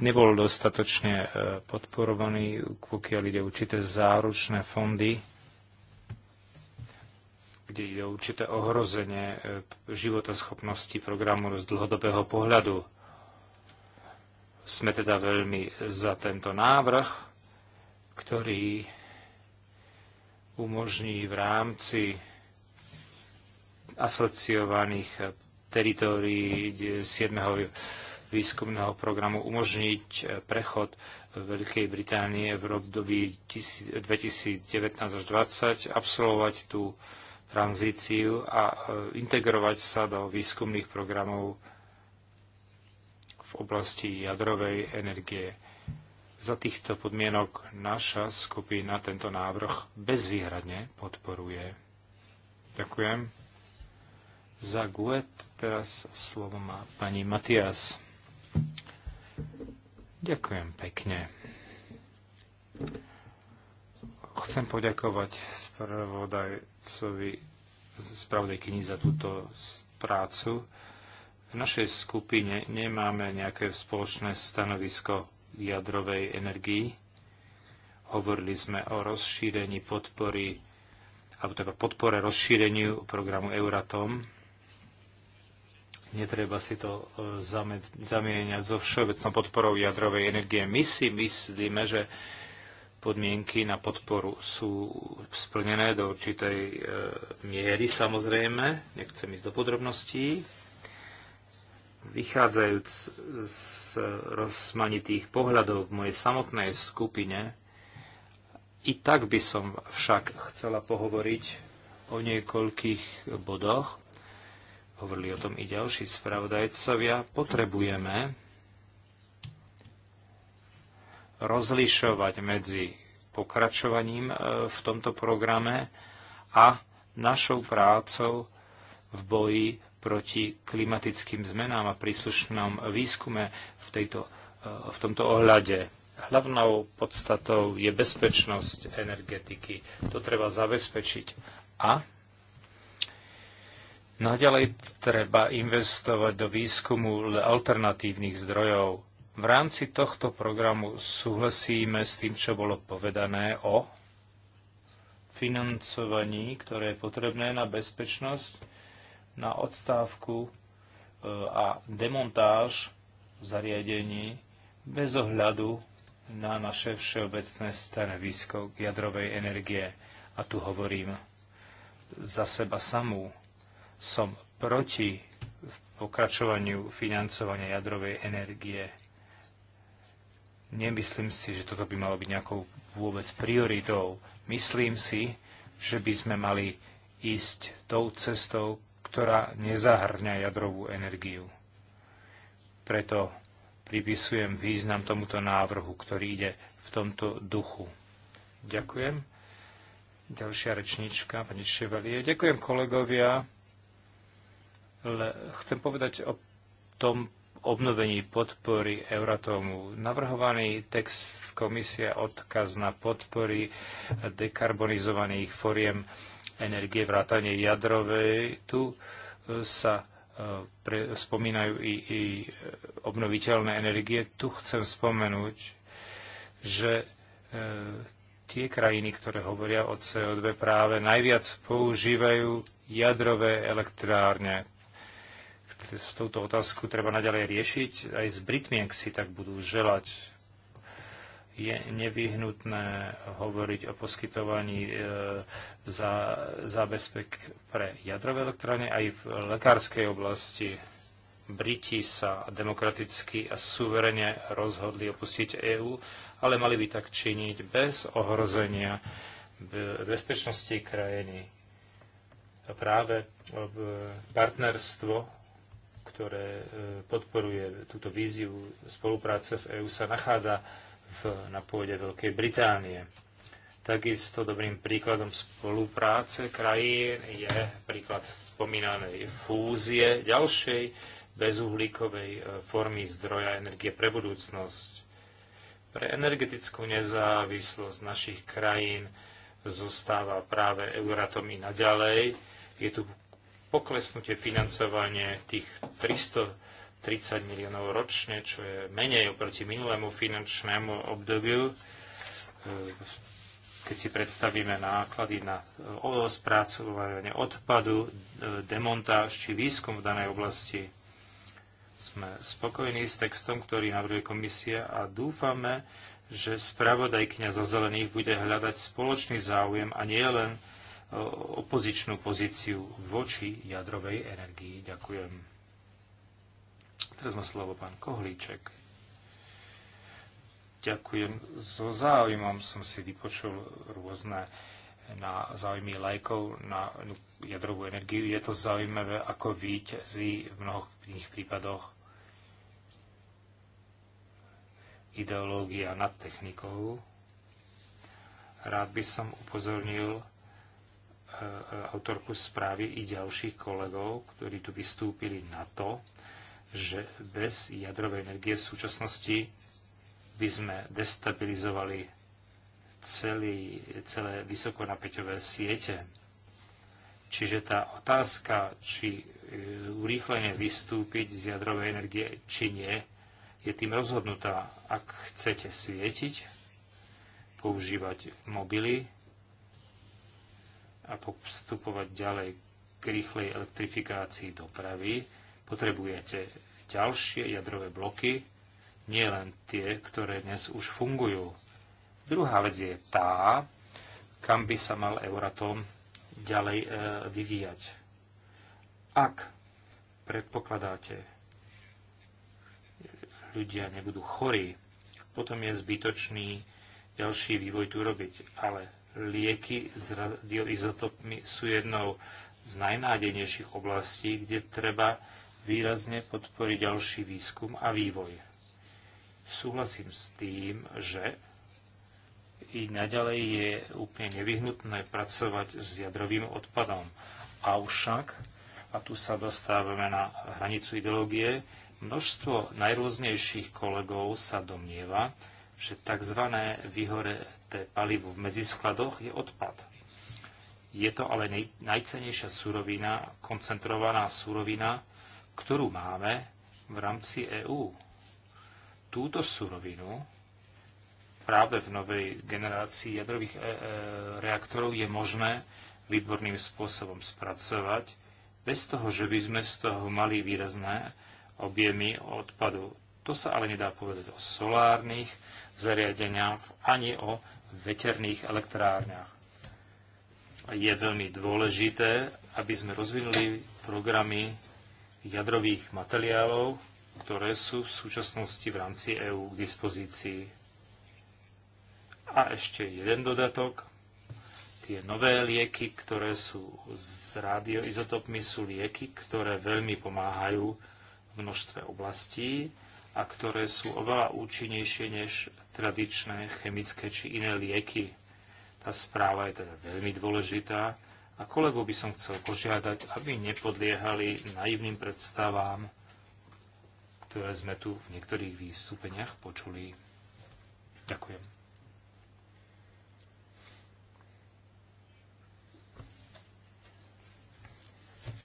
nebol dostatočne e, podporovaný, pokiaľ ide určité záručné fondy, kde ide určité ohrozenie e, životaschopnosti programu z dlhodobého pohľadu. Sme teda veľmi za tento návrh, ktorý umožní v rámci asociovaných teritórií 7 výskumného programu umožniť e, prechod Veľkej Británie v období 2019 až 2020, absolvovať tú tranzíciu a e, integrovať sa do výskumných programov v oblasti jadrovej energie. Za týchto podmienok naša skupina tento návrh bezvýhradne podporuje. Ďakujem. Za GUET teraz slovo má pani Matias. Ďakujem pekne. Chcem poďakovať spravodajcovi, spravodajkyni za túto prácu. V našej skupine nemáme nejaké spoločné stanovisko jadrovej energii. Hovorili sme o rozšírení podpory, alebo teda podpore rozšíreniu programu Euratom Netreba si to e, zamieňať so všeobecnou podporou jadrovej energie. My si myslíme, že podmienky na podporu sú splnené do určitej e, miery samozrejme, nechcem ísť do podrobností, vychádzajúc z rozmanitých pohľadov v mojej samotnej skupine, i tak by som však chcela pohovoriť o niekoľkých bodoch, hovorili o tom i ďalší spravodajcovia, potrebujeme rozlišovať medzi pokračovaním e, v tomto programe a našou prácou v boji proti klimatickým zmenám a príslušnom výskume v, tejto, e, v tomto ohľade. Hlavnou podstatou je bezpečnosť energetiky. To treba zabezpečiť. A Naďalej treba investovať do výskumu alternatívnych zdrojov. V rámci tohto programu súhlasíme s tým, čo bolo povedané o financovaní, ktoré je potrebné na bezpečnosť, na odstávku e, a demontáž zariadení bez ohľadu na naše všeobecné stanovisko k jadrovej energie. A tu hovorím za seba samú som proti pokračovaniu financovania jadrovej energie. Nemyslím si, že toto by malo byť nejakou vôbec prioritou. Myslím si, že by sme mali ísť tou cestou, ktorá nezahrňa jadrovú energiu. Preto pripisujem význam tomuto návrhu, ktorý ide v tomto duchu. Ďakujem. Ďalšia rečníčka, pani Ševelie. Ďakujem kolegovia chcem povedať o tom obnovení podpory Euratomu. Navrhovaný text komisia odkaz na podpory dekarbonizovaných foriem energie vrátane jadrovej. Tu e, sa e, pre, spomínajú i, i obnoviteľné energie. Tu chcem spomenúť, že e, tie krajiny, ktoré hovoria o CO2, práve najviac používajú jadrové elektrárne s touto otázku treba naďalej riešiť. Aj s Britmi, ak si tak budú želať, je nevyhnutné hovoriť o poskytovaní e, za zábezpek pre jadrové elektrárne aj v lekárskej oblasti. Briti sa demokraticky a suverene rozhodli opustiť EÚ, ale mali by tak činiť bez ohrozenia bezpečnosti krajiny. A práve e, partnerstvo ktoré e, podporuje túto víziu spolupráce v EÚ, sa nachádza v, na pôde Veľkej Británie. Takisto dobrým príkladom spolupráce krajín je príklad spomínanej fúzie ďalšej bezuhlíkovej e, formy zdroja energie pre budúcnosť. Pre energetickú nezávislosť našich krajín zostáva práve Euratom i naďalej. Je tu poklesnutie financovanie tých 330 miliónov ročne, čo je menej oproti minulému finančnému obdobiu. E, keď si predstavíme náklady na spracovanie odpadu, e, demontáž či výskum v danej oblasti, sme spokojní s textom, ktorý navrhuje komisia a dúfame, že spravodajkňa za zelených bude hľadať spoločný záujem a nie len opozičnú pozíciu voči jadrovej energii. Ďakujem. Teraz má slovo pán Kohlíček. Ďakujem. So záujmom som si vypočul rôzne na záujmy lajkov na jadrovú energiu. Je to zaujímavé, ako víťazí v mnohých prípadoch ideológia nad technikou. Rád by som upozornil autorku správy i ďalších kolegov, ktorí tu vystúpili na to, že bez jadrovej energie v súčasnosti by sme destabilizovali celý, celé vysokonapäťové siete. Čiže tá otázka, či e, urýchlene vystúpiť z jadrovej energie, či nie, je tým rozhodnutá. Ak chcete svietiť, používať mobily, a postupovať ďalej k rýchlej elektrifikácii dopravy, potrebujete ďalšie jadrové bloky, nie len tie, ktoré dnes už fungujú. Druhá vec je tá, kam by sa mal Euratom ďalej e, vyvíjať. Ak predpokladáte, ľudia nebudú chorí, potom je zbytočný ďalší vývoj tu robiť. Ale lieky s radioizotopmi sú jednou z najnádejnejších oblastí, kde treba výrazne podporiť ďalší výskum a vývoj. Súhlasím s tým, že i naďalej je úplne nevyhnutné pracovať s jadrovým odpadom. Avšak, a tu sa dostávame na hranicu ideológie, množstvo najrôznejších kolegov sa domnieva, že tzv. vyhore zahriaté palivo v medziskladoch je odpad. Je to ale najcenejšia surovina, koncentrovaná surovina, ktorú máme v rámci EÚ. Túto surovinu práve v novej generácii jadrových e- e- reaktorov je možné výborným spôsobom spracovať, bez toho, že by sme z toho mali výrazné objemy odpadu. To sa ale nedá povedať o solárnych zariadeniach ani o veterných elektrárniach. Je veľmi dôležité, aby sme rozvinuli programy jadrových materiálov, ktoré sú v súčasnosti v rámci EÚ k dispozícii. A ešte jeden dodatok. Tie nové lieky, ktoré sú s radioizotopmi, sú lieky, ktoré veľmi pomáhajú v množstve oblastí a ktoré sú oveľa účinnejšie než tradičné chemické či iné lieky. Tá správa je teda veľmi dôležitá a kolegu by som chcel požiadať, aby nepodliehali naivným predstavám, ktoré sme tu v niektorých výstupeniach počuli. Ďakujem.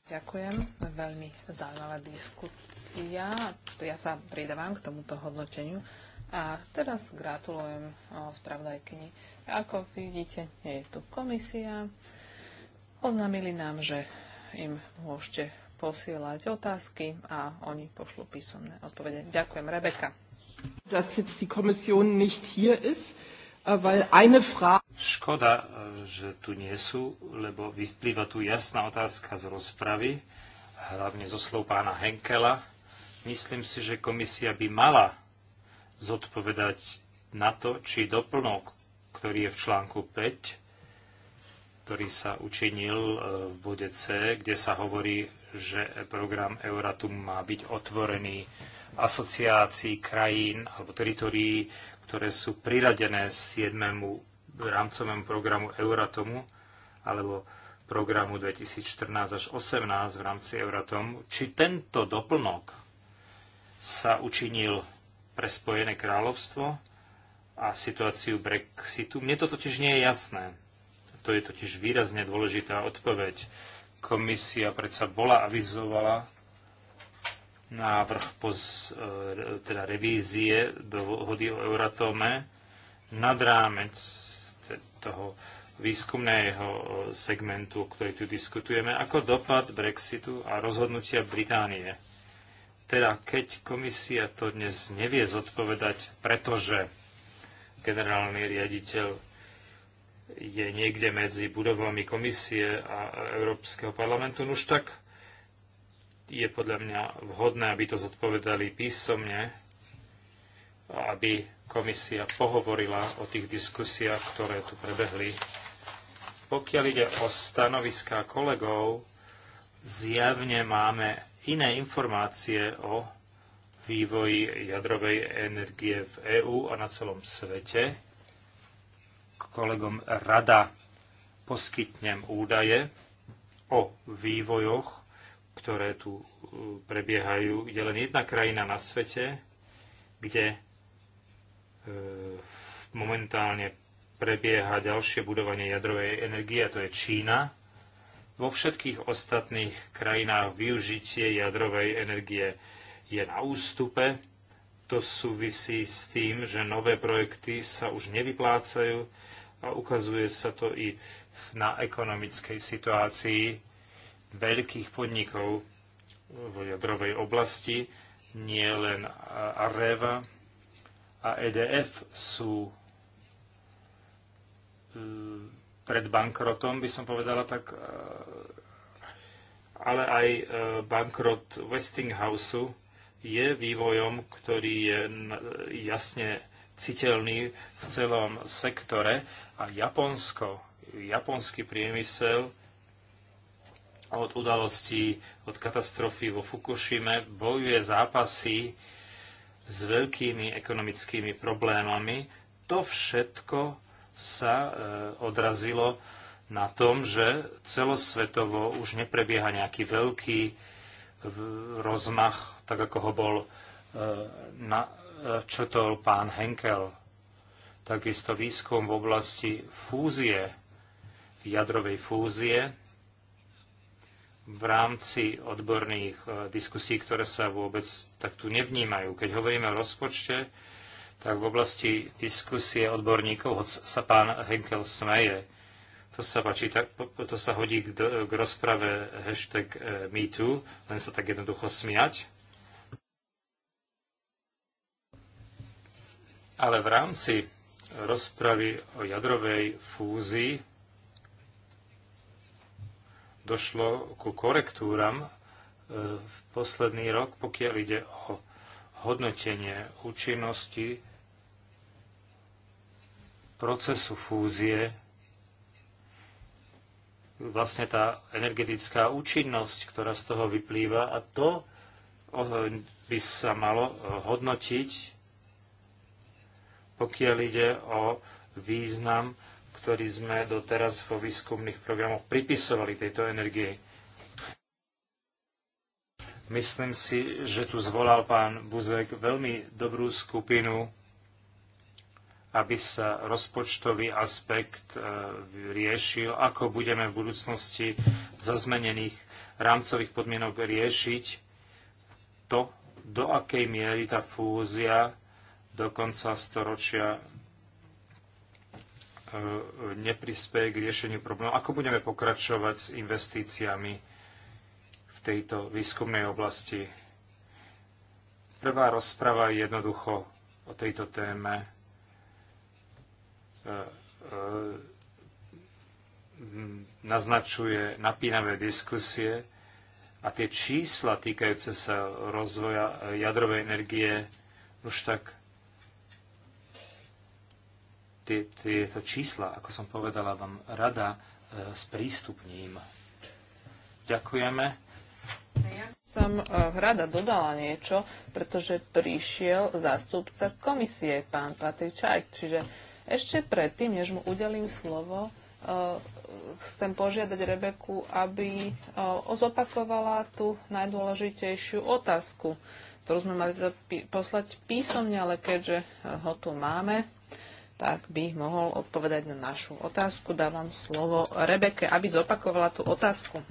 Ďakujem. Veľmi zaujímavá diskusia. Ja sa pridávam k tomuto hodnoteniu. A teraz gratulujem spravodajkyni. Ako vidíte, nie je tu komisia. Oznámili nám, že im môžete posielať otázky a oni pošlú písomné odpovede. Ďakujem, Rebeka. Dass jetzt die Kommission nicht hier ist, äh, weil eine Škoda, äh, že tu nie sú, lebo vyplýva tu jasná otázka z rozpravy, hlavne zo slov pána Henkela. Myslím si, že komisia by mala zodpovedať na to, či doplnok, ktorý je v článku 5, ktorý sa učinil e, v bode C, kde sa hovorí, že program Euratum má byť otvorený asociácií krajín alebo teritorií, ktoré sú priradené 7. rámcovému programu Euratomu alebo programu 2014 až 2018 v rámci Euratom, či tento doplnok sa učinil pre Spojené kráľovstvo a situáciu Brexitu. Mne to totiž nie je jasné. To je totiž výrazne dôležitá odpoveď. Komisia predsa bola avizovala návrh poz, e, teda revízie dohody o Euratome nad rámec toho výskumného e, segmentu, o ktorý tu diskutujeme, ako dopad Brexitu a rozhodnutia Británie teda, keď komisia to dnes nevie zodpovedať, pretože generálny riaditeľ je niekde medzi budovami komisie a Európskeho parlamentu, no už tak je podľa mňa vhodné, aby to zodpovedali písomne aby komisia pohovorila o tých diskusiách, ktoré tu prebehli. Pokiaľ ide o stanoviská kolegov, zjavne máme iné informácie o vývoji jadrovej energie v EÚ a na celom svete. Kolegom rada poskytnem údaje o vývojoch, ktoré tu uh, prebiehajú. Je len jedna krajina na svete, kde uh, momentálne prebieha ďalšie budovanie jadrovej energie, a to je Čína vo všetkých ostatných krajinách využitie jadrovej energie je na ústupe. To súvisí s tým, že nové projekty sa už nevyplácajú a ukazuje sa to i na ekonomickej situácii veľkých podnikov v jadrovej oblasti, nie len Areva a EDF sú pred bankrotom, by som povedala tak, eh, ale aj eh, bankrot Westinghouse je vývojom, ktorý je jasne citeľný v celom sektore a Japonsko, japonský priemysel od udalostí, od katastrofy vo Fukushime bojuje zápasy s veľkými ekonomickými problémami. To všetko sa e, odrazilo na tom, že celosvetovo už neprebieha nejaký veľký e, rozmach, tak ako ho bol bol e, pán Henkel. Takisto výskum v oblasti fúzie, jadrovej fúzie, v rámci odborných diskusí, ktoré sa vôbec tak tu nevnímajú. Keď hovoríme o rozpočte, tak v oblasti diskusie odborníkov sa pán Henkel smeje. To sa, páči, tak, to sa hodí k, k rozprave hashtag eh, MeToo, len sa tak jednoducho smiať. Ale v rámci rozpravy o jadrovej fúzii došlo ku korektúram eh, v posledný rok, pokiaľ ide o hodnotenie účinnosti procesu fúzie vlastne tá energetická účinnosť, ktorá z toho vyplýva a to by sa malo e, hodnotiť, pokiaľ ide o význam, ktorý sme doteraz vo výskumných programoch pripisovali tejto energii. Myslím si, že tu zvolal pán Buzek veľmi dobrú skupinu, aby sa rozpočtový aspekt e, riešil, ako budeme v budúcnosti za zmenených rámcových podmienok riešiť to, do akej miery tá fúzia do konca storočia e, neprispieje k riešeniu problémov. Ako budeme pokračovať s investíciami tejto výskumnej oblasti. Prvá rozprava je jednoducho o tejto téme. E, e, naznačuje napínavé diskusie a tie čísla týkajúce sa rozvoja jadrovej energie už tak tieto čísla, ako som povedala, vám rada e, prístupním. Ďakujeme. Ja som eh, rada dodala niečo, pretože prišiel zástupca komisie, pán Čajk. Čiže ešte predtým, než mu udelím slovo, eh, chcem požiadať Rebeku, aby eh, zopakovala tú najdôležitejšiu otázku, ktorú sme mali teda poslať písomne, ale keďže ho tu máme, tak by mohol odpovedať na našu otázku. Dávam slovo Rebeke, aby zopakovala tú otázku.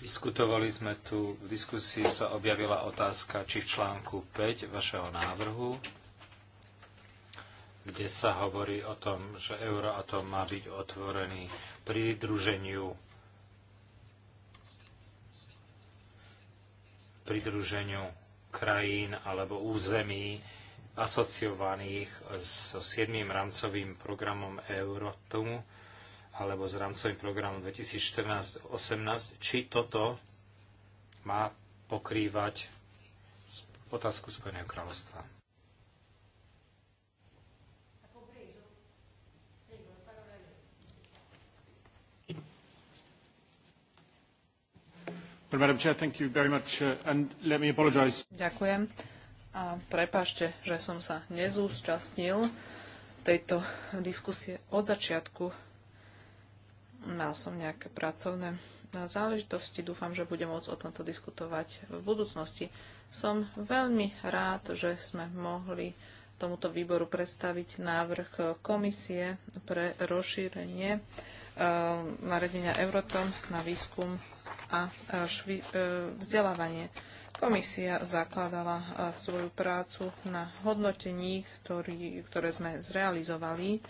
Diskutovali sme tu, v diskusii sa objavila otázka, či v článku 5 vašeho návrhu, kde sa hovorí o tom, že Euroatom má byť otvorený pridruženiu pridruženiu krajín alebo území asociovaných so 7. rámcovým programom Eurotomu alebo s rámcovým programom 2014-18, či toto má pokrývať otázku Spojeného kráľovstva. Uh, Ďakujem a prepašte, že som sa nezúčastnil tejto diskusie od začiatku. Mal som nejaké pracovné záležitosti. Dúfam, že budem môcť o tomto diskutovať v budúcnosti. Som veľmi rád, že sme mohli tomuto výboru predstaviť návrh komisie pre rozšírenie e, nariadenia Eurotom na výskum a e, vzdelávanie. Komisia zakladala e, svoju prácu na hodnotení, ktorý, ktoré sme zrealizovali.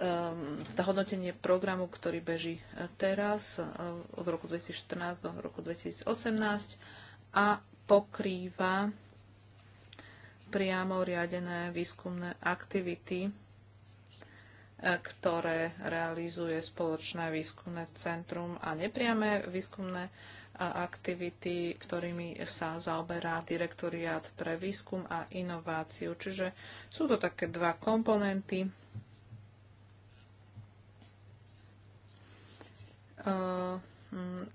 Ehm, tá hodnotenie programu, ktorý beží e, teraz e, od roku 2014 do roku 2018 a pokrýva priamo riadené výskumné aktivity, ktoré realizuje spoločné výskumné centrum a nepriame výskumné a aktivity, ktorými sa zaoberá direktoriát pre výskum a inováciu. Čiže sú to také dva komponenty. Ehm,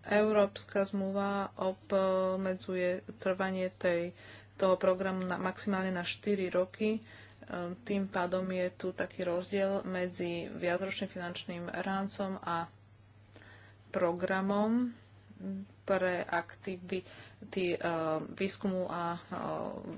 Európska zmluva obmedzuje trvanie tej, toho programu na, maximálne na 4 roky. Ehm, tým pádom je tu taký rozdiel medzi viacročným finančným rámcom a programom pre aktivity eh, výskumu a eh,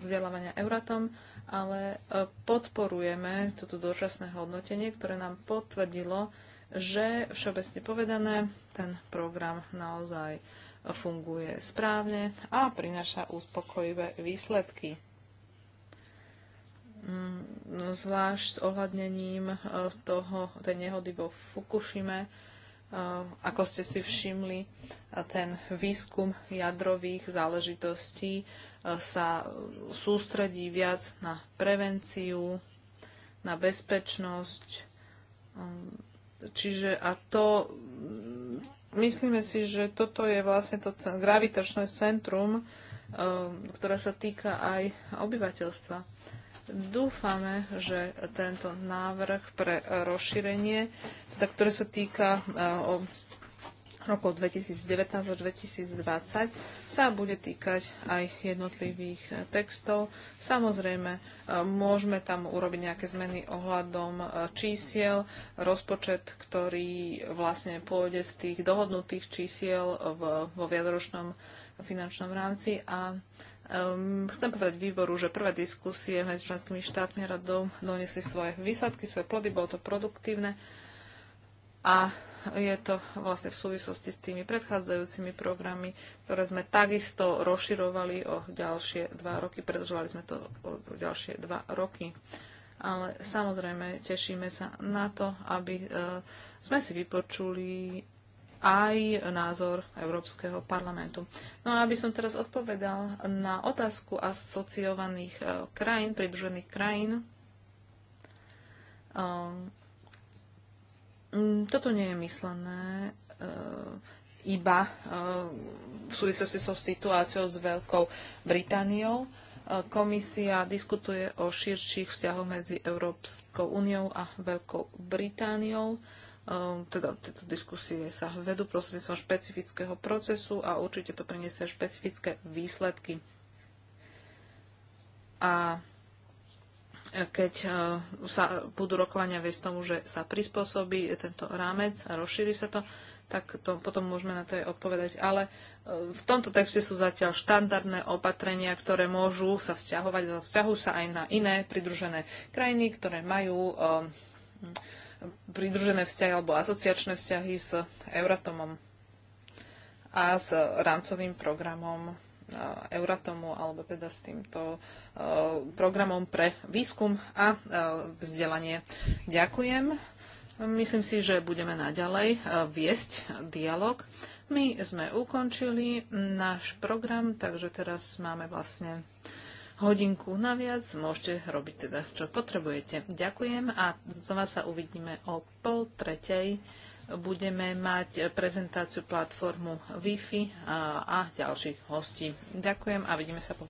vzdelávania Euratom, ale eh, podporujeme toto dočasné hodnotenie, ktoré nám potvrdilo, že všeobecne povedané ten program naozaj funguje správne a prináša uspokojivé výsledky. Mm, no, zvlášť s ohľadnením toho, tej nehody vo Fukushime, Eh, ako ste si všimli, ten výskum jadrových záležitostí eh, sa sústredí viac na prevenciu, na bezpečnosť. Eh, čiže a to, mm, myslíme si, že toto je vlastne to gravitačné centrum, ktoré sa týka aj obyvateľstva. Dúfame, že tento návrh pre rozšírenie, teda, ktoré sa týka uh, rokov 2019 až 2020 sa bude týkať aj jednotlivých e, textov. Samozrejme, e, môžeme tam urobiť nejaké zmeny ohľadom čísiel. Rozpočet, ktorý vlastne pôjde z tých dohodnutých čísiel v, vo viadročnom finančnom rámci a Um, chcem povedať výboru, že prvé diskusie medzi členskými štátmi a radou doniesli svoje výsledky, svoje plody, bolo to produktívne a je to vlastne v súvislosti s tými predchádzajúcimi programy, ktoré sme takisto rozširovali o ďalšie dva roky, predlžovali sme to o ďalšie dva roky. Ale samozrejme tešíme sa na to, aby uh, sme si vypočuli aj názor Európskeho parlamentu. No a aby som teraz odpovedal na otázku asociovaných eh, krajín, pridružených krajín, eh, toto nie je myslené eh, iba v súvislosti so situáciou s Veľkou Britániou. Komisia diskutuje o širších vzťahoch medzi Európskou úniou a Veľkou Britániou Ehm, teda tieto diskusie sa vedú prostredníctvom špecifického procesu a určite to priniesie špecifické výsledky. A keď e, sa budú rokovania viesť tomu, že sa prispôsobí tento rámec a rozšíri sa to, tak to potom môžeme na to aj odpovedať. Ale e, v tomto texte sú zatiaľ štandardné opatrenia, ktoré môžu sa vzťahovať, a vzťahujú sa aj na iné pridružené krajiny, ktoré majú um, pridružené vzťahy alebo asociačné vzťahy s Euratomom a s rámcovým programom e, Euratomu alebo teda s týmto e, programom pre výskum a e, vzdelanie. Ďakujem. Myslím si, že budeme naďalej viesť dialog. My sme ukončili náš program, takže teraz máme vlastne hodinku naviac. Môžete robiť teda, čo potrebujete. Ďakujem a znova sa uvidíme o pol tretej. Budeme mať prezentáciu platformu Wi-Fi a, a ďalších hostí. Ďakujem a vidíme sa po